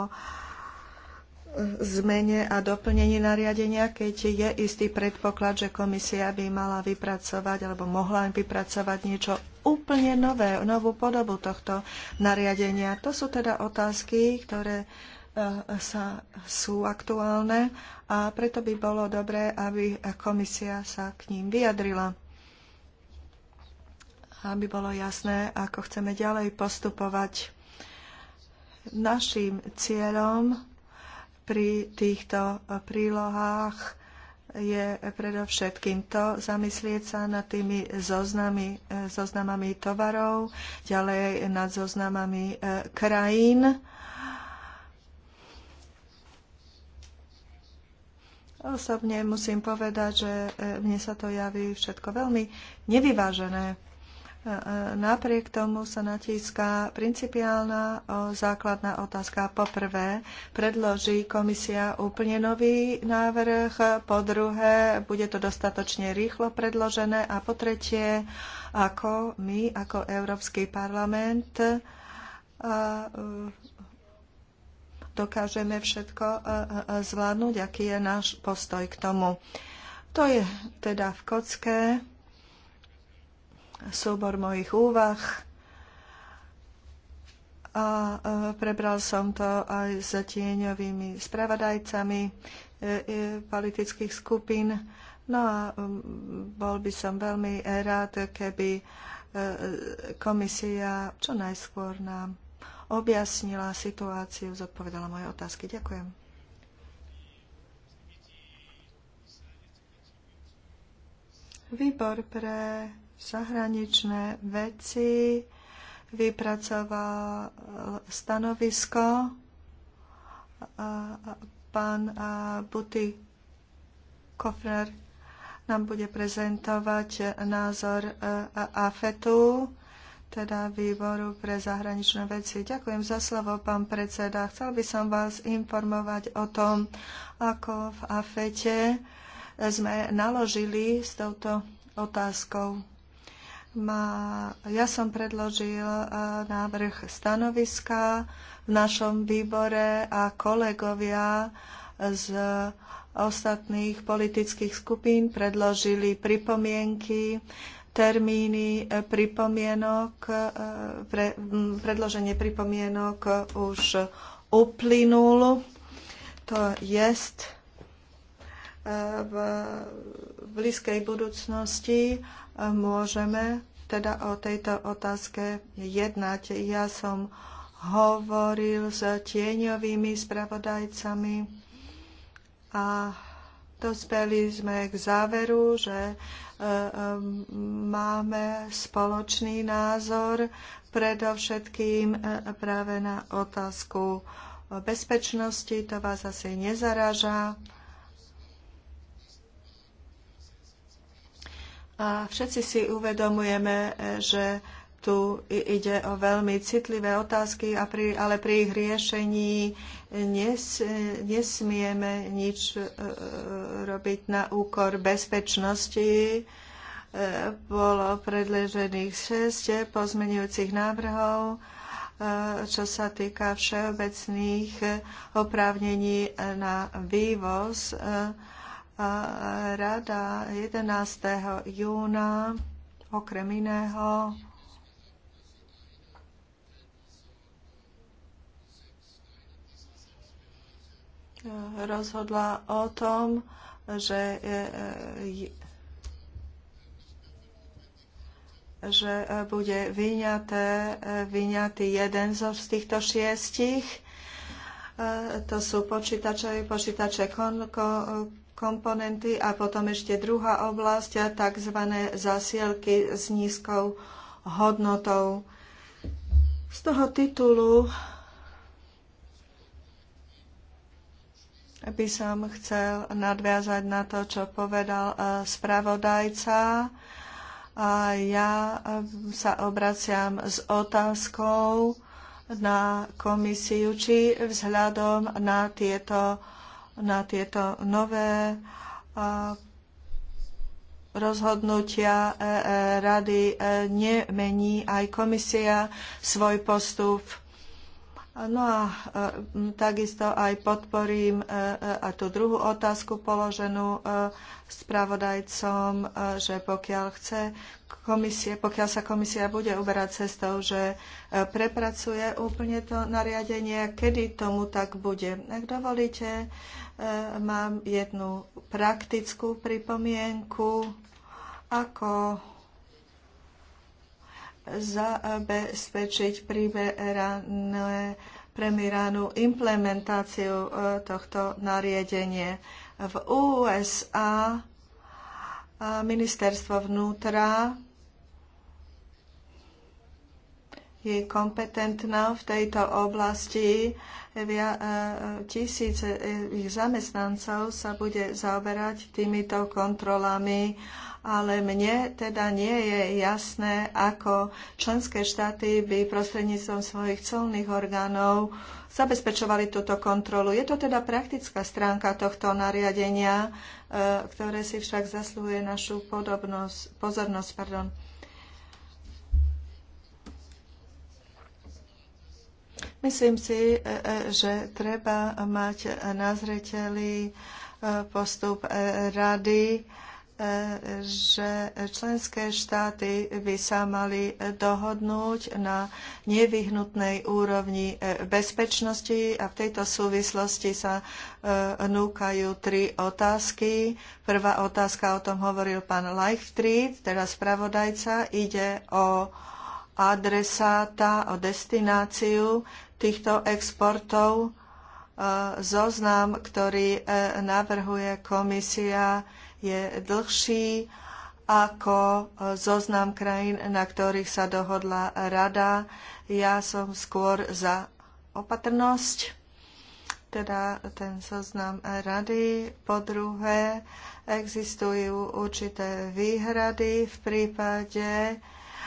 zmene a doplnení nariadenia, keď je istý predpoklad, že komisia by mala vypracovať alebo mohla vypracovať niečo úplne nové, novú podobu tohto nariadenia. To sú teda otázky, ktoré eh, sa, sú aktuálne a preto by bolo dobré, aby komisia sa k ním vyjadrila aby bolo jasné, ako chceme ďalej postupovať. Naším cieľom pri týchto prílohách je predovšetkým to zamyslieť sa nad tými zoznami, zoznamami tovarov, ďalej nad zoznamami e, krajín. Osobne musím povedať, že e, mne sa to javí všetko veľmi nevyvážené. E, e, napriek tomu sa natíska principiálna e, základná otázka. Po prvé, predloží komisia úplne nový návrh, po druhé, bude to dostatočne rýchlo predložené a po tretie, ako my, ako Európsky parlament, dokážeme všetko zvládnuť, aký je náš postoj k tomu. To je teda v kocke súbor mojich úvah a e, prebral som to aj s tieňovými spravodajcami e, e, politických skupín. No a bol by som veľmi rád, keby komisia čo najskôr nám objasnila situáciu, zodpovedala moje otázky. Ďakujem. Výbor pre zahraničné veci vypracoval e, stanovisko pán Buty Kofner nám bude prezentovať názor e, AFETu, teda Výboru pre zahraničné veci. Ďakujem za slovo, pán predseda. Chcel by som vás informovať o tom, ako v AFETe sme naložili s touto otázkou ma ja som predložil eh, návrh stanoviska v našom výbore a kolegovia z ostatných politických skupín predložili pripomienky, termíny eh, pripomienok, eh, pre, predloženie pripomienok už uplynul. To jest v blízkej budúcnosti môžeme teda o tejto otázke jednať. Ja som hovoril s tieňovými spravodajcami a dospeli sme k záveru, že e, e, máme spoločný názor predovšetkým e, práve na otázku bezpečnosti. To vás asi nezaražá. A všetci si uvedomujeme, že tu ide o veľmi citlivé otázky, ale pri ich riešení nes, nesmieme nič e, e, robiť na úkor bezpečnosti. E, bolo predležených 6 pozmenujúcich návrhov, čo sa týka všeobecných oprávnení na vývoz rada 11. júna okrem iného rozhodla o tom, že, e, e, že bude vyňaté, vyňatý jeden zo z týchto šiestich. E, to sú počítače, počítače kon, kon, komponenty a potom ešte druhá oblasť, tzv. zasielky s nízkou hodnotou. Z toho titulu by som chcel nadviazať na to, čo povedal e, spravodajca. A ja e, sa obraciam s otázkou na komisiu, či vzhľadom na tieto na tieto nové rozhodnutia e, e, rady e, nemení aj komisia svoj postup. No a takisto aj podporím a tú druhú otázku položenú spravodajcom, že pokiaľ chce komisie, pokiaľ sa komisia bude uberať cestou, že prepracuje úplne to nariadenie, kedy tomu tak bude. Ak dovolíte, Eh, mám jednu praktickú pripomienku, ako zabezpečiť primerané premiranú implementáciu eh, tohto nariadenie. V USA eh, ministerstvo vnútra je kompetentná v tejto oblasti E, e, tisíc e, ich zamestnancov sa bude zaoberať týmito kontrolami, ale mne teda nie je jasné, ako členské štáty by prostredníctvom svojich colných orgánov zabezpečovali túto kontrolu. Je to teda praktická stránka tohto nariadenia, ktoré si však zasluhuje našu podobnosť, pozornosť. Pardon. Myslím si, e, e, že treba mať na zreteli e, postup rady, že členské štáty by sa mali dohodnúť na nevyhnutnej úrovni bezpečnosti a v tejto súvislosti sa núkajú tri otázky. Prvá otázka, o tom hovoril pán Leichtried, teda spravodajca, ide o adresáta, o destináciu týchto exportov. E, zoznam, ktorý e, navrhuje komisia, je dlhší ako e, zoznam krajín, na ktorých sa dohodla rada. Ja som skôr za opatrnosť, teda ten zoznam rady. Po druhé, existujú určité výhrady v prípade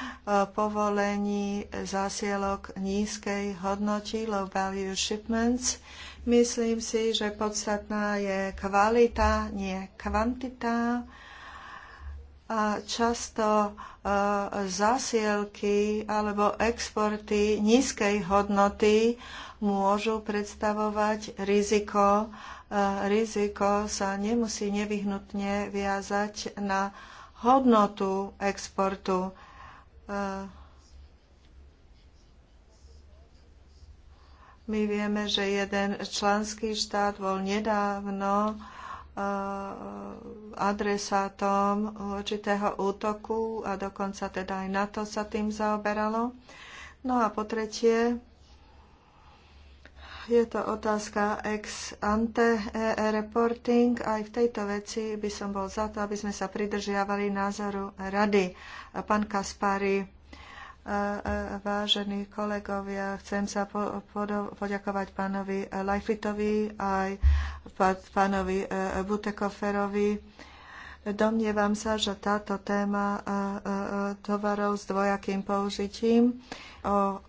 E, povolení zásielok nízkej hodnoty, low value shipments. Myslím si, že podstatná je kvalita, nie kvantita. A často e, zásielky alebo exporty nízkej hodnoty môžu predstavovať riziko. E, riziko sa nemusí nevyhnutne viazať na hodnotu exportu. My vieme, že jeden členský štát bol nedávno adresátom určitého útoku a dokonca teda aj NATO sa tým zaoberalo. No a po tretie, je to otázka ex ante e, e, reporting. Aj v tejto veci by som bol za to, aby sme sa pridržiavali názoru rady. Pán Kaspari, e, vážení kolegovia, chcem sa poďakovať pánovi Lajfitovi aj pánovi Butekoferovi Domnievam sa, že táto téma e, e, e, tovarov s dvojakým použitím o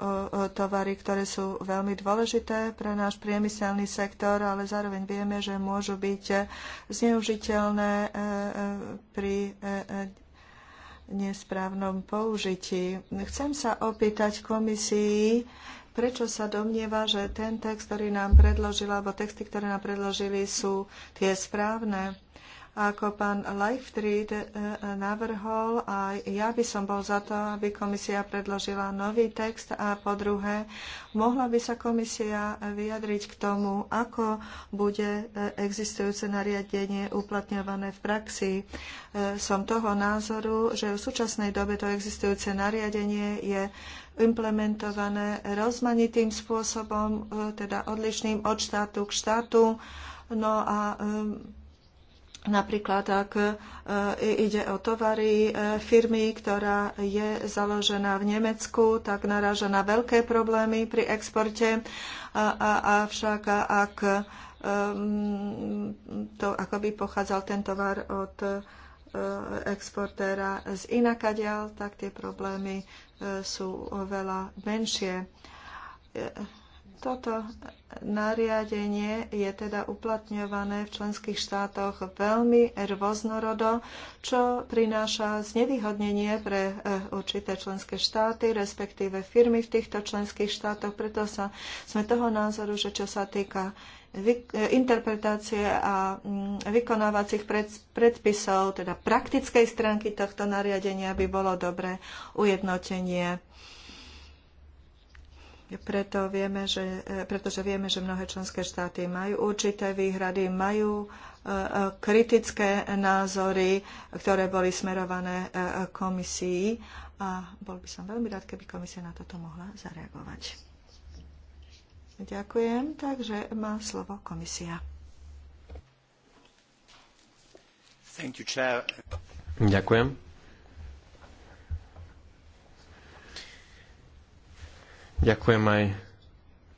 tovary, ktoré sú veľmi dôležité pre náš priemyselný sektor, ale zároveň vieme, že môžu byť zneužiteľné pri nesprávnom použití. Chcem sa opýtať komisii, prečo sa domnieva, že ten text, ktorý nám predložila, alebo texty, ktoré nám predložili, sú tie správne ako pán Leichtfried e, e, navrhol a ja by som bol za to, aby komisia predložila nový text a po druhé, mohla by sa komisia vyjadriť k tomu, ako bude e, existujúce nariadenie uplatňované v praxi. Som toho názoru, že v súčasnej dobe to existujúce nariadenie je implementované rozmanitým spôsobom, teda odlišným od štátu k štátu. No a Napríklad, ak e, ide o tovary e, firmy, ktorá je založená v Nemecku, tak naráža na veľké problémy pri exporte. Avšak ak to by pochádzal ten tovar od e, exportéra z inakadial, tak tie problémy sú oveľa menšie toto nariadenie je teda uplatňované v členských štátoch veľmi rôznorodo, čo prináša znevýhodnenie pre eh, určité členské štáty, respektíve firmy v týchto členských štátoch. Preto sa, sme toho názoru, že čo sa týka eh, interpretácie a mm, vykonávacích predpisov, teda praktickej stránky tohto nariadenia by bolo dobré ujednotenie preto vieme, že, e, pretože vieme, že mnohé členské štáty majú určité výhrady, majú e, e, kritické názory, ktoré boli smerované komisii a bol by som veľmi rád, keby komisia na toto mohla zareagovať. Ďakujem, takže má slovo komisia. You, Ďakujem. Ďakujem aj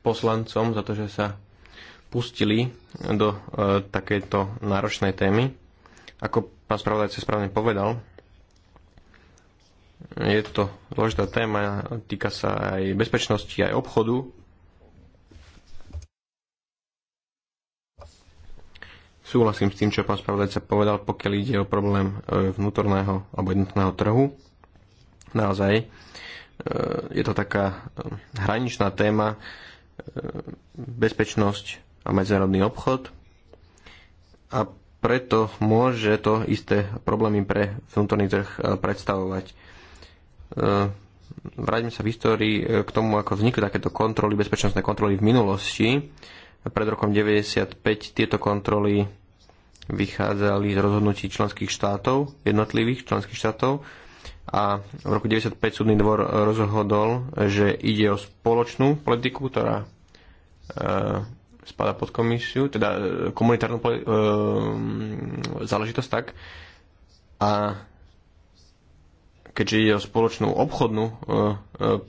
poslancom za to, že sa pustili do e, takéto náročnej témy. Ako pán spravodajca správne povedal, je to dôležitá téma, týka sa aj bezpečnosti, aj obchodu. Súhlasím s tým, čo pán spravodajca povedal, pokiaľ ide o problém e, vnútorného alebo jednotného trhu. Naozaj je to taká eh, hraničná téma eh, bezpečnosť a medzinárodný obchod a preto môže to isté problémy pre vnútorný trh eh, predstavovať. Vráťme sa v histórii k tomu, ako vznikli takéto kontroly, bezpečnostné kontroly v minulosti. Pred rokom 95 tieto kontroly vychádzali z rozhodnutí členských štátov, jednotlivých členských štátov, a v roku 95 súdny dvor rozhodol, že ide o spoločnú politiku, ktorá e, spada pod komisiu, teda e, komunitárnu e, mm, záležitosť tak. A keďže ide o spoločnú obchodnú e, e,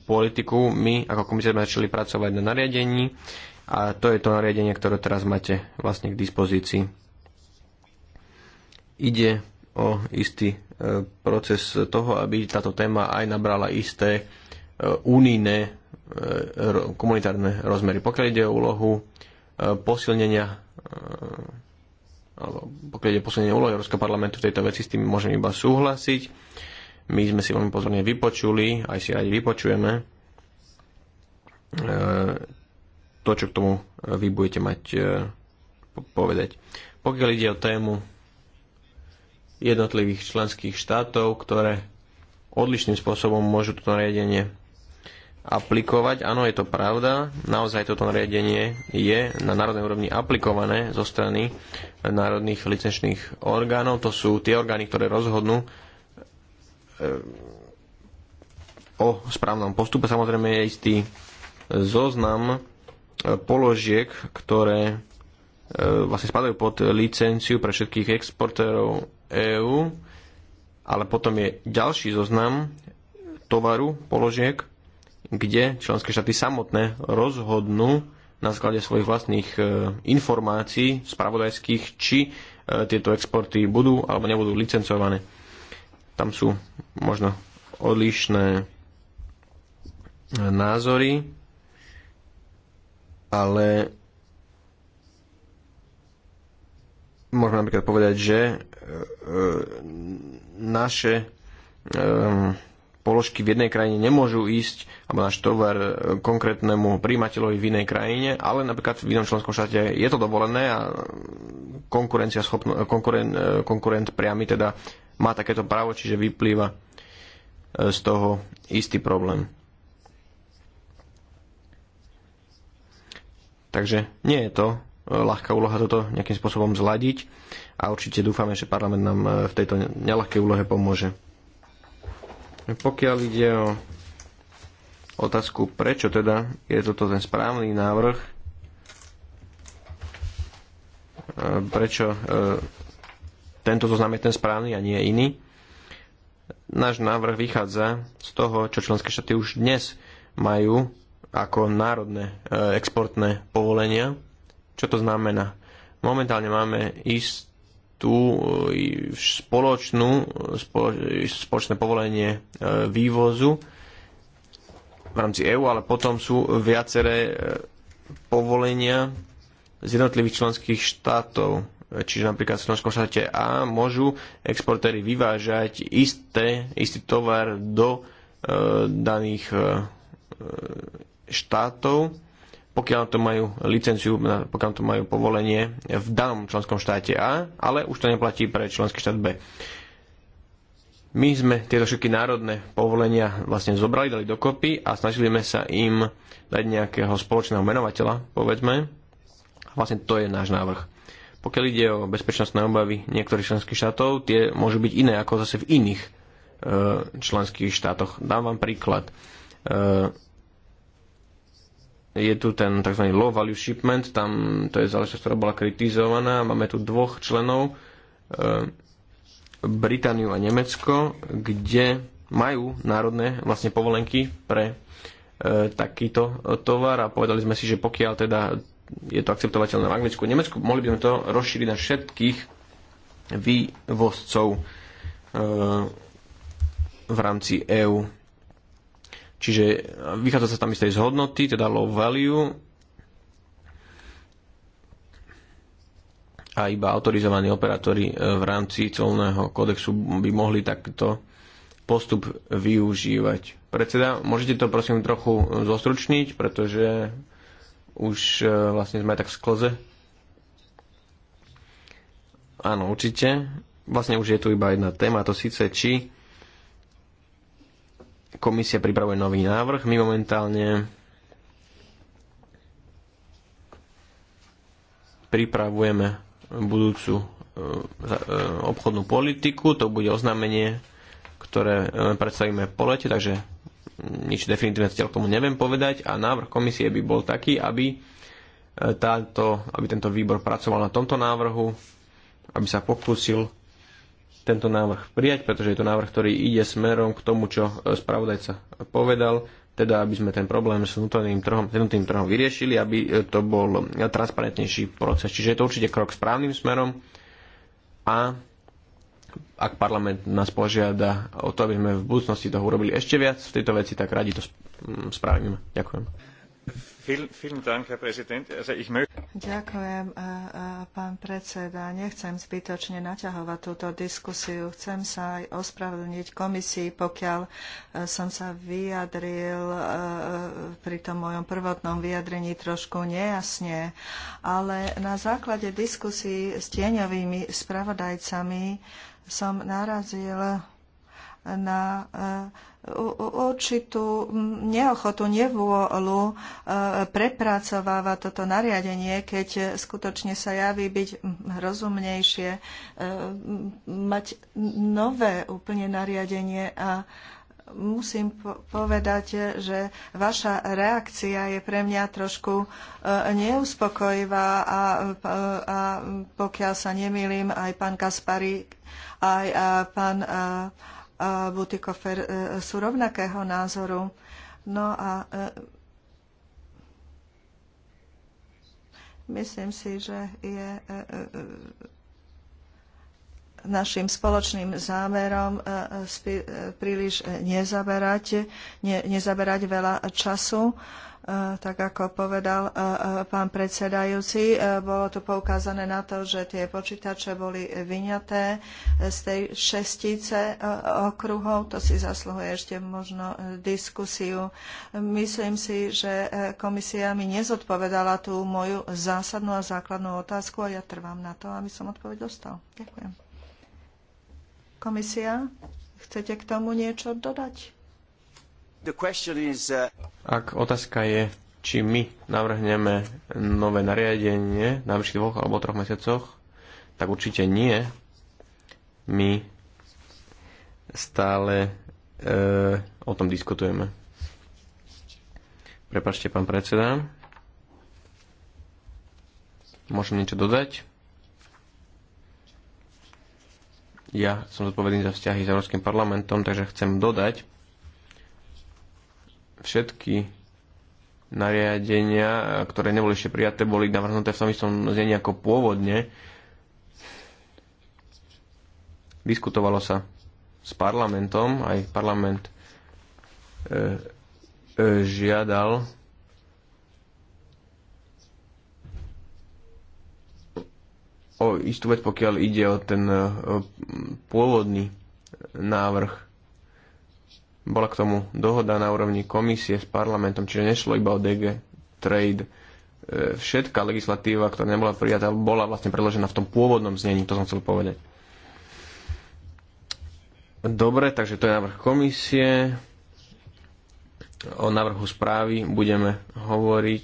politiku, my ako komisia sme začali pracovať na nariadení a to je to nariadenie, ktoré teraz máte vlastne k dispozícii. Ide o istý e, proces toho, aby táto téma aj nabrala isté e, unijné e, komunitárne rozmery. Pokiaľ ide o úlohu posilnenia alebo pokiaľ ide posilnenie úlohy Európskeho parlamentu v tejto veci, s tým môžem iba súhlasiť. My sme si veľmi pozorne vypočuli, aj si radi vypočujeme to, čo k tomu vy budete mať povedať. Pokiaľ ide o tému jednotlivých členských štátov, ktoré odlišným spôsobom môžu toto nariadenie aplikovať. Áno, je to pravda. Naozaj toto nariadenie je na národnej úrovni aplikované zo strany národných licenčných orgánov. To sú tie orgány, ktoré rozhodnú eh, o správnom postupe. Samozrejme je istý zoznam eh, položiek, ktoré eh, vlastne spadajú pod licenciu pre všetkých exportérov EÚ, ale potom je ďalší zoznam tovaru, položiek, kde členské štáty samotné rozhodnú na sklade svojich vlastných e, informácií spravodajských, či e, tieto exporty budú alebo nebudú licencované. Tam sú možno odlišné e, názory, ale môžeme napríklad povedať, že e, e, naše e, položky v jednej krajine nemôžu ísť, alebo náš tovar konkrétnemu príjimateľovi v inej krajine, ale napríklad v inom členskom štáte je to dovolené a konkurencia schopno, konkurent, konkurent priamy teda má takéto právo, čiže vyplýva z toho istý problém. Takže nie je to ľahká úloha toto nejakým spôsobom zladiť a určite dúfame, že parlament nám e, v tejto neľahkej úlohe pomôže. Pokiaľ ide o otázku, prečo teda je toto ten správny návrh, e, prečo e, tento zoznam je ten správny a nie iný, náš návrh vychádza z toho, čo členské štáty už dnes majú ako národné exportné povolenia čo to znamená? Momentálne máme istú spoločnú, spoločné povolenie e, vývozu v rámci EÚ, ale potom sú viaceré e, povolenia z jednotlivých členských štátov. E, čiže napríklad v členskom štáte A môžu exportéry vyvážať isté, istý tovar do e, daných e, štátov pokiaľ to majú licenciu, pokiaľ to majú povolenie v danom členskom štáte A, ale už to neplatí pre členský štát B. My sme tieto všetky národné povolenia vlastne zobrali, dali dokopy a snažili sme sa im dať nejakého spoločného menovateľa, povedzme. A vlastne to je náš návrh. Pokiaľ ide o bezpečnostné obavy niektorých členských štátov, tie môžu byť iné ako zase v iných e, členských štátoch. Dám vám príklad. E, je tu ten tzv. low value shipment, tam to je záležitosť, ktorá bola kritizovaná. Máme tu dvoch členov, e, Britániu a Nemecko, kde majú národné vlastne povolenky pre e, takýto tovar a povedali sme si, že pokiaľ teda je to akceptovateľné v Anglicku a Nemecku, mohli by sme to rozšíriť na všetkých vývozcov e, v rámci EÚ. Čiže e, vychádza sa tam z tej zhodnoty, teda low value a iba autorizovaní operátori e, v rámci colného kodexu by mohli takto postup využívať. Predseda, môžete to prosím trochu zostručniť, pretože už e, vlastne sme aj tak v skloze. Áno, určite. Vlastne už je tu iba jedna téma, to síce či Komisia pripravuje nový návrh. My momentálne pripravujeme budúcu e, e, obchodnú politiku. To bude oznámenie, ktoré e, predstavíme po lete, takže nič definitívne zatiaľ tomu neviem povedať a návrh komisie by bol taký, aby, táto, aby tento výbor pracoval na tomto návrhu, aby sa pokúsil tento návrh prijať, pretože je to návrh, ktorý ide smerom k tomu, čo e, spravodajca povedal, teda aby sme ten problém s vnútorným trhom, vnútorným trhom vyriešili, aby e, to bol e, transparentnejší proces. Čiže je to určite krok správnym smerom a ak parlament nás požiada o to, aby sme v budúcnosti toho urobili ešte viac v tejto veci, tak radi to spravíme. Ďakujem. Ďakujem, pán predseda. Nechcem zbytočne naťahovať túto diskusiu. Chcem sa aj ospravedlniť komisii, pokiaľ e, som sa vyjadril e, pri tom mojom prvotnom vyjadrení trošku nejasne. Ale na základe diskusí s tieňovými spravodajcami som narazil na e, určitú neochotu, nevôľu e, prepracováva toto nariadenie, keď skutočne sa javí byť rozumnejšie, e, mať nové úplne nariadenie a musím povedať, že vaša reakcia je pre mňa trošku neuspokojivá a, a pokiaľ sa nemýlim, aj pán Kaspari, aj pán Butikofer e, sú rovnakého názoru. No a e, myslím si, že je e, našim spoločným zámerom príliš nezaberať, ne, nezaberať veľa času tak ako povedal pán predsedajúci, bolo tu poukázané na to, že tie počítače boli vyňaté z tej šestice okruhov. To si zasluhuje ešte možno diskusiu. Myslím si, že e, komisia mi nezodpovedala tú moju zásadnú a základnú otázku a ja trvám na to, aby som odpoveď dostal. Ďakujem. Komisia, chcete k tomu niečo dodať? Uh, Ak otázka je, či my navrhneme nové nariadenie na vyšších dvoch alebo troch mesiacoch, tak určite nie. My stále e, o tom diskutujeme. Prepačte, pán predseda. Môžem niečo dodať? Ja som zodpovedný za vzťahy s Európskym parlamentom, takže chcem dodať, všetky nariadenia, ktoré neboli ešte prijaté, boli navrhnuté v tom istom znení ako pôvodne. Diskutovalo sa s parlamentom, aj parlament e, e, žiadal o istú vec, pokiaľ ide o ten e, pôvodný návrh bola k tomu dohoda na úrovni komisie s parlamentom, čiže nešlo iba o DG Trade. E, všetká legislatíva, ktorá nebola prijatá, bola vlastne predložená v tom pôvodnom znení, to som chcel povedať. Dobre, takže to je návrh komisie. O návrhu správy budeme hovoriť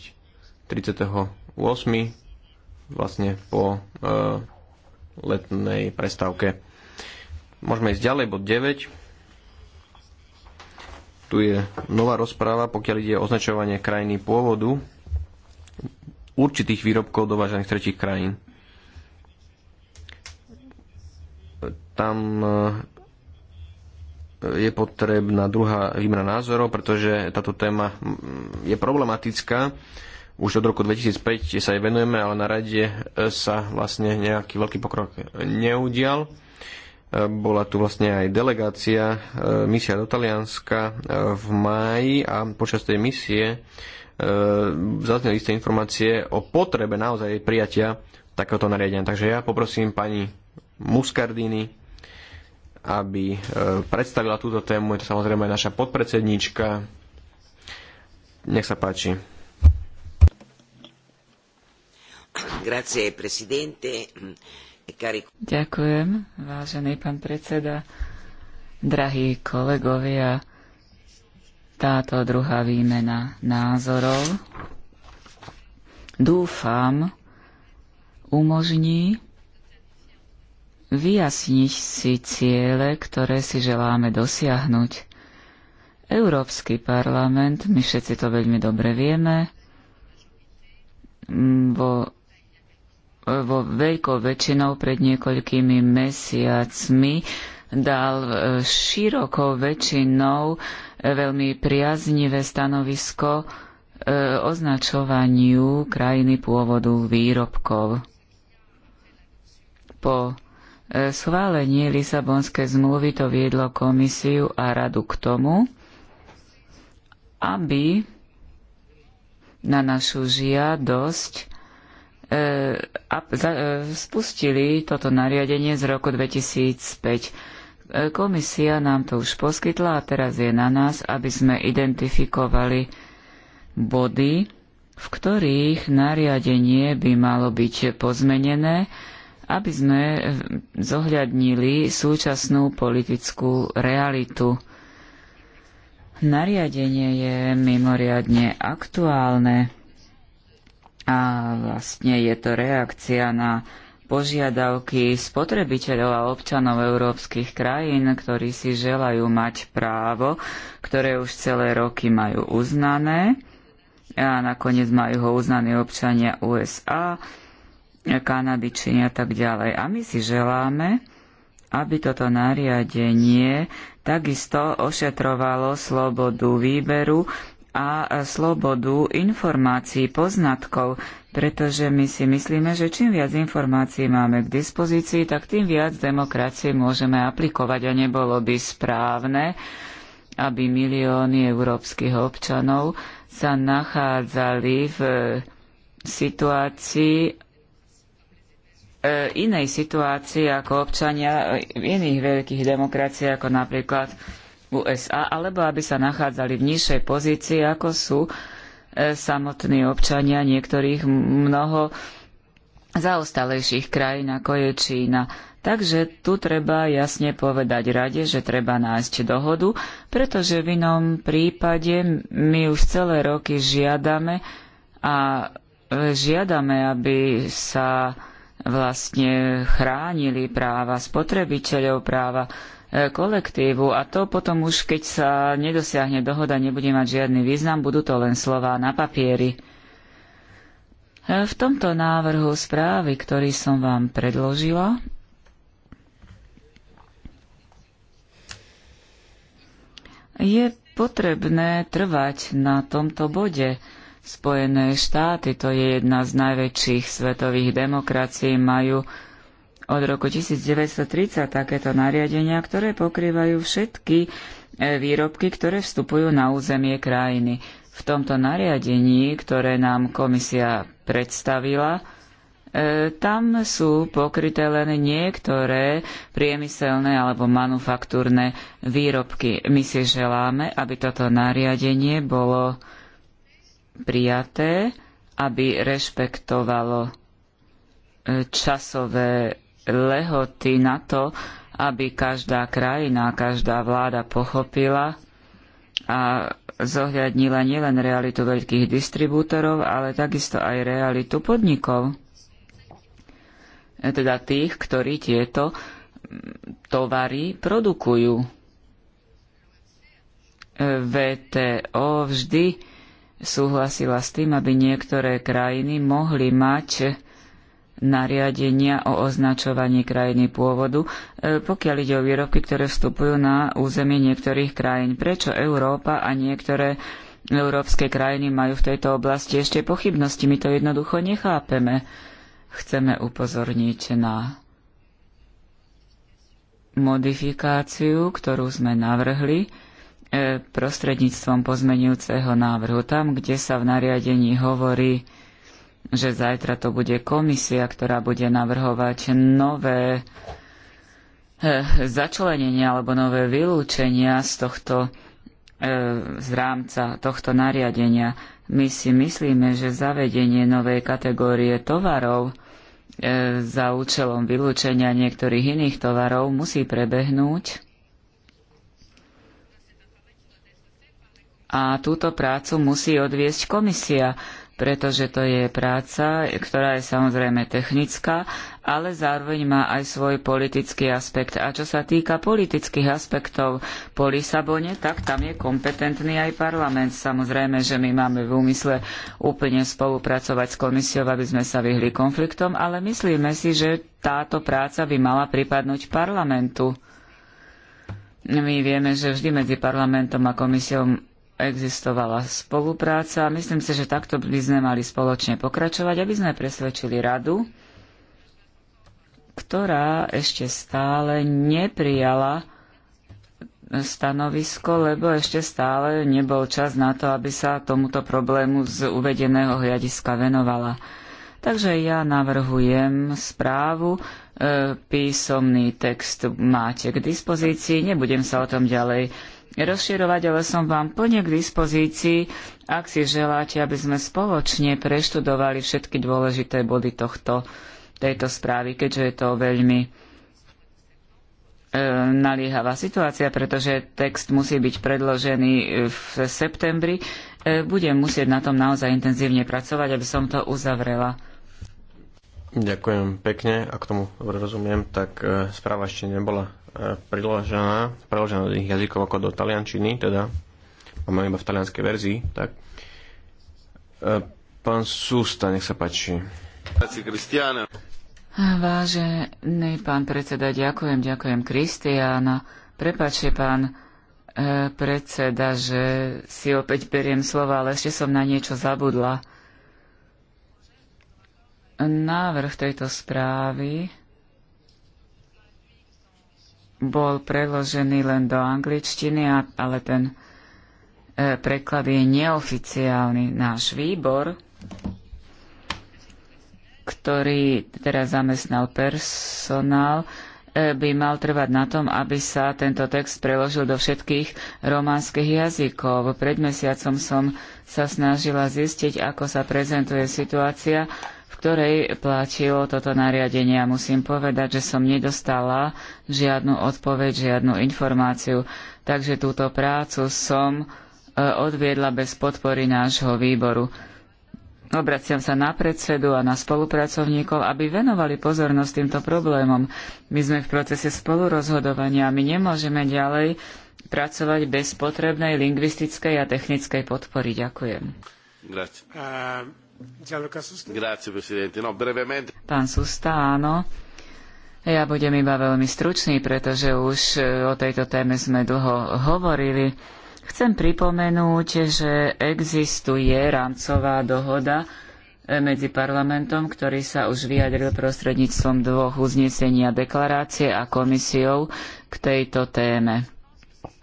38. vlastne po e, letnej prestávke. Môžeme ísť ďalej, bod 9 tu je nová rozpráva, pokiaľ ide o označovanie krajiny pôvodu určitých výrobkov dovážených z tretich krajín. Tam eh, je potrebná druhá výmena názorov, pretože táto téma mm, je problematická. Už od roku 2005 sa jej venujeme, ale na rade eh, sa vlastne nejaký veľký pokrok neudial bola tu vlastne aj delegácia, e, misia do Talianska e, v máji a počas tej misie e, zazneli isté informácie o potrebe naozaj prijatia takéhoto nariadenia. Takže ja poprosím pani Muscardini, aby predstavila túto tému. Je to samozrejme aj naša podpredsedníčka. Nech sa páči. Grazie, presidente. Ďakujem, vážený pán predseda. Drahí kolegovia, táto druhá výmena názorov dúfam umožní vyjasniť si ciele, ktoré si želáme dosiahnuť. Európsky parlament, my všetci to veľmi dobre vieme, vo vo veľkou väčšinou pred niekoľkými mesiacmi dal e, širokou väčšinou e, veľmi priaznivé stanovisko e, označovaniu krajiny pôvodu výrobkov. Po schválení Lisabonskej zmluvy to viedlo komisiu a radu k tomu, aby na našu žiadosť Eh, eh, spustili toto nariadenie z roku 2005. Eh, komisia nám to už poskytla a teraz je na nás, aby sme identifikovali body, v ktorých nariadenie by malo byť pozmenené, aby sme zohľadnili súčasnú politickú realitu. Nariadenie je mimoriadne aktuálne a vlastne je to reakcia na požiadavky spotrebiteľov a občanov európskych krajín, ktorí si želajú mať právo, ktoré už celé roky majú uznané a nakoniec majú ho uznaní občania USA, Číny a tak ďalej. A my si želáme, aby toto nariadenie takisto ošetrovalo slobodu výberu a slobodu informácií, poznatkov, pretože my si myslíme, že čím viac informácií máme k dispozícii, tak tým viac demokracie môžeme aplikovať a nebolo by správne, aby milióny európskych občanov sa nachádzali v e, situácii e, inej situácii ako občania iných veľkých demokracií, ako napríklad USA, alebo aby sa nachádzali v nižšej pozícii, ako sú e, samotní občania niektorých mnoho zaostalejších krajín, ako je Čína. Takže tu treba jasne povedať rade, že treba nájsť dohodu, pretože v inom prípade my už celé roky žiadame a e, žiadame, aby sa vlastne chránili práva spotrebiteľov, práva kolektívu a to potom už, keď sa nedosiahne dohoda, nebude mať žiadny význam, budú to len slova na papieri. E, v tomto návrhu správy, ktorý som vám predložila, je potrebné trvať na tomto bode. Spojené štáty, to je jedna z najväčších svetových demokracií, majú od roku 1930 takéto nariadenia, ktoré pokrývajú všetky e, výrobky, ktoré vstupujú na územie krajiny. V tomto nariadení, ktoré nám komisia predstavila, e, tam sú pokryté len niektoré priemyselné alebo manufaktúrne výrobky. My si želáme, aby toto nariadenie bolo prijaté, aby rešpektovalo e, časové lehoty na to, aby každá krajina, každá vláda pochopila a zohľadnila nielen realitu veľkých distribútorov, ale takisto aj realitu podnikov. Teda tých, ktorí tieto tovary produkujú. VTO vždy súhlasila s tým, aby niektoré krajiny mohli mať nariadenia o označovaní krajiny pôvodu, e, pokiaľ ide o výrobky, ktoré vstupujú na územie niektorých krajín. Prečo Európa a niektoré európske krajiny majú v tejto oblasti ešte pochybnosti? My to jednoducho nechápeme. Chceme upozorniť na modifikáciu, ktorú sme navrhli e, prostredníctvom pozmenujúceho návrhu. Tam, kde sa v nariadení hovorí, že zajtra to bude komisia, ktorá bude navrhovať nové eh, začlenenia alebo nové vylúčenia z tohto eh, z rámca tohto nariadenia. My si myslíme, že zavedenie novej kategórie tovarov eh, za účelom vylúčenia niektorých iných tovarov musí prebehnúť a túto prácu musí odviesť komisia pretože to je práca, ktorá je samozrejme technická, ale zároveň má aj svoj politický aspekt. A čo sa týka politických aspektov po Lisabone, tak tam je kompetentný aj parlament. Samozrejme, že my máme v úmysle úplne spolupracovať s komisiou, aby sme sa vyhli konfliktom, ale myslíme si, že táto práca by mala pripadnúť parlamentu. My vieme, že vždy medzi parlamentom a komisiou existovala spolupráca. Myslím si, že takto by sme mali spoločne pokračovať, aby sme presvedčili radu, ktorá ešte stále neprijala stanovisko, lebo ešte stále nebol čas na to, aby sa tomuto problému z uvedeného hľadiska venovala. Takže ja navrhujem správu, e, písomný text máte k dispozícii, nebudem sa o tom ďalej rozširovať, ale som vám plne k dispozícii, ak si želáte, aby sme spoločne preštudovali všetky dôležité body tohto, tejto správy, keďže je to veľmi e, naliehavá situácia, pretože text musí byť predložený e, v septembri. E, budem musieť na tom naozaj intenzívne pracovať, aby som to uzavrela. Ďakujem pekne. Ak tomu dobre rozumiem, tak e, správa ešte nebola priložená, preložená do iných jazykov ako do taliančiny, teda máme iba v talianskej verzii, tak e, pán Sústa, nech sa páči. Vážený pán predseda, ďakujem, ďakujem Kristiána. Prepačte, pán e, predseda, že si opäť beriem slova, ale ešte som na niečo zabudla. Návrh tejto správy bol preložený len do angličtiny, ale ten e, preklad je neoficiálny. Náš výbor, ktorý teraz zamestnal personál, e, by mal trvať na tom, aby sa tento text preložil do všetkých románskych jazykov. Pred mesiacom som sa snažila zistiť, ako sa prezentuje situácia ktorej platilo toto nariadenie. A musím povedať, že som nedostala žiadnu odpoveď, žiadnu informáciu. Takže túto prácu som e, odviedla bez podpory nášho výboru. Obraciam sa na predsedu a na spolupracovníkov, aby venovali pozornosť týmto problémom. My sme v procese spolurozhodovania a my nemôžeme ďalej pracovať bez potrebnej lingvistickej a technickej podpory. Ďakujem. Uh, No, Pán Susta, áno. Ja budem iba veľmi stručný, pretože už e, o tejto téme sme dlho hovorili. Chcem pripomenúť, že existuje rámcová dohoda e, medzi parlamentom, ktorý sa už vyjadril prostredníctvom dvoch uznesenia deklarácie a komisiou k tejto téme.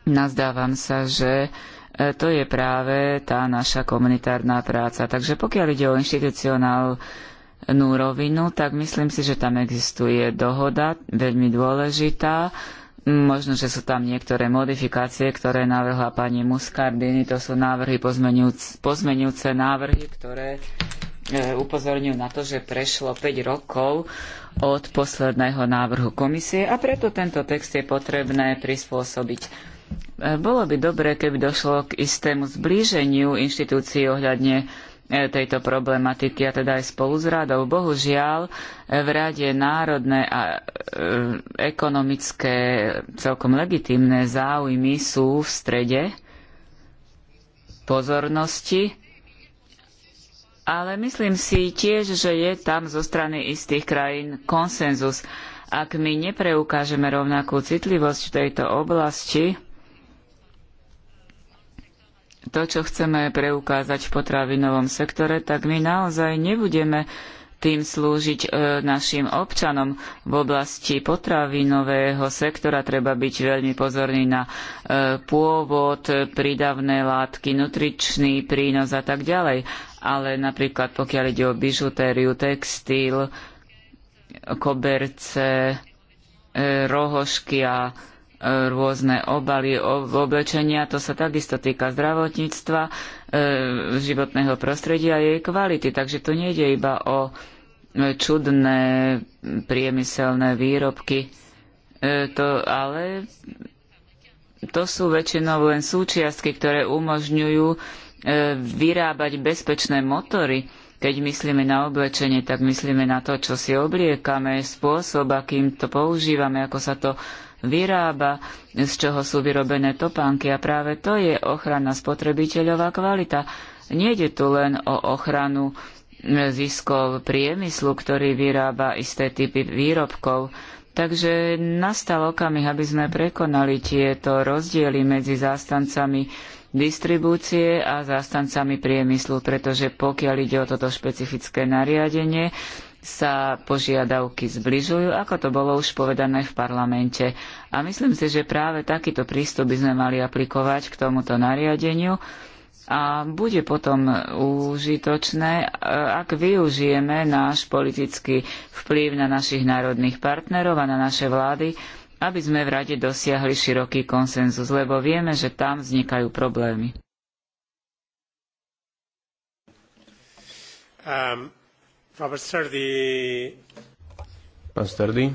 Nazdávam sa, že E, to je práve tá naša komunitárna práca. Takže pokiaľ ide o inštitucionálnu rovinu, tak myslím si, že tam existuje dohoda, veľmi dôležitá. Možno, že sú tam niektoré modifikácie, ktoré navrhla pani Muscardini. To sú návrhy pozmenujúce, návrhy, ktoré e, upozorňujú na to, že prešlo 5 rokov od posledného návrhu komisie a preto tento text je potrebné prispôsobiť. E, bolo by dobré, keby došlo k istému zblíženiu inštitúcií ohľadne e, tejto problematiky a teda aj spolu s radou. Bohužiaľ, e, v rade národné a ekonomické celkom legitimné záujmy sú v strede pozornosti, ale myslím si tiež, že je tam zo strany istých krajín konsenzus. Ak my nepreukážeme rovnakú citlivosť v tejto oblasti, to, čo chceme preukázať v potravinovom sektore, tak my naozaj nebudeme tým slúžiť e, našim občanom. V oblasti potravinového sektora treba byť veľmi pozorný na e, pôvod, prídavné látky, nutričný prínos a tak ďalej. Ale napríklad pokiaľ ide o bižutériu, textil, koberce, e, rohošky a rôzne obaly oblečenia, to sa takisto týka zdravotníctva, e, životného prostredia a jej kvality. Takže to nejde iba o čudné priemyselné výrobky, e, to, ale to sú väčšinou len súčiastky, ktoré umožňujú e, vyrábať bezpečné motory. Keď myslíme na oblečenie, tak myslíme na to, čo si obliekame, spôsob, akým to používame, ako sa to vyrába, z čoho sú vyrobené topánky a práve to je ochrana spotrebiteľová kvalita. Nejde tu len o ochranu e, ziskov priemyslu, ktorý vyrába isté typy výrobkov. Takže nastal okamih, aby sme prekonali tieto rozdiely medzi zástancami distribúcie a zástancami priemyslu, pretože pokiaľ ide o toto špecifické nariadenie, sa požiadavky zbližujú, ako to bolo už povedané v parlamente. A myslím si, že práve takýto prístup by sme mali aplikovať k tomuto nariadeniu a bude potom užitočné, e, ak využijeme náš politický vplyv na našich národných partnerov a na naše vlády, aby sme v rade dosiahli široký konsenzus, lebo vieme, že tam vznikajú problémy. Um. Robert Sturdy. Pán Sturdy.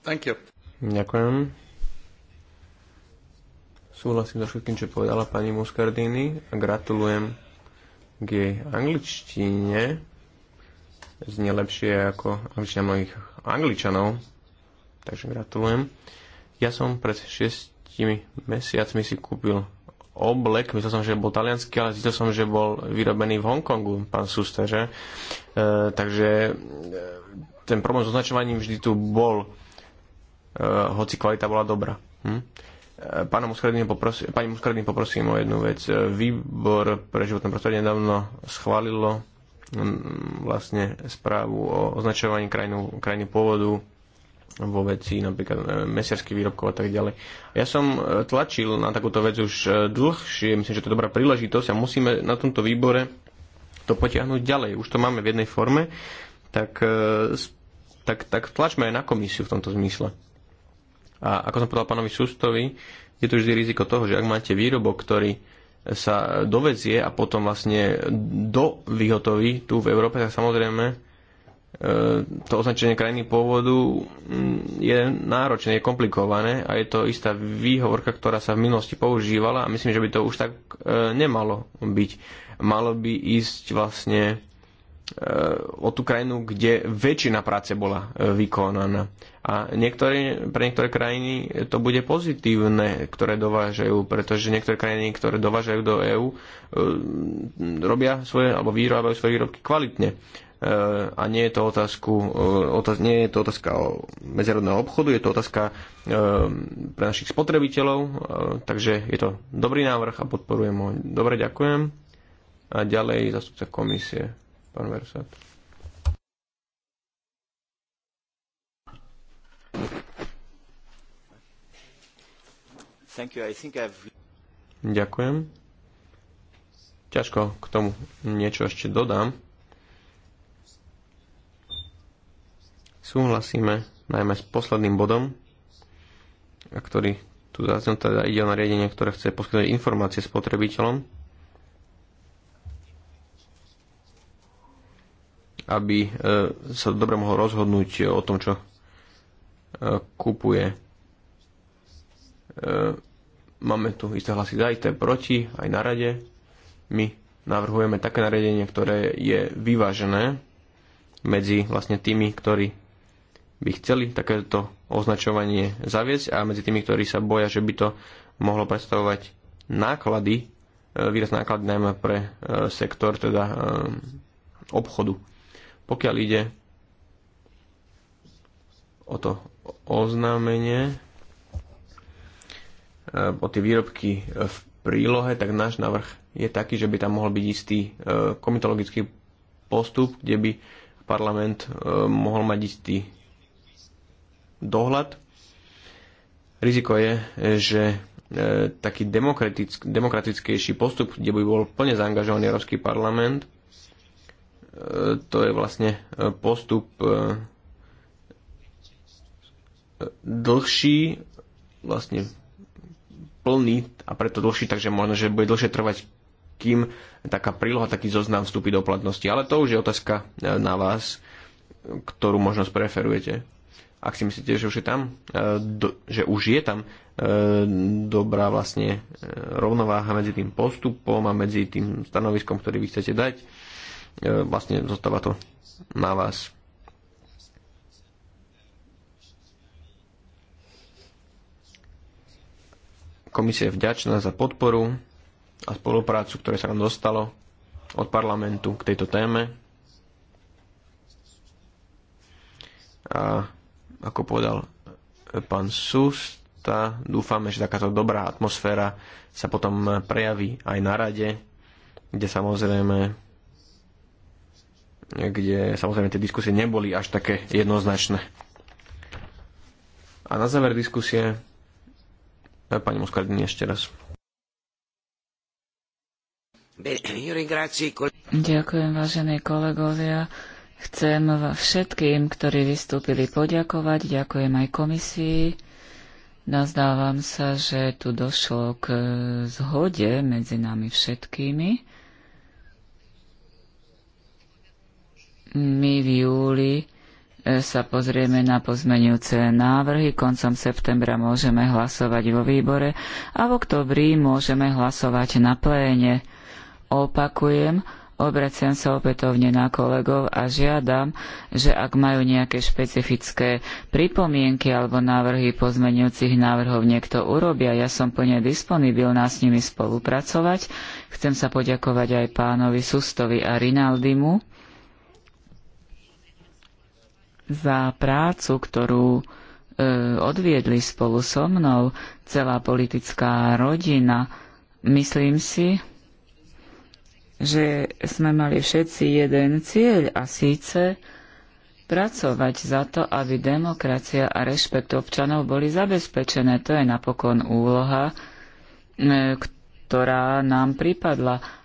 Thank you. Ďakujem. Súhlasím so všetkým, čo povedala pani Muscardini a gratulujem k jej angličtine. Znie lepšie ako angličtina mojich angličanov, takže gratulujem. Ja som pred šestimi mesiacmi si kúpil oblek, myslel som, že bol talianský, ale zistil som, že bol vyrobený v Hongkongu, pán Suster, že? E, takže e, ten problém s označovaním vždy tu bol, e, hoci kvalita bola dobrá. Hm? E, pána Muskardini poprosím, pani Muskardini poprosím o jednu vec. E, výbor pre životné prostredie nedávno schválilo vlastne správu o označovaní krajinu, krajiny pôvodu vo veci napríklad e, mesiarských výrobkov a tak ďalej. Ja som e, tlačil na takúto vec už e, dlhšie, myslím, že to je dobrá príležitosť a musíme na tomto výbore to potiahnuť ďalej. Už to máme v jednej forme, tak, tak, tak tlačme aj na komisiu v tomto zmysle. A ako som povedal pánovi Sustovi, je tu vždy riziko toho, že ak máte výrobok, ktorý sa dovezie a potom vlastne vyhotoví tu v Európe, tak samozrejme E, to označenie krajiny pôvodu mm, je náročné, je komplikované a je to istá výhovorka, ktorá sa v minulosti používala a myslím, že by to už tak e, nemalo byť. Malo by ísť vlastne e, o tú krajinu, kde väčšina práce bola vykonaná. A niektoré, pre niektoré krajiny to bude pozitívne, ktoré dovážajú, pretože niektoré krajiny, ktoré dovážajú do EÚ, robia svoje alebo vyrábajú svoje výrobky kvalitne E, a nie je to, otázku, e, otáz, nie je to otázka o medzerodného obchodu, je to otázka e, pre našich spotrebiteľov, takže je to dobrý návrh a podporujem ho. Dobre, ďakujem. A ďalej zastupca komisie, pán Versat. Thank you. I think I've... Ďakujem. Ťažko k tomu niečo ešte dodám. súhlasíme najmä s posledným bodom, ktorý tu zaznel, teda ide o nariadenie, ktoré chce poskytnúť informácie spotrebiteľom, aby e, sa dobre mohol rozhodnúť o tom, čo e, kupuje. E, máme tu isté hlasy za, IT proti, aj na rade. My navrhujeme také nariadenie, ktoré je vyvážené medzi vlastne tými, ktorí by chceli takéto označovanie zaviesť a medzi tými, ktorí sa boja, že by to mohlo predstavovať náklady, e, výraz náklady najmä pre e, sektor teda e, obchodu. Pokiaľ ide o to oznámenie, o tie výrobky v prílohe, tak náš návrh je taký, že by tam mohol byť istý komitologický postup, kde by parlament mohol mať istý dohľad. Riziko je, že e, taký demokratick, demokratickejší postup, kde by bol plne zaangažovaný Európsky parlament, e, to je vlastne e, postup dlhší, vlastne plný a preto dlhší, takže možno, že bude dlhšie trvať, kým taká príloha, taký zoznam vstúpi do platnosti. Ale to už je otázka na vás, ktorú možnosť preferujete ak si myslíte, že už je tam, e, že už je tam e, dobrá vlastne e, rovnováha medzi tým postupom a medzi tým stanoviskom, ktorý vy chcete dať, vlastne zostáva to na vás. Komisia je vďačná za podporu a spoluprácu, ktoré sa nám dostalo od parlamentu k tejto téme. A ako povedal e, pán Susta, dúfame, že takáto dobrá atmosféra sa potom prejaví aj na rade, kde samozrejme kde samozrejme tie diskusie neboli až také jednoznačné. A na záver diskusie e, pani Moskardini ešte raz. Ďakujem, vážené kolegovia. Chcem všetkým, ktorí vystúpili, poďakovať. Ďakujem aj komisii. Nazdávam sa, že tu došlo k e, zhode medzi nami všetkými. My v júli e, sa pozrieme na pozmenujúce návrhy. Koncom septembra môžeme hlasovať vo výbore a v oktobri môžeme hlasovať na pléne. Opakujem, Obraciam sa opätovne na kolegov a žiadam, že ak majú nejaké špecifické pripomienky alebo návrhy pozmenujúcich návrhov niekto urobia, ja som plne disponibilná s nimi spolupracovať. Chcem sa poďakovať aj pánovi Sustovi a Rinaldimu za prácu, ktorú e, odviedli spolu so mnou celá politická rodina. Myslím si, že sme mali všetci jeden cieľ a síce pracovať za to, aby demokracia a rešpekt občanov boli zabezpečené. To je napokon úloha, e, ktorá nám pripadla.